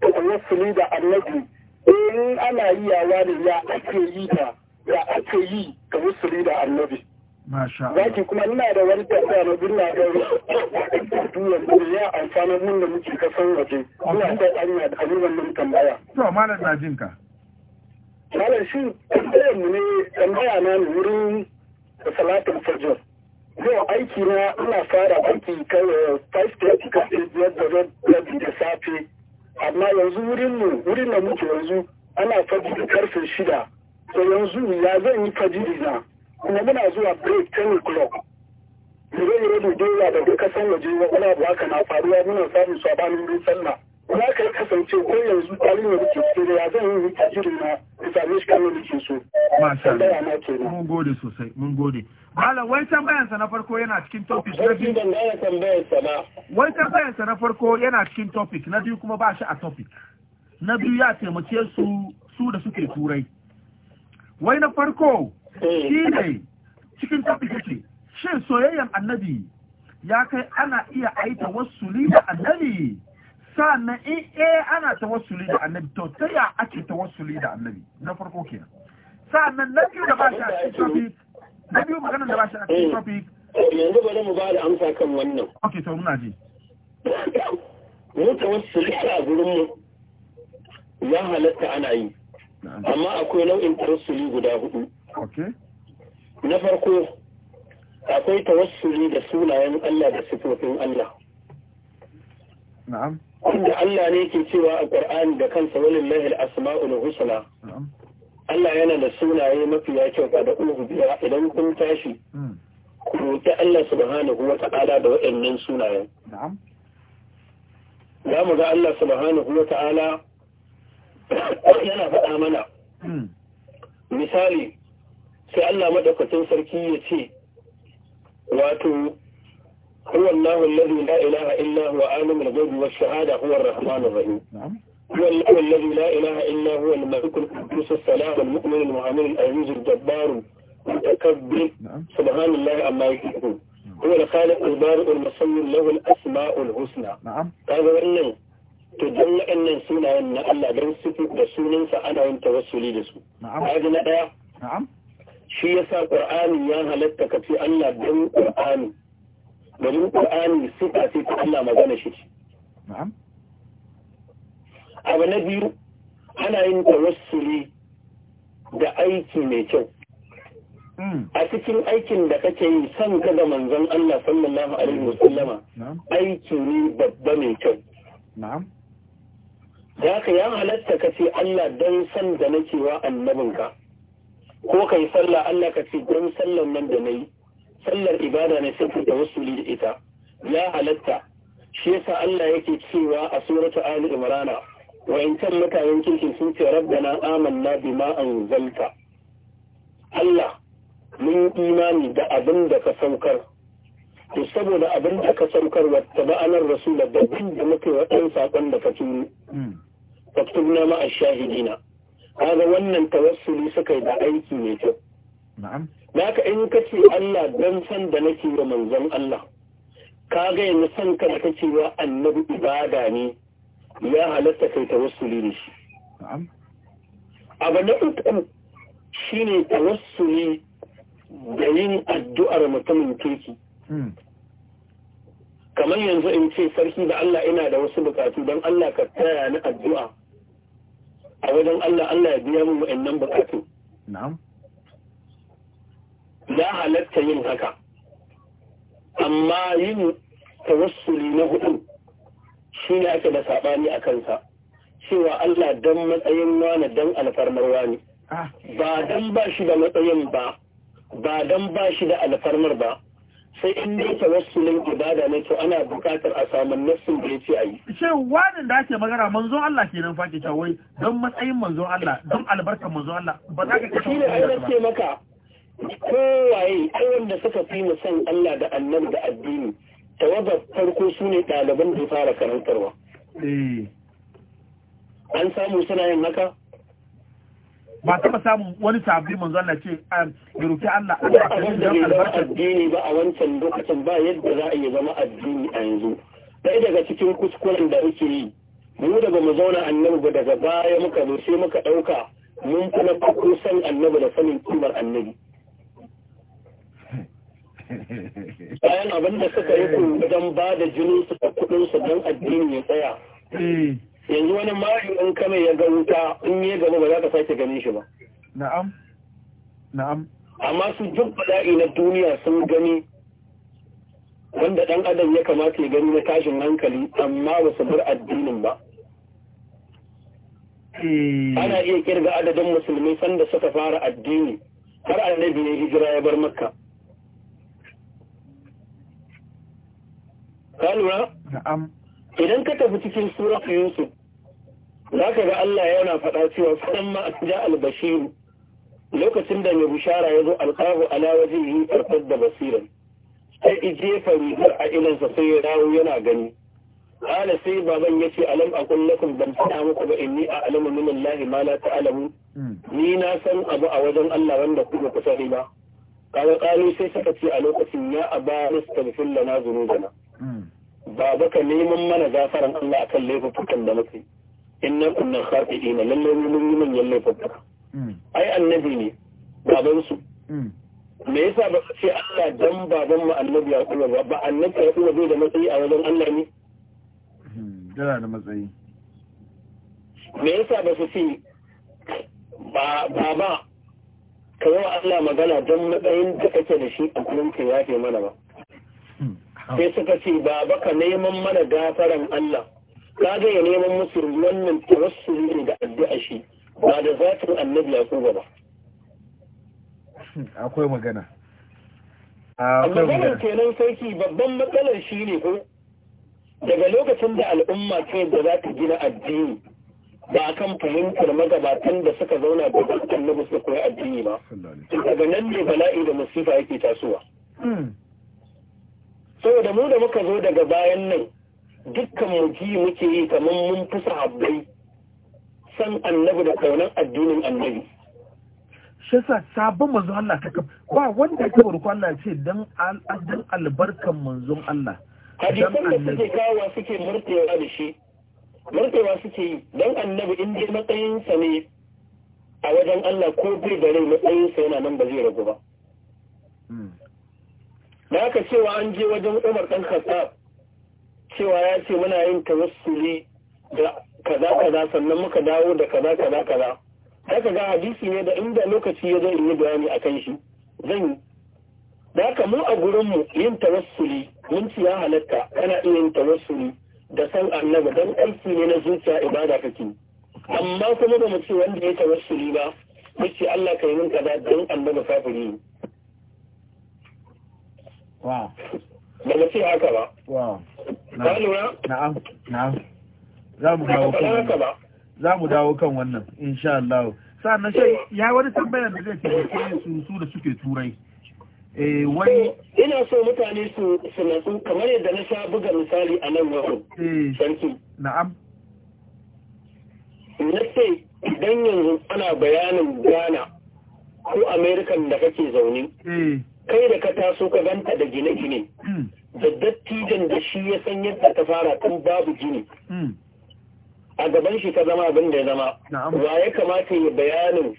tawassuli da annabi eh, in ana yi yawa ne ya ake yi ta ya ake yi tawassuli da annabi Zaki kuma nuna da wani tafiya na duniya da duniyar *laughs* da ya amfani mun da muke kasan waje. Ina da anya da abubuwan nan tambaya. To malam na jinka. Malam shi tambayar mu ne tambaya na ne wurin salatul fajr. Yau aiki na ina fara aiki kawai 5:30 eh, ka biyar da rabi da safe. Amma yanzu wurin mu wurin da muke yanzu ana fajiri karfe shida. To yanzu ya zan yi fajiri na. kuma muna zuwa break ten o'clock zire-zire mu doya da duka san waje wani abu haka na faruwa muna samun sabanin dun sallah kuma ka yi kasance ko yanzu tsarin da muke cikin da ya zan yi ni jirgin na da same shi kamar da ke so. Masha Allah. Mun gode sosai, mun gode. Malam wai tambayansa na farko yana cikin topic na biyu. Wai tambayansa na farko yana cikin topic na biyu kuma ba shi a topic. Na biyu ya taimake su su da suke turai. Wai na farko Eh. shi ne cikin tabbata yake shin soyayyar annabi ya kai ana iya aita wasuli da annabi sannan in eh ana ta wasuli da annabi to ta ya ake wasuli da annabi na farko kenan sannan na biyu da ba shi a cikin topic na biyu magana da ba shi a cikin eh. topic eh, yanzu bari mu ba da amsa kan wannan okay to muna ji *coughs* mu a gurin mu ya halatta ana yi amma akwai nau'in tawassuli guda hudu na farko akwai tawassuli da sunayen Allah da sifofin Allah na'am wanda Allah ne ke cewa a ƙar'ani da kansa wani al-asma'ul husna Allah yana da sunaye mafi kyau ba da uhu biya idan kun tashi hmm. ku roƙi Allah subhanahu wa ta'ala da waɗannan sunayen za mu ga Allah subhanahu wa ta'ala yana faɗa mana hmm. misali sai Allah madaukakin sarki ya ce wato huwa Allahu alladhi la ilaha illa huwa alimul ghaibi wash shahada huwa ar-rahmanur rahim هو الذي لا إله إلا هو الملك القدوس السلام المؤمن المهيمن العزيز الجبار المتكبر سبحان الله عما يشركون هو الخالق البارئ المصور له الأسماء الحسنى هذا wannan to dan wa'annan sunayen na Allah dan su da sunan ana yin tawassuli da su na'am na daya shi yasa ƙur'ani ya halatta ka ce Allah dan qur'ani domin qur'ani sifa ce ta Allah magana shi na'am abu na biyu ana yin tawassuli da aiki mai kyau hmm. a cikin aikin da kake yi san ka da manzon Allah sallallahu alaihi wasallama aiki ne babba mai kyau na'am da ya halatta ka ce Allah dan san da nake wa annabinka ko kai sallah Allah ka ce don sallar nan da yi. sallar ibada ne sai da wasu da ita ya halatta shi yasa Allah yake cewa a suratu Ali imrana wa in kan mutanen kirkin sun ce rabbana amanna bima anzalta Allah mun imani da abin da ka saukar to saboda abin da ka saukar wa taba'anar rasula da bin da muke wa ɗan saƙon da ka tuni faktubna hmm. ma ashahidina kaga wannan tawassuli suka yi da aiki mai kyau na'am naka in ka ce Allah dan san da nake wa manzon Allah Ka ga yanzu san ka da kake wa annabi ibada ne ya halatta kai tawassuli da shi na'am abu na uku shine tawassuli da yin addu'ar mutumin kirki hmm. kamar yanzu in ce sarki da Allah ina da wasu bukatu don Allah ka taya ni addu'a a wajen Allah Allah ya biya min wa'annan bukatu na'am ya halatta yin haka amma yin tawassuli na hudu shine ne ake da saɓani a kansa cewa Allah dan matsayin wani dan alfarmar wani ah, eh. ba don ba shi da matsayin ba ba dan ba shi da alfarmar ba sai in dai nan ibada ne to ana buƙatar a samu nassin da a yi. shin wannan da ake magana manzon Allah ke nan ke wai don matsayin manzon Allah don albarkar manzon Allah ba za ka kace ai ce maka kowaye ɗan wanda suka fi mu san Allah da annan da addini tawabar farko su ne ɗaliban da fara karantarwa eh. an samu suna yin haka ba taba samun wani sabbi manzo Allah ce ya roki Allah a cikin albarkar addini ba a wancan lokacin ba yadda za a yi zama addini a yanzu sai daga cikin kuskuren da ake yi mu da mu zauna annabi ba daga baya muka zo sai muka dauka mun kuma farko san annabi da sanin kimar annabi bayan abin da suka yi wajen ba da jini suka kudin su don addini ya tsaya eh. yanzu wani mayu in ka ya ga wuta in yi gaba ba za ka sake ganin shi ba na'am na'am amma su duk bala'i na duniya sun gani wanda ɗan adam ya kamata ya gani na tashin hankali amma ba su bar addinin ba eh. ana iya kirga adadin musulmai sanda suka fara addini har annabi ne hijira ya bar makka ka lura idan ka tafi cikin suratu yusuf za ka ga Allah yana faɗa cewa faɗan ma ja albashiru lokacin da mai bishara ya zo alƙahu ala waje yi farfar da basiran sai ijefa rigar a ilansa sai ya dawo yana gani ala sai baban ya ce alam a kullakun ban faɗa muku ba inni a alamu min Allah ma la ta'lamu hmm. ni na san abu a wajen Allah wanda ku ba ku sani ba kaga sai suka ce a lokacin ya aba nastaghfir lana dhunubana hmm. baba ka neman mana gafaran Allah akan laifukan da muke inna kunna khati'ina lalle mun yi manyan laifuka hmm. ai annabi ne baban su hmm. me yasa ba ce Allah dan baban mu annabi ya kula ba annabi ya kula da matsayi a wajen Allah ne hmm, yana da matsayi me yasa ba su ce ba baba ka yi wa Allah magana don matsayin da kake da shi a kullum ka yafe mana ba sai suka ce baba ka neman mana gafaran Allah kaga ya neman musu wannan tawassul ne da addu'a shi ba da zatin annabi yaquba ba *laughs* akwai magana akwai magana kenan sarki babban matsalar shi ne ko daga lokacin da al'umma ta da za ta gina addini ba a kan fahimtar magabatan da suka zauna da dukkan na su koyi addini ba daga nan ne bala'i da musifa yake tasowa hmm. saboda mu da muka zo daga bayan nan dukkan mu ji muke yi kamar mun fi sahabbai san annabi da kaunan addinin annabi shi sa sabon manzon Allah ta ba wanda ya kabar ko Allah ce don al'adun albarkan manzon Allah hadisan da suke kawo suke murtewa da shi murtewa suke yi don annabi in dai matsayinsa ne a wajen Allah ko bai da rai matsayinsa yana nan ba zai ragu ba hmm. da aka cewa an je wajen Umar ɗan Khattab cewa ya ce muna yin tawassuli da kaza kaza sannan muka dawo da kaza kaza kaza haka ga hadisi ne da inda lokaci ya zo in yi bayani a kan shi zan yi da haka mu a gurinmu yin tawassuli mun ci ya halatta kana iya yin tawassuli da san annabi dan aiki ne na zuciya ibada kake amma kuma ba mu ce wanda ya tawassuli ba mace Allah ka yi min kaza dan annabi kafiri wa ba mu ce haka ba na'am na'am za mu dawo kan wannan insha Allah sannan shi ya wani tambayar da zai taimake su su da suke turai eh wai eh, ina so mutane su su kamar yadda na sha buga misali a nan wasu eh, sarki na'am na ce idan yanzu ana bayanin Ghana ko American da kake zaune eh. kai da ka taso ka ganta da gine-gine hmm. da Allah shi ya san yadda ta fara tun babu jini hmm. a gaban shi ta zama abin da ya zama wa ya kamata ya bayanin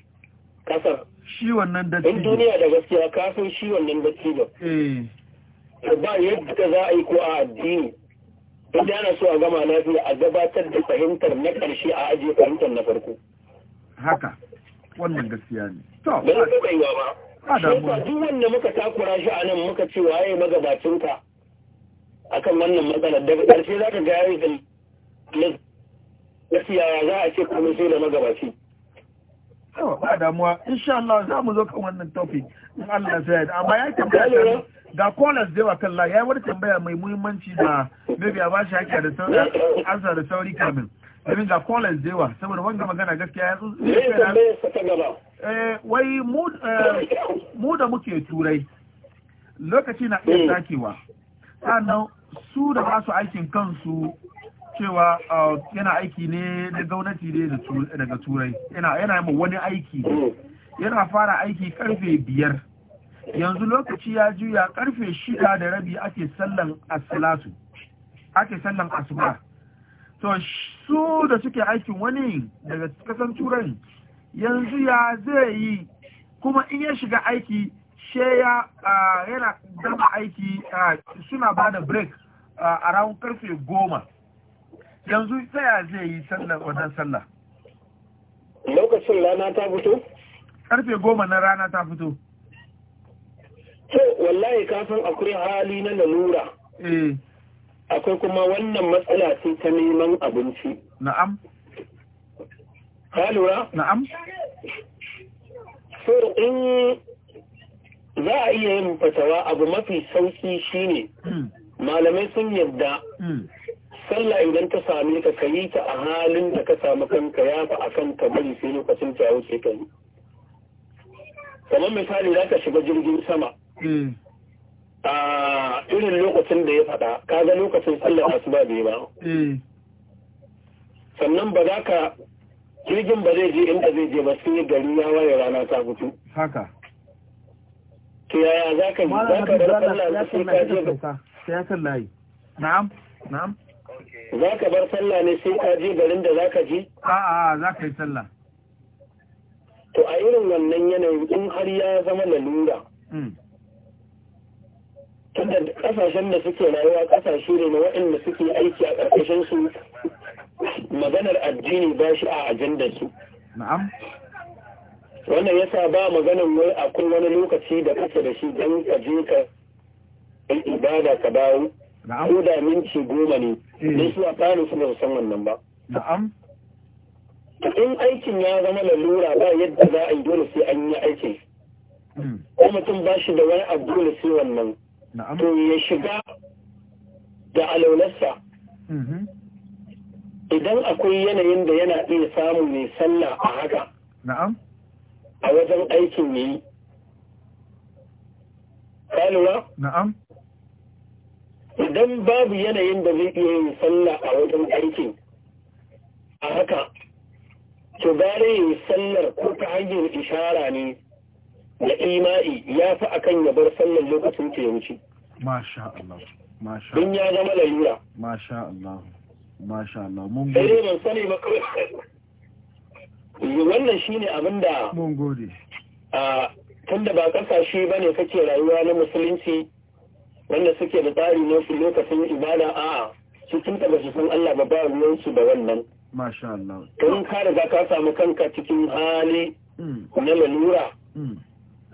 kasar shi wannan dattijo in duniya da gaskiya kafin shi wannan dattijo eh. ba yadda ka za a yi ko a addini in da ana so a gama lafiya a gabatar da fahimtar na ƙarshe a ajiye fahimtar na farko haka wannan gaskiya ne to ba ba ba da mu duk wanda muka takura shi a nan muka ce waye magabacinka akan wannan matsalar daga ƙarshe za ka gaya da gaskiya za a ce kuma sai da magabaci. Yau ba damuwa insha Allah za mu zo kan wannan topic in Allah sai da amma ya tambaya ga callers da yawa kan ya wani tambaya mai muhimmanci da maybe a ba shi hakki da sauri ansa da sauri kamin domin ga callers da yawa saboda wanga magana gaskiya ya tsotsi eh, wai eh, mu da muke turai lokaci na iya hmm. sakewa sannan su da ba su aikin kansu cewa uh, yana aiki ne na gwamnati ne daga turai yana yi wani aiki yana fara aiki karfe biyar yanzu lokaci ya juya karfe shida da rabi ake sallan asilatu ake sallan asuba to su da suke aikin wani daga kasan turai yanzu ya zai yi kuma in ya shiga aiki sheya yana gama aiki suna ba da break a ran karfe goma yanzu tsaya zai yi sallar wannan sallah lokacin rana ta fito karfe goma na rana ta fito to wallahi kafin akwai hali na lalura eh. akwai kuma wannan matsala ce ta neman abinci na'am ka lura na'am so in za a iya yin fatawa abu mafi sauki shine hmm. malamai sun yarda hmm. sallah idan ta sami ka kayi ta a halin da ka samu kanka ya fa akan ka bari sai lokacin ta wuce ka yi kamar misali za ka shiga jirgin sama hmm. a irin lokacin da ya faɗa ga lokacin sallar asuba bai ba sannan ba za ka jirgin ba zai je inda zai je ba sai gari ya waye rana ta fito to yaya za ka yi za ka bar sallah ne sai ka je layi na'am na'am za ka bar sallah ne sai ka garin da za ka je a'a za ka yi sallah to a irin wannan yanayi in har ya zama lalura mm. tunda kasashen da suke rayuwa kasashe ne na waɗanda suke aiki a ƙarƙashin su maganar addini ba shi a ajandar su na'am wannan yasa ba maganin wai akwai wani lokaci da kake da shi don ka je ka yi ibada ka dawo ko da minti goma ne eh. ne su a tsarin suna da san wannan ba na'am in aikin ya zama lalura ba yadda za a yi dole sai an yi aikin hmm. ko mutum ba shi da wani abu dole sai wannan to ya shiga da alaunarsa mm-hmm. idan akwai yanayin da yana iya samu mai sallah a haka a wajen aikin ne yi lura? na'am idan babu yanayin da zai iya yin sallah a wajen aikin a haka to gare yin sallar ko ta hanyar ishara ne da imai ya fi akan ya bar sallar lokacin ta yanci masha Allah masha Allah ya zama lalura masha Allah masha Allah mun gode sai ban sani ba kawai wannan shine abin da mun gode a tunda ba kasashe ne kake rayuwa na musulunci wanda suke da tsari na su lokacin ibada a cikin da su san Allah ba ba ruwan su da wannan masha Allah kun ka riga ka samu kanka cikin hali mm. na lalura mm.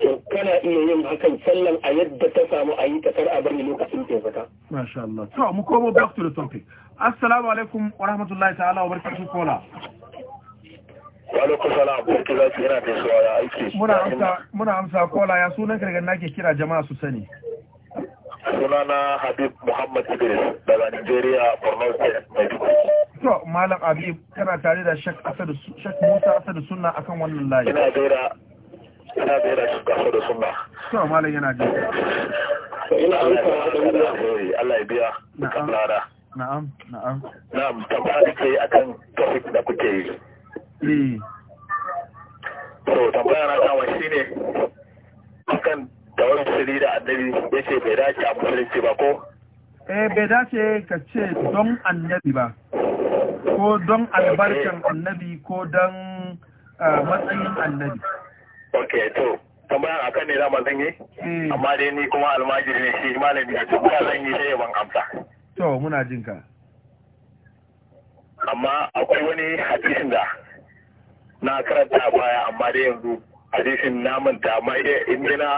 to kana iya yin hakan sallan a yadda ta samu a yi takar a bari lokacin tezaka masha Allah to mu komo back to the topic assalamu alaikum wa rahmatullahi ta'ala wa barakatuh kola Muna amsa muna kola ya sunan ka na nake kira jama'a su sani. Sunana Habib Muhammad Idris daga Nigeria, Borno State, To, Malam Habib, kana tare da Sheikh Musa Asadu Sunna akan wannan layi. Ina gaira ina gaira shek Asadu Sunna. To, Malam yana ji. Ina amsa Allah ya biya. Na'am. Na'am. Na'am. Na'am, tabbata kai akan topic da kuke yi. to tambaya na kama shi ne akan tawar shiri da annabi ya ce bai dace a musulunci ba ko eh bai dace ka ce don annabi ba ko don albarkan annabi ko don ah, matsayin annabi ok to tambayan a kan ne za zan yi eh. amma dai ni kuma almajiri ne shi malami da tambaya zan yi sai ban amsa to muna jinka amma akwai wani hadisin da na karanta baya amma da yanzu hadisin na manta amma in ina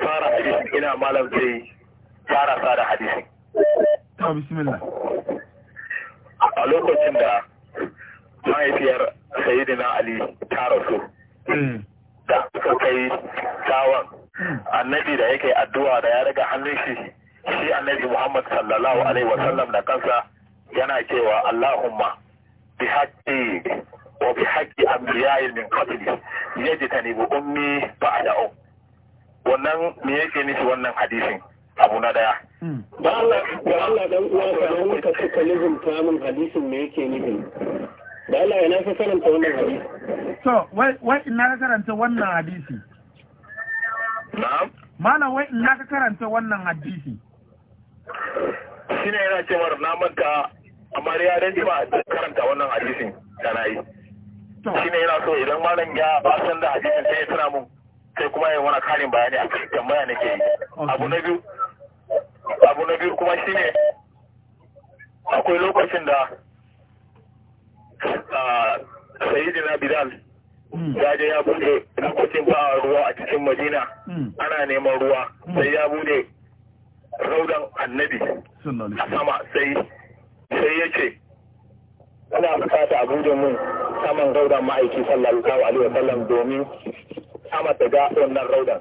fara hadisin ina malam zai fara sa da hadisin. Ta bismillah. A lokacin da mahaifiyar Sayyidina Ali ta rasu. Eh. Da aka kai tsawon annabi da yake addu'a da ya riga hannun shi shi annabi Muhammad sallallahu alaihi wasallam da kansa yana cewa Allahumma bi haqqi وبحق أبرياء من قبلي يجتني بأمي بعد أم ونن me yake nufi wannan hadisin abu na daya hmm. uwa hadisin me yake karanta wannan wai in karanta wannan hadisi malam wai ka karanta wannan hadisi shine yana cewa na manta amma ya dan ba karanta wannan hadisin kana yi shi ne yana so idan malam ya basan da hadisin sai ya tuna mun sai kuma ya wani karin bayani a cikin tambaya nake yi abu na biyu abu na biyu kuma shi ne akwai lokacin da sayidina bilal hmm. ya je ya bude lokacin ba ruwa a cikin madina hmm. ana neman ruwa hmm. sai ya bude raudan annabi a sama sai sai ya ce ana bukata a bude mun saman man raudan ma'aiki sallallahu alaihi wa sallam domin kama daga wannan raudan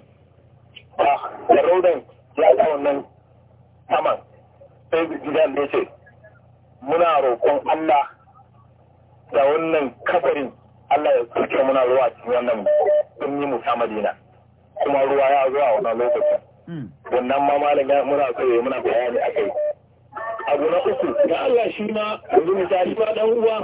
da raudan ya ga wannan saman sai gidan da ce muna roƙon Allah da wannan kafarin Allah ya tsarki muna ruwa cikin wannan birni musa madina kuma ruwa ya zuwa wannan lokacin hmm. wannan ma malin ya muna so muna bayani a kai abu na uku ga Allah shi ma yanzu misali ma dan uwa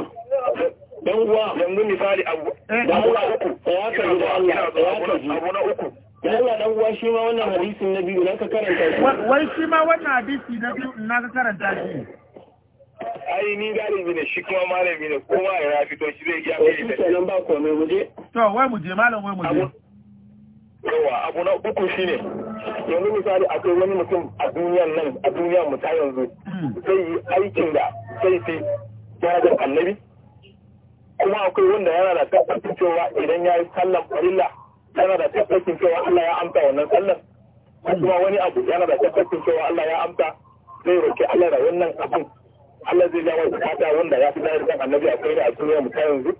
dan uwa yanzu misali abu eh, da Allah uku ya ka yi da Allah ya ka ji abu na uku da Allah dan uwa shi ma wannan hadisin na biyu na ka karanta shi wai shi ma wannan hadisi na biyu na ka karanta shi ai ni galibi ne shi kuma malami ne kuma ya fito shi zai iya mai eh, da shi ba komai mu je to wai mu je malam wai mu je yawa abu na uku shi ne. yanzu misali akwai wani mutum a duniyan nan a duniyan mu ta yanzu sai hmm. aikin da sai sai darajar annabi kuma akwai wanda yana da tabbacin cewa idan ya yi sallan farilla yana da tabbacin cewa Allah ya amsa wannan sallan kuma wani abu yana da tabbacin cewa Allah ya amsa zai roki Allah da wannan abin Allah zai wani kata wanda ya fi dare kan annabi akwai da a duniya mu ta yanzu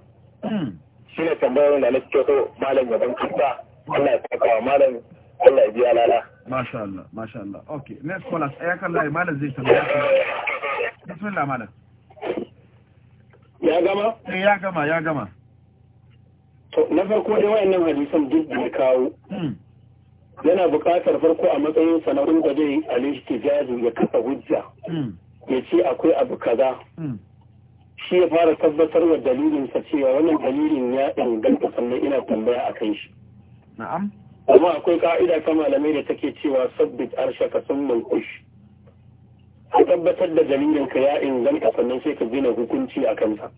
shi ne tambayar da na cikin so malam ya ban kasa Allah ya saka wa malam Allah ya biya lala masha Allah masha Allah okay next caller ayakan lai, malam zai tambaya bismillah malam Eh, ya gama? ya gama ya gama na farko da wayannan hadisan duk da kawo hmm. yana buƙatar farko a matsayin sanarun da zai alishti jazi ya kafa hujja hmm. ya ce akwai abu kaza hmm. shi ya fara tabbatar wa dalilinsa cewa wannan dalilin ya inganta sannan ina tambaya a kan shi na'am amma akwai ka'ida ta malamai da take cewa sabbit arshaka sun mulkushi ka tabbatar da ka ya inganta sannan sai ka gina hukunci a kansa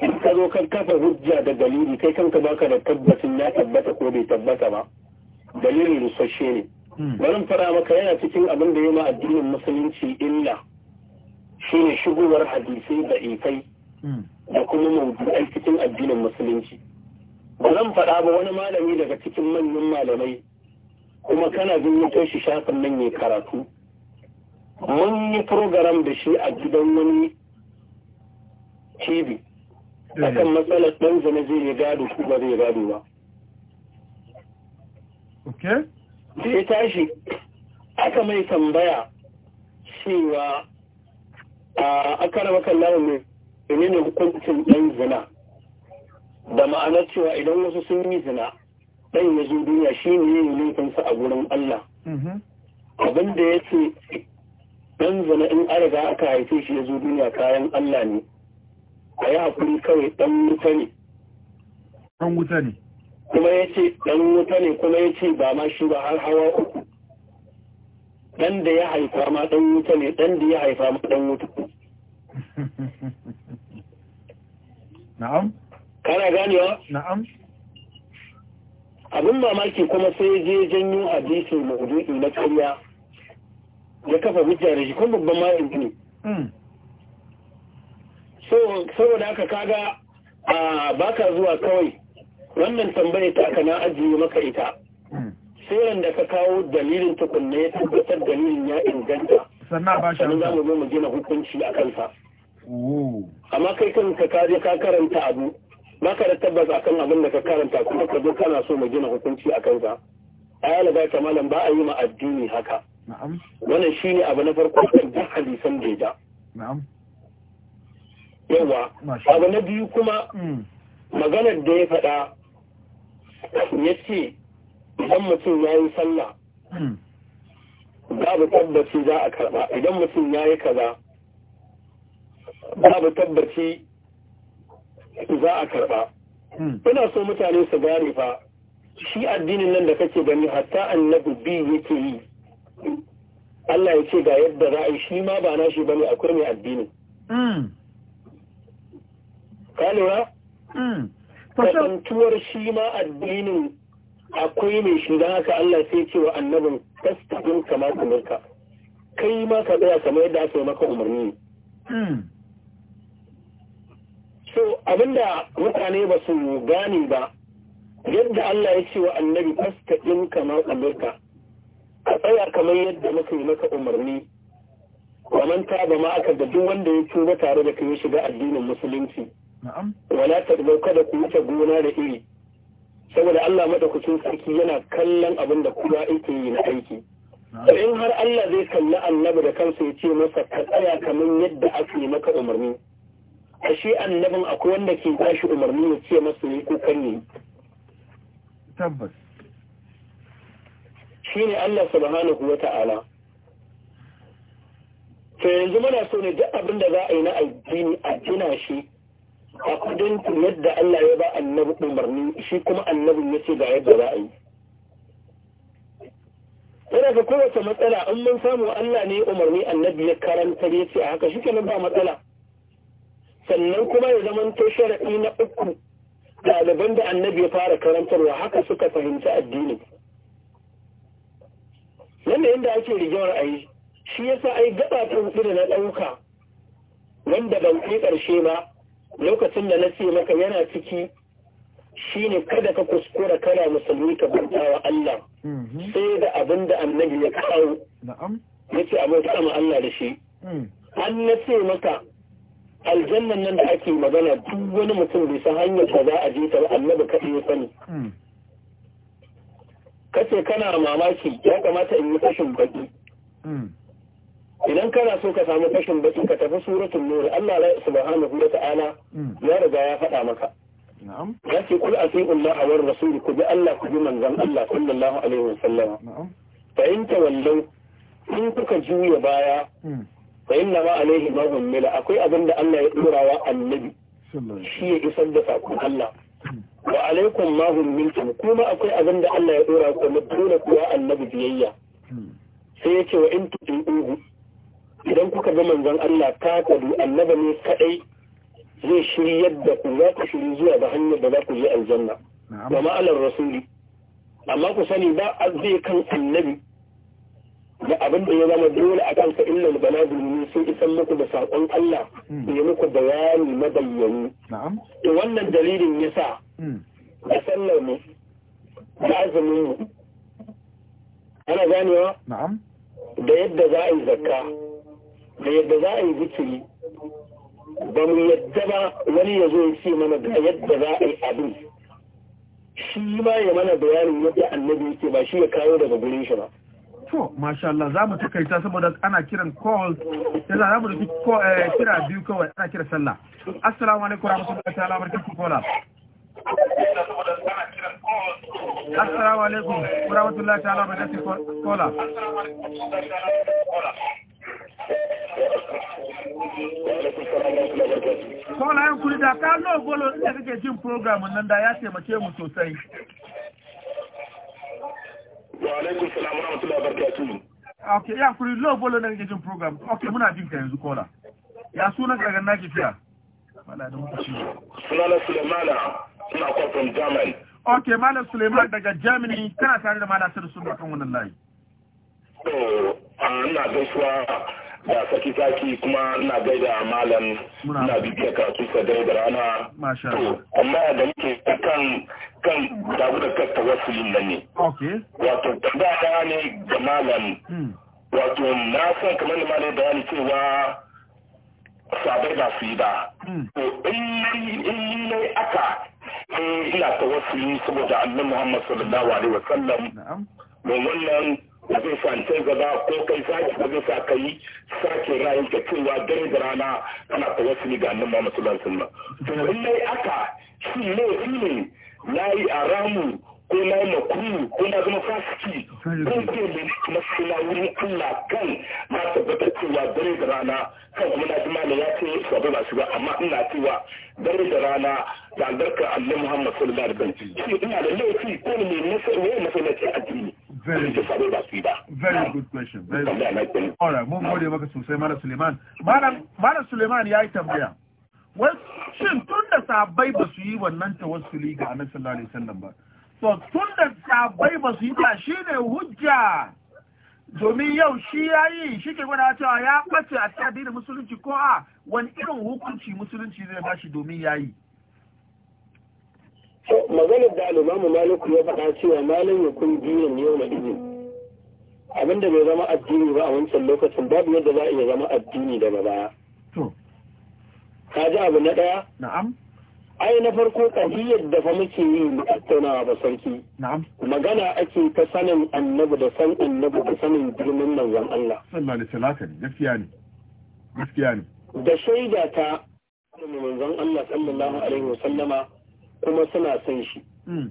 in ka zo kan kafa hujja da dalili kai kanka baka da tabbacin ya tabbata ko bai tabbata ba dalilin rusasshe ne hmm. barin fara maka yana cikin abin da ya ma addinin musulunci illa shi ne shigowar hadisai da ifai hmm. da kuma mawdu'ai cikin addinin musulunci ba zan faɗa ba wani malami daga cikin manyan malamai kuma kana jin ya shi shafin nan ya karatu mun yi program da shi a gidan wani tv mm. a kan matsalar ɗan zane zai yi gado ko ba zai gado ba da ya tashi aka mai tambaya cewa a akara raba lamun ne ne hukuncin ɗan zina da ma'anar cewa idan wasu sun yi zina ɗan ya zo duniya shi ne yin nufinsa a gurin Allah mm-hmm. abinda ya ce don zama in an riga aka haife shi ya zo duniya kayan Allah ne a yi haƙuri kawai ɗan wuta ne ɗan wuta ne kuma ya ce ɗan wuta ne kuma ya ce ba ma shi ba har hawa uku Ɗan da ya haifa ma ɗan wuta ne ɗan da ya haifa ma ɗan wuta *laughs* na'am kana ganewa na'am abin mamaki kuma sai je janyo hadisi maudu'i na karya ya kafa hujja da shi ko babban malami ne hmm. so saboda haka kaga a baka zuwa kawai wannan tambaye ta aka na ajiye maka ita hmm. sai da ka kawo dalilin tukunna ya tabbatar dalilin ya inganta sannan ba shi za mu zo mu gina hukunci a kansa amma kai kan ka kaje ka karanta abu baka da tabbas a kan abin da ka karanta kuma ka zo kana so mu gina hukunci a kansa a yalaba ta malam ba a yi ma addini haka wannan shi ne abu na farko kan duk hadisan da ya yawa abu na biyu kuma mm. maganar da ya faɗa ya ce idan mutum ya yi sallah mm. babu tabbaci za a karɓa idan mutum ya yi kaza babu tabbaci za a karɓa mm. ina so mutane su gane fa shi addinin nan da kake gani hatta annabi bi yake yi Allah ya ce ga yadda za a yi shi ma ba na shi bane akwai mai addini hmm. ka lura hmm. kasantuwar shi ma addinin akwai mai shi don haka Allah sai ce wa annabin kastabin kama kumurka. kai ma ka tsaya kama yadda aka yi maka umarni hmm. so abinda mutane ba su gane ba yadda Allah ya ce wa annabi kastabin in kamar amurka ka tsaya kamar yadda muka yi maka umarni man taba ma aka da duk wanda ya tuba tare da kai shiga addinin musulunci wala ta kada ku wuce gona da iri saboda Allah madaukakin sarki yana kallon abin da kuma yake yi na aiki in har Allah zai kalli annabi da kansa ya ce masa ka tsaya kamar yadda aka yi maka umarni ashe annabin akwai wanda ke bashi umarni ya ce masa yi ko tabbas shine Allah subhanahu wa ta'ala to yanzu muna so ne duk abin da za a yi na addini a gina shi a kudin yadda Allah ya ba annabi umarni shi kuma annabin ya ce ga yadda za a yi yana ga kowace matsala in mun samu Allah ne umarni annabi ya karanta ya ce a haka shi kenan ba matsala sannan kuma ya zama to sharaɗi na uku ɗaliban da annabi ya fara karantarwa haka suka fahimci addini wanda inda ake rigewar a yi shi yasa ai gaba ta hudu da na ɗauka wanda ban kai ƙarshe ba lokacin da na ce maka yana ciki shine kada ka kuskura kana musulmi ka banta wa Allah mhm. sai da abin da annabi ya kawo ya ce abauta ma Allah da shi mm. an na ce maka aljannan nan da ake magana duk wani mutum bai san hanyar da za a je ta ba annabi kaɗai ya sani mm. kace kana mamaki ya kamata in yi fashin baki hmm. idan kana so ka samu fashin baki ka tafi suratul nur Allah la subhanahu wa ta'ala hmm. ya riga ya faɗa maka ya ce kul asiqu Allah wa rasul ku bi Allah ku bi manzon Allah sallallahu alaihi wa sallam fa in tawallu in kuka juya baya hmm. fa inna ma alaihi ma hummila akwai abin da Allah ya dora wa annabi shi ya isar da sakon Allah wa alaikum ma hum minkum kuma akwai abin da Allah ya dora ku na dole ku ya annabi biyayya sai yace wa in tu'uhu idan kuka ga manzon Allah ka kadu annaba ne kadai zai shiryar da ku za ku shiri zuwa ga hanyar da za ku je aljanna wa ma'alar rasuli amma ku sani ba zai kan annabi da abin da ya zama dole a kanka illal balagul sun isan muku da sakon Allah da hmm. ya muku bayani mabayyani to wannan dalilin ya sa hmm. da sallar mu da azumin mu ana ganewa da yadda za a yi zakka da yadda za a yi zikiri ba mu yadda ba wani ya zo ya ce mana da yadda za a yi abin shi ma ya mana bayanin yadda annabi yake ba shi ya kawo daga gurin shi ba to masha Allah za mu takaita saboda ana kiran call sai za mu rufi eh, kira biyu kawai ana kira sallah assalamu alaikum warahmatullahi ta'ala barkatu kola assalamu alaikum warahmatullahi ta'ala barkatu kola kola yan kuri da ka lo golo da kake jin program nan da ya taimake mu sosai wa alaikum salam wa rahmatullahi wa barakatuh okay ya kuri lo bolo na gijin program okay muna jin ka yanzu kola ya sunan ka ganna ki fiya wala da muka shi sunana sulaimana ina call from germany okay malam suleiman daga germany kana tare da malam sir sunna kan wannan layi to ina gaisuwa da saki saki kuma na gaida malam na bibiya karatu sa dare da rana to amma da muke kan kan dabu da kasta wasu nan ne wato tambaya ne ga malam hmm. wato na san kamar da malam bayani cewa sabai ba su yi ba hmm. to in yi aka eh, ina ta wasu yi saboda annabi Muhammad sallallahu alaihi wasallam don wannan ba zai sa ta gaba ko kai zaki ba zai sa ka yi sake rayu ka cewa dare da rana kana ta wasu ni ga annan Muhammad sallallahu alaihi in aka shi ne shi ne yi a ramu ko na yi zama fasiki ko ke mene kuma suna wurin Allah kan na tabbatar cewa dare da rana kan na jima da ya ce su ba amma ina dare da rana da albarkar Allah Muhammad sallallahu alaihi wasallam shi ina da laifi ko ne ne addini Very good. Very good question. Very good. All right, mun gode maka sosai Malam Suleiman. ya yi tambaya. Shin tun da sabai ba su yi wannan tawassuli ga Annabi sallallahu alaihi wasallam ba, to tun da tsabai ba su yi ba shi ne hujja domin yau shi ya yi shi ke gwada cewa ya ɓace a cikin addinin musulunci ko a wani irin hukunci musulunci zai ba shi domin ya yi maganar da alimamu maliku ya faɗa cewa malam ya kun ne yau na dinin abinda bai zama addini ba a wancan lokacin babu yadda za a iya zama addini daga baya ka ji abu na ɗaya na'am ai na farko kahiyar da fa muke yi mu tattaunawa ba sarki magana ake ta sanin annabi da san annabi da sanin girman manzon Allah sallallahu alaihi wasallam gaskiya ne gaskiya ne da shaida ta manzon Allah sallallahu alaihi wasallama kuma suna san shi hmm.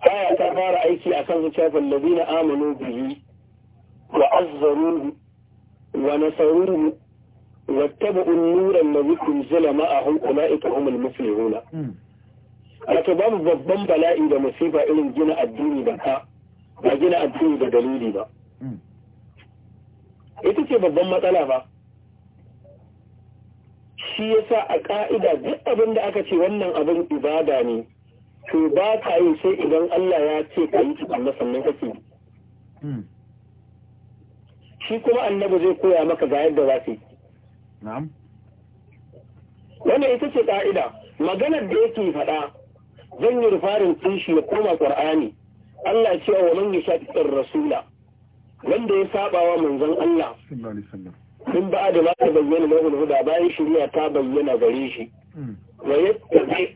aya ta fara aiki akan zuciyar ladina amanu bihi wa azzaruhu wa nasaruhu واتبعوا النور الذي انزل معه اولئك هم المفلحون wato babu babban bala'i da masifa irin gina addini da ka ba gina addini da dalili ba ita ce babban matsala ba shi yasa a ka'ida duk abin da aka ce wannan abin ibada ne to ba ka yi sai idan Allah ya ce ka yi tukunna sannan kake shi kuma annabi zai koya maka ga yadda za ka yi na'am wannan ita ce ka'ida maganar da yake faɗa zan yi rufarin tushe ya koma ƙur'ani Allah ce wa man yashaqqir rasula wanda ya saba wa manzon Allah Sun ba da mata ta bayyana lahu huda bayan shirya ta bayyana gare shi hmm. wa yattabi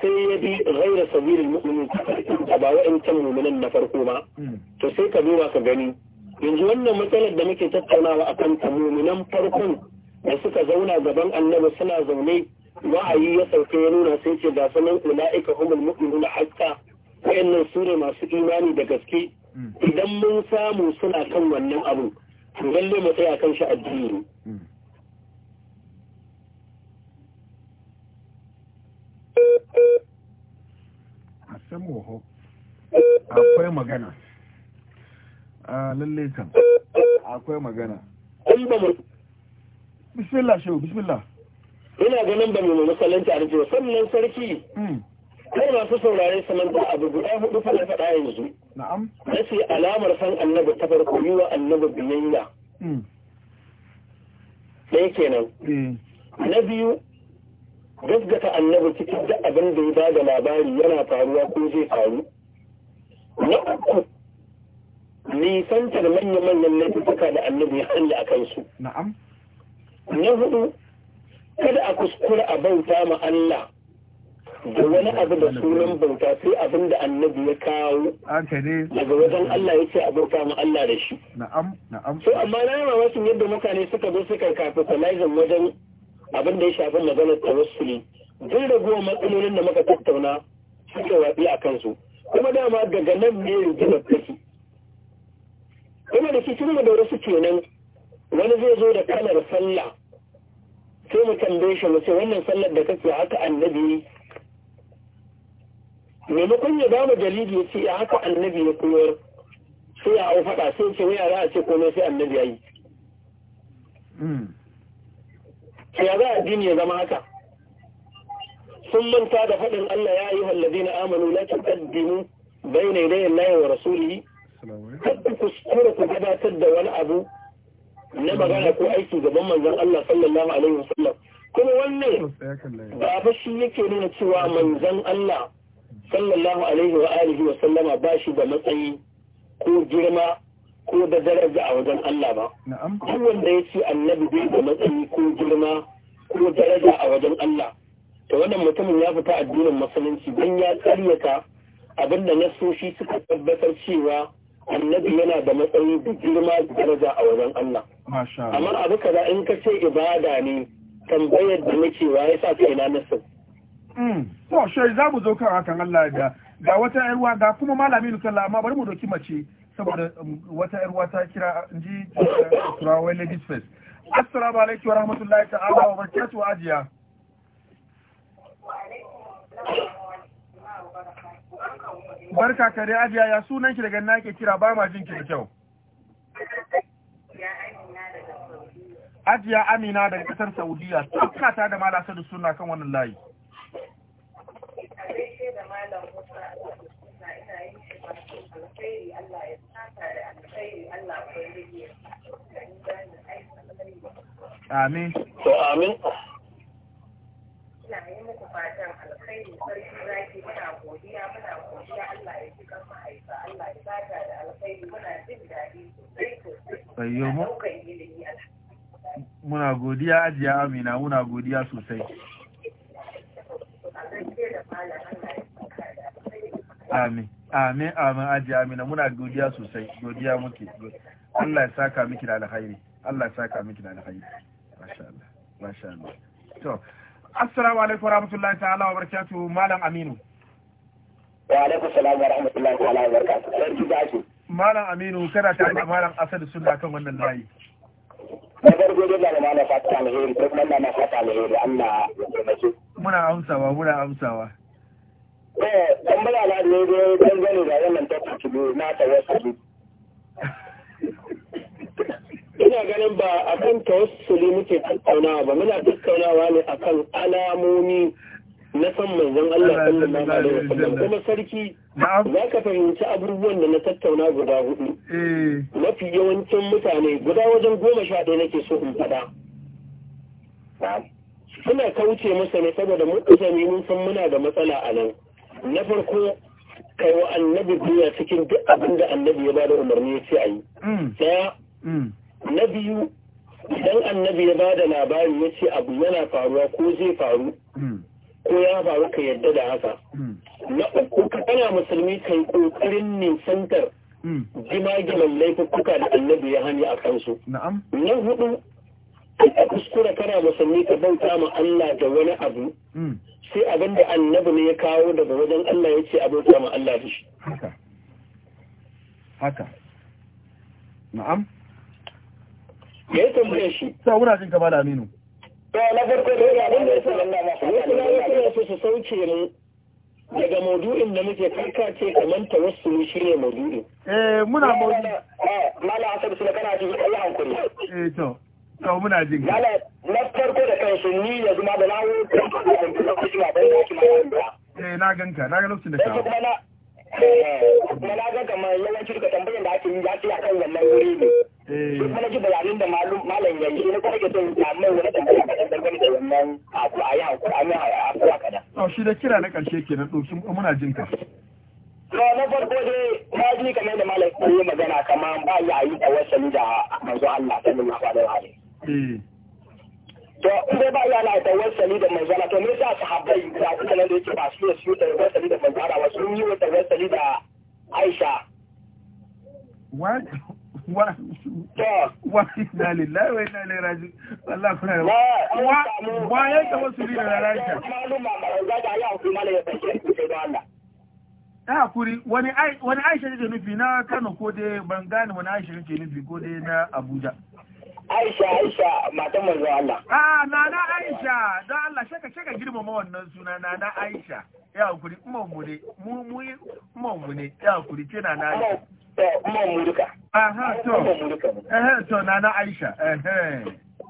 sai ya bi ghaira sabilil mu'minin ta ba wa'ancan mu'minan na farko ba hmm. to sai ka duba ka gani yanzu wannan matsalar da muke tattaunawa akan ta mu'minan farkon da suka zauna gaban annabi suna zaune wa'ayi ya sauke ya nuna sai ce ga sanan ula'ika humul mu'minuna hakka wayannan su ne masu imani da gaske hmm. idan mun samu suna kan wannan abu to lalle mu tsaya kan shi addini hmm. akwai magana a ah, lalle kan akwai magana bismillah shehu bismillah ina ganin ba mu masallaci a rijiyo sannan sarki hmm. kai masu saurare saman da abu guda hudu fa na faɗa yanzu na'am nace alamar san annabi ta farko yi wa annabi biyayya hmm. ɗaya kenan hmm. na biyu gaskata annabi cikin da abin da ya ba da labari yana faruwa ko zai faru na uku nisantar manya-manyan laifuka da annabi ya hanya a kansu na'am na hudu kada a kuskura a bauta ma Allah da wani abu da sunan bauta sai abin da annabi ya kawo daga wajen Allah ya ce a bauta ma Allah da shi so amma na yawa wasu yadda mutane suka zo suka capitalizing wajen abin da ya shafi maganar tawassuli duk raguwa matsalolin da muka tattauna suka watsi a kansu kuma dama daga nan ne yanzu da kuma da su tun da wasu kenan wani zai zo da kalar sallah sai mu tambaye shi mu ce wannan sallar da kake haka annabi maimakon ya ba mu dalili ya ce haka annabi ya koyar sai ya hau faɗa sai ce waya za a ce komai sai annabi ya yi hmm. ya za a dini ya zama haka sun manta da faɗin Allah ya yi hallabi na amanu la tuqaddimu bai yadayi Allah wa rasulihi kada ku kuskura ku gabatar da wani abu na magana ko aiki gaban manzon Allah sallallahu alaihi wasallam kuma wannan ba fa shi yake nuna cewa manzon Allah sallallahu alaihi wa alihi wa sallama ba shi da matsayi ko girma ko da daraja a wajen Allah ba duk wanda ya ce annabi bai da matsayi ko girma ko daraja a wajen Allah to wannan mutumin ya fita addinin musulunci don ya karyata abinda nasoshi suka tabbatar cewa annabi yana da matsayi da girma da daraja a wajen Allah amma abu kaza in ka ce ibada ne tambayar da nake wa ya sa kaina nasu hmm. to shi za mu zo kan hakan Allah da ga wata yar ga kuma malami sallah amma bari mu doki mace saboda um, wata yar ta kira ji uh, Turawai Ladies First Assalamu alaikum wa rahmatullahi ta'ala wa barkatu ajiya. barka kare ajiya ya sunan ki daga nake kira ba ma jin ki da kyau ajiya amina daga kasar saudiya tukka ta da malasa da suna kan wannan layi Amin. To amin. ina yi muku fatan alkhairi sarki zaki muna godiya muna godiya Allah ya ji kan Haifa Allah ya sata da alkhairi muna jin daɗi sosai sosai na ɗaukan ilimi muna godiya ajiya amina muna godiya sosai amin amin amin ajiya amina muna godiya sosai godiya muke Allah ya saka miki da alkhairi Allah ya saka miki da alkhairi masha Allah masha Allah to assalamu alaikum rahmatullahi ta'ala wa barakatuhu malam aminu wa alaikum salam wa rahmatullahi ta'ala wa barakatuhu zaki malam aminu kada ta da malam asad sunna kan wannan layi na farko dai da malam fata alheri ko kuma malam fatan alheri Allah ya taimake muna amsawa muna amsawa eh dan bala ne dai dan gane da wannan tafi na tawassul ina ganin ba a akan tawassuli muke tattaunawa ba muna tattaunawa ne a kan alamomi na san manzon Allah kuma sarki za ka fahimci abubuwan da na tattauna guda hudu eh. mafi yawancin mutane guda wajen goma sha ɗaya nake so in faɗa suna kauce masa ne saboda mun ne mun san muna da matsala a nan na farko kai wa annabi duniya cikin duk abin da annabi ya ba da umarni ya ce a yi mm. Mm. na biyu idan annabi ya ba da labari ya ce abu yana faruwa ko zai faru hmm. ko ya faru ka yadda da haka hmm. na uku ka kana musulmi ka yi ƙoƙarin nisantar jimagiman hmm. laifuka da annabi ya hani a kansu na hudu ka kuskura kana musulmi ka bauta ma Allah da wani abu sai abin da annabi ne ya kawo daga wajen Allah ya ce a ma Allah da shi haka haka na'am ya yi tambaye shi sa muna jin kamar aminu to na farko da yadda abin da ya sanar da masa wasu na wasu na su su sauke ne daga maudu'in da muke karka ce kamar ta wasu mu shirya maudu'in eh muna maudu'in eh, mala asar su da kana ji kai hankuri eh to to muna jin ka na farko da kansu ni yanzu ma da na wuce da kuma da ake mai eh na ganka na ga lokacin da ka kuma na eh, ga kamar yawanci duka tambayar da ake yi ya ce akan wannan wuri ne Duk eh. mana ji bayanin da malam ya yi na kuma ga son ya mai wani tambaya kaɗan gani da wannan abu a yi hankali a mai hankali kaɗan. To shi da kira na ƙarshe ke na ɗauki muna jin ka. To na farko dai na ji kamar da malam ya yi magana kamar ba ya yi tawassali da manzo Allah sallallahu alaihi wa sallam. Eh. to in dai ba ya na da wasali da manzana to me yasa sahabbai da suka nan da yake ba su su da wasali da manzana ba sun yi da wasali da Aisha wa inna lillahi wa inna ilaihi raji Allah kuna wa wa ya ta wasu ne da raisha ta kuri wani wani Aisha take nufi na Kano ko dai ban gane wani Aisha take nufi ko dai na Abuja Aisha Aisha matan manzo Allah ah nana Aisha dan Allah shaka shaka girmama wannan suna nana Aisha ya kuri mu mu ne mu mu mu ne ya kuri ce nana Aisha Eh, umar murika aha to aha to na aisha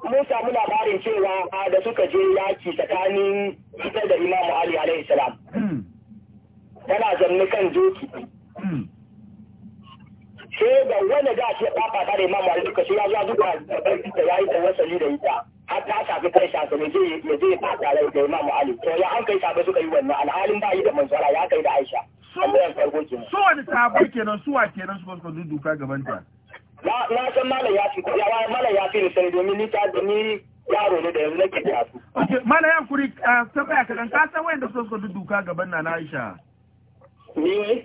mun samu labarin cewa da suka je yaki tsakanin ita da imamu ali alaihi salam hmm. tana zanni kan doki hmm. sai da wani da shi papa kare imamu ali duka sai ya zuwa duka da yayi da wasali da ita har ta shafi kai shafi ne zai je ya fata da imamu ali to ya an kai shafi suka yi wannan alhalin ba yi da manzara ya kai da aisha su wani sahabbai kenan suwa kenan su suka duka gaban ta na san malam ya fi ya ba malam ya fi sai domin ni ta ni yaro ne da yanzu nake da su okay malam ya kuri ah, ta baya kadan ka san wayanda suka duka gaban na Aisha ni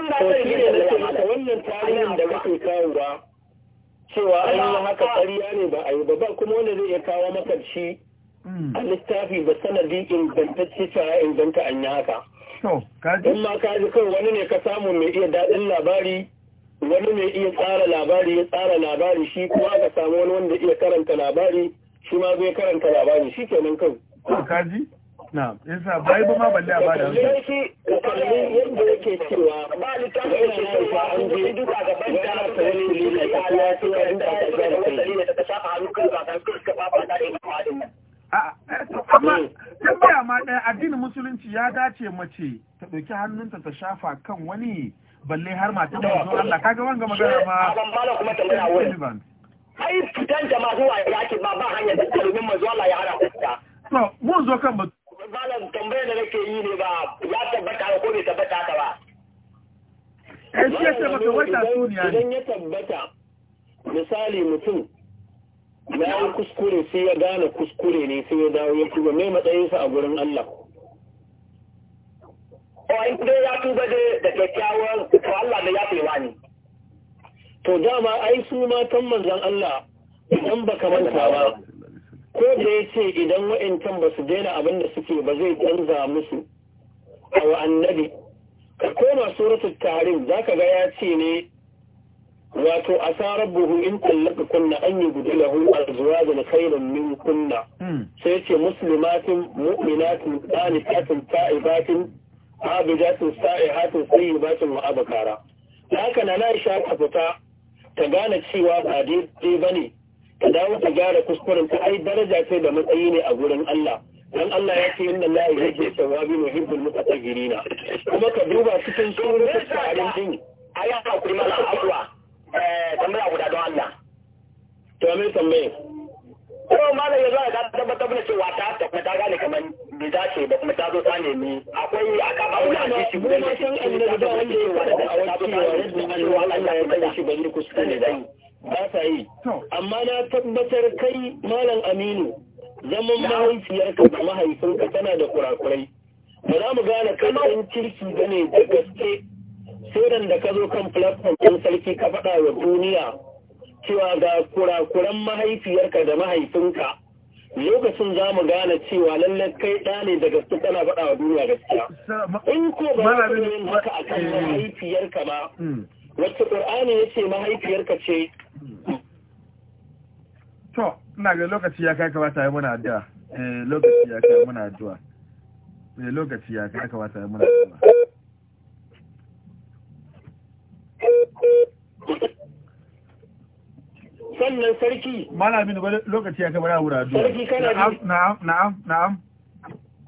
ina son wannan tarihin da kake kawowa cewa an yi haka ƙarya ne ba a yi ba ba kuma wanda zai iya kawo maka shi a littafi ba sanadi ingantacce cewa inganta an yi haka in ma ka ji kawai wani ne ka samu mai iya daɗin labari wani mai iya tsara labari ya tsara labari shi kuma ka samu wani wanda iya karanta labari shi ma zai karanta labari shi kenan kawai na'am yasa bai ba ma balle a ba da hankali shi yanda yake cewa ba da an je duka ga ban da ta wani ta inda ta ga da ta shafa hannu kan ba ba ba da yin amma tambaya ma ɗaya addinin musulunci ya dace mace ta ɗauki hannunta ta shafa kan wani balle har mata da zo Allah kaga wanga magana ma kuma tambaya wani ai fitan jama'a zuwa yaki ba ba hanyar da domin manzo ya hana ta to mun zo kan malam tambayar da nake yi ne ba ya tabbata ko bai tabbata ka ba eh ya tabbata wata suniya idan ya tabbata misali mutum ya yi kuskure sai ya gane kuskure ne sai ya dawo ya tuba mai matsayinsa a gurin Allah Ko oh, in dai ya tuba dai da kyakkyawar to Allah da ya tsewa ni? to dama ai su matan manzon Allah idan baka manta ba ko da ya ce idan wa'incan ba su daina abin da suke ba zai canza musu a wa annabi ka koma suratul tarim za ka ga ya ce ne wato a sarar buhu in tallaka kunna an yi gudu lahu arzuwa da khairan min kunna hmm. sai ce muslimatin mu'minatin qanitatin ta'ibatin abidatin sa'ihatin sayyibatin wa haka na na isha ka fita ta gane cewa ba daidai bane ka dawo ka gyara kuskuren ka ai daraja ce da matsayi ne a gurin Allah dan Allah ya ce inna lillahi wa Allah yake sawabi muhibbul mutatahhirina kuma ka duba cikin surat al-arim din aya ka kuma la aqwa eh tambaya guda don Allah to me tambaye ko malam ya zo ya tabbatar da cewa ta ta tabbata gane kamar bai dace ba kuma ta zo ta nemi akwai aka ba wannan ne shi gudan da shi ta zo ta nemi a wani cewa da Allah ya sanya shi bari kuskure da shi ba sa yi amma na tabbatar kai malam aminu zaman mahaifiyarka da mahaifinka tana da kurakurai ba za mu gane kallon kirki ba ne da gaske sai da ka zo kan platform ɗin sarki ka faɗa wa duniya cewa ga kurakuran mahaifiyarka da mahaifinka lokacin za mu gane cewa lallai kai ɗa ne da gaske tana faɗa wa duniya gaskiya in ko ba za yin haka a kan eh. mahaifiyarka ba hmm. wacce ƙar'ani ya ce mahaifiyarka ce to ina ga lokaci ya kai kamata ya muna addu'a eh lokaci ya kai muna addu'a eh lokaci ya kai kamata ya muna addu'a sannan sarki malamin ba lokaci ya kai muna addu'a sarki kana na'am na'am na'am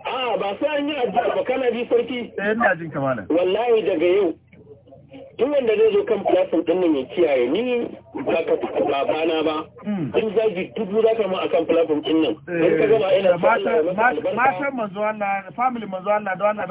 a ah, ba sai an yi addu'a ba kana ji sarki eh ina jin kamala wallahi daga yau duk wanda zai zo kan platform din nan ya kiyaye ni ba ka ba na ba in zagi dubu za ka mu akan platform din nan ba ka ga ba ina matan manzo Allah family manzo Allah da wannan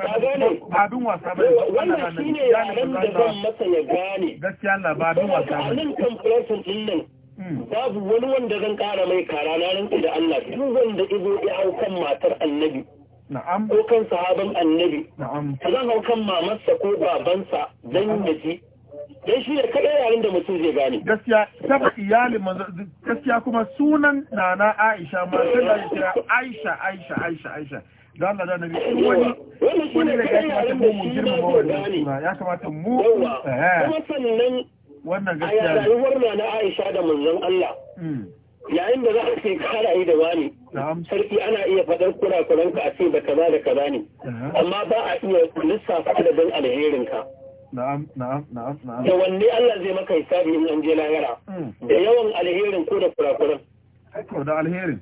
ba dun wasa ba wannan shine ran da zan masa ya gane gaskiya Allah ba dun wasa ba nan kan platform din nan hmm. babu wani wanda zan kara mai kara na rinki da Allah duk wanda izo ya hau kan matar annabi na'am ko kan sahaban annabi na'am zan hau kan mamarsa ko babansa dan yaji dan shi da kadai yayin da mutum zai gane gaskiya saba iyali manzo gaskiya kuma sunan nana Aisha ma sai da kira Aisha Aisha Aisha Aisha da Allah da nabi wani wani da ya kamata da mu girmama wannan ya kamata mu eh kuma sannan wannan gaskiya warna na Aisha da manzon Allah hmm. yayin da za a ce kara yi da wani sarki ana iya faɗar ka a ce da kaza da kaza ne amma ba a iya lissafa adadin alherinka na'am na'am na'am na'am da wanne Allah zai maka hisabi in an je lahira hmm. da yawan alherin ko da kurakuran ko da alherin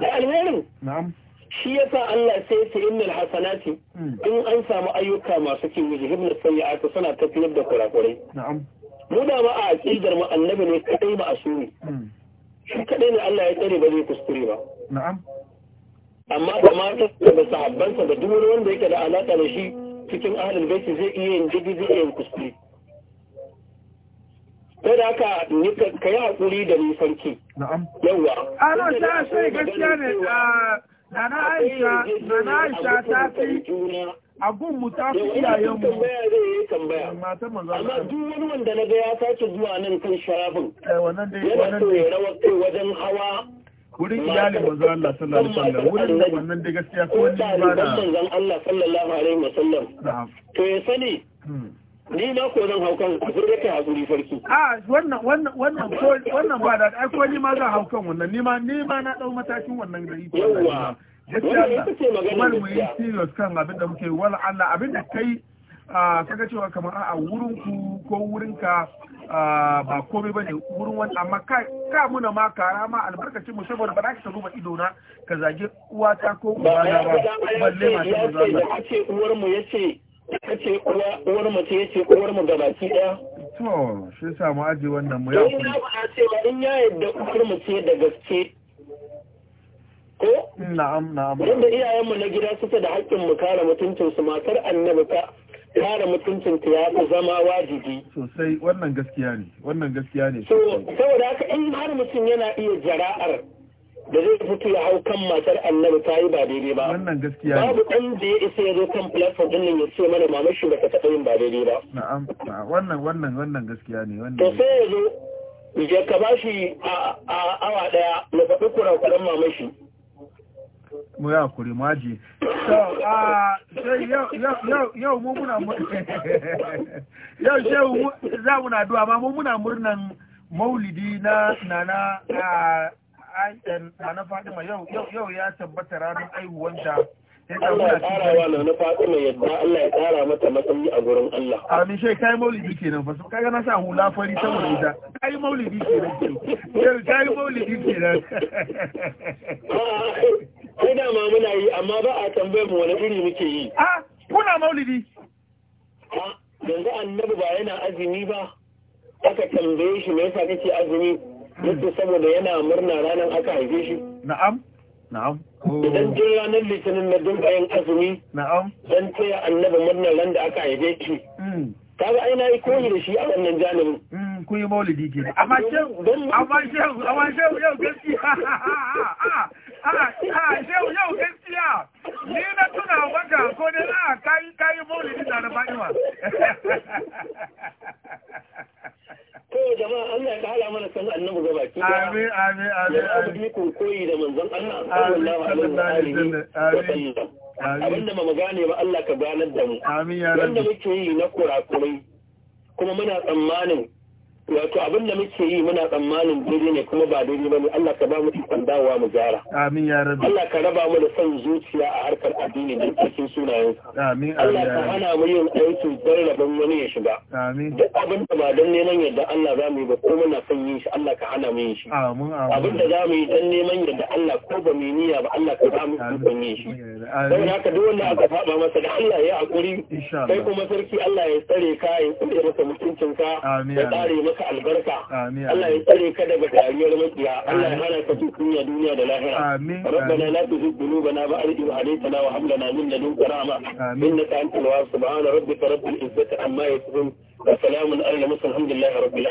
da alherin na'am shi yasa Allah sai ya ce innal hasanati hmm. in an samu ayyuka masu kyau yuzhibun sayyi'ati suna tafiyar da kurakurai na'am mu da ba a aqidar mu annabi ne kai ba asuri shi kadai ne Allah ya tsare ba zai kuskure ba na'am amma da mata da sahabbansa da duk wani wanda yake da alaka da shi cikin ahalin bait zai iya yin jigi zai iya yin kuskure sai da haka ni ka yi hakuri da ni sarki na'am yawa ana ta sai gaskiya ne da ah, Nana Aisha, na Aisha ta fi abun mu ta fi iyayen mu amma duk wanda na ga ya sake zuwa nan kan sharafin eh, yana so ya rawar wajen hawa wurin iyalin manzon Allah sallallahu alaihi wurin da wannan da gaskiya ko wani ba da manzon Allah sallallahu alaihi wasallam to ya sani hmm. ni na ko zan haukan abin da kai hakuri farki a ah, wannan ba da ai ni ma zan haukan wannan ni ma na dau matakin wannan da yi Kuma mu yi serious kan abin da muke wala Allah abin da kai kaga cewa kamar a wurin ku ko wurin ka ba komai bane wurin wani amma ka ka muna ma kara ma albarkacin mu saboda ba za ka ruba ido na ka zage uwata ko uwana ba balle ma ta zuwa ba yace uwar mu ce kace uwa uwar mu ce yace uwar mu ga baki daya to shi yasa mu aje wannan mu ya ku in ya yadda uwar mu ce da gaske ko eh? na'am na'am yadda iyayenmu na gida suka da haƙƙin mu kare mutuncin su matar annabi ka kare mutuncin ta ya fi zama wajibi sosai wannan gaskiya ne wannan gaskiya ne so saboda haka in har mutum yana iya jara'ar da zai fito ya hau kan matar annabi ta yi ba daidai ba wannan gaskiya babu ɗan da ya isa ya zo kan platform din nan ya ce mana mamar shi ka taɓa yin ba daidai ba na'am wannan wannan wannan gaskiya ne wannan to sai ya zo ya ka bashi a awa ɗaya, na faɗi kurakuran mamar mamashi. mu ya kuri maji yau mu muna *laughs* yau shehu za mu na duwa ma mu muna murnan maulidi na nana nana fatima yau yau ya tabbata ranar aihuwanta Allah ya ƙara wa na Fatima yadda Allah ya ƙara mata matsayi a gurin Allah. Amin shai kai maulidi kenan fa kaga na sa hula fari saboda ita. Kai maulidi kenan. Kai maulidi kenan. *laughs* Sai dama muna yi amma ba a tambayar mu wani iri muke yi. A kuna maulidi. a Yanzu annabi ba yana azumi ba. Aka tambaye shi me yasa kake azumi? Yadda saboda yana murna ranar aka haife shi. Na'am. Na'am. Idan jin ranar litinin na dinka yin azumi. Na'am. Dan taya annabi murna ran da aka haife shi. Mm. kaga ai na yi koyi da shi a wannan janibin mm kun yi maulidi ke amma shehu amma shehu amma shehu yau gaskiya *laughs* yau yau gaskiya ni na tuna maka ko ne a kayi kayi maulidi na fa'ima Ko jama'a Allah ya kala mana san annabi gaba ki amin amin amin amin ku koyi da manzon Allah sallallahu alaihi wa sallam abinda ba mu gane ba Allah ka ganar da mu amin ya rabbi wanda muke yi na kurakurai kuma muna tsammanin wato abin da muke yi muna tsammanin daidai ne kuma ba daidai ba ne Allah ka ba mu ikon dawowa mu gyara amin ya rabbi Allah ka raba mu da son zuciya a harkar addini da cikin sunayen amin Allah ka hana mu yin aiki ban wani ya shiga amin duk abin da ba dan neman yadda Allah za mu yi ba ko muna son yin shi Allah ka hana mu yin shi amin amin abin da za mu yi dan neman yadda Allah ko ba mu niyya ba Allah ka ba mu ikon yin shi don haka duk wanda aka faɗa masa da Allah ya hakuri kai kuma sarki Allah ya tsare ka ya tsare masa mutuncinka ya tsare masa maka albarka Allah ya tsare ka daga dariyar makiya Allah ya hana ka duniya duniya da lahira rabbana bana ba a ba'da idh hadaytana wa hab lana min ladunka rahma subhana rabbika rabbil izzati amma yasifun wa salamun ala al-mursalin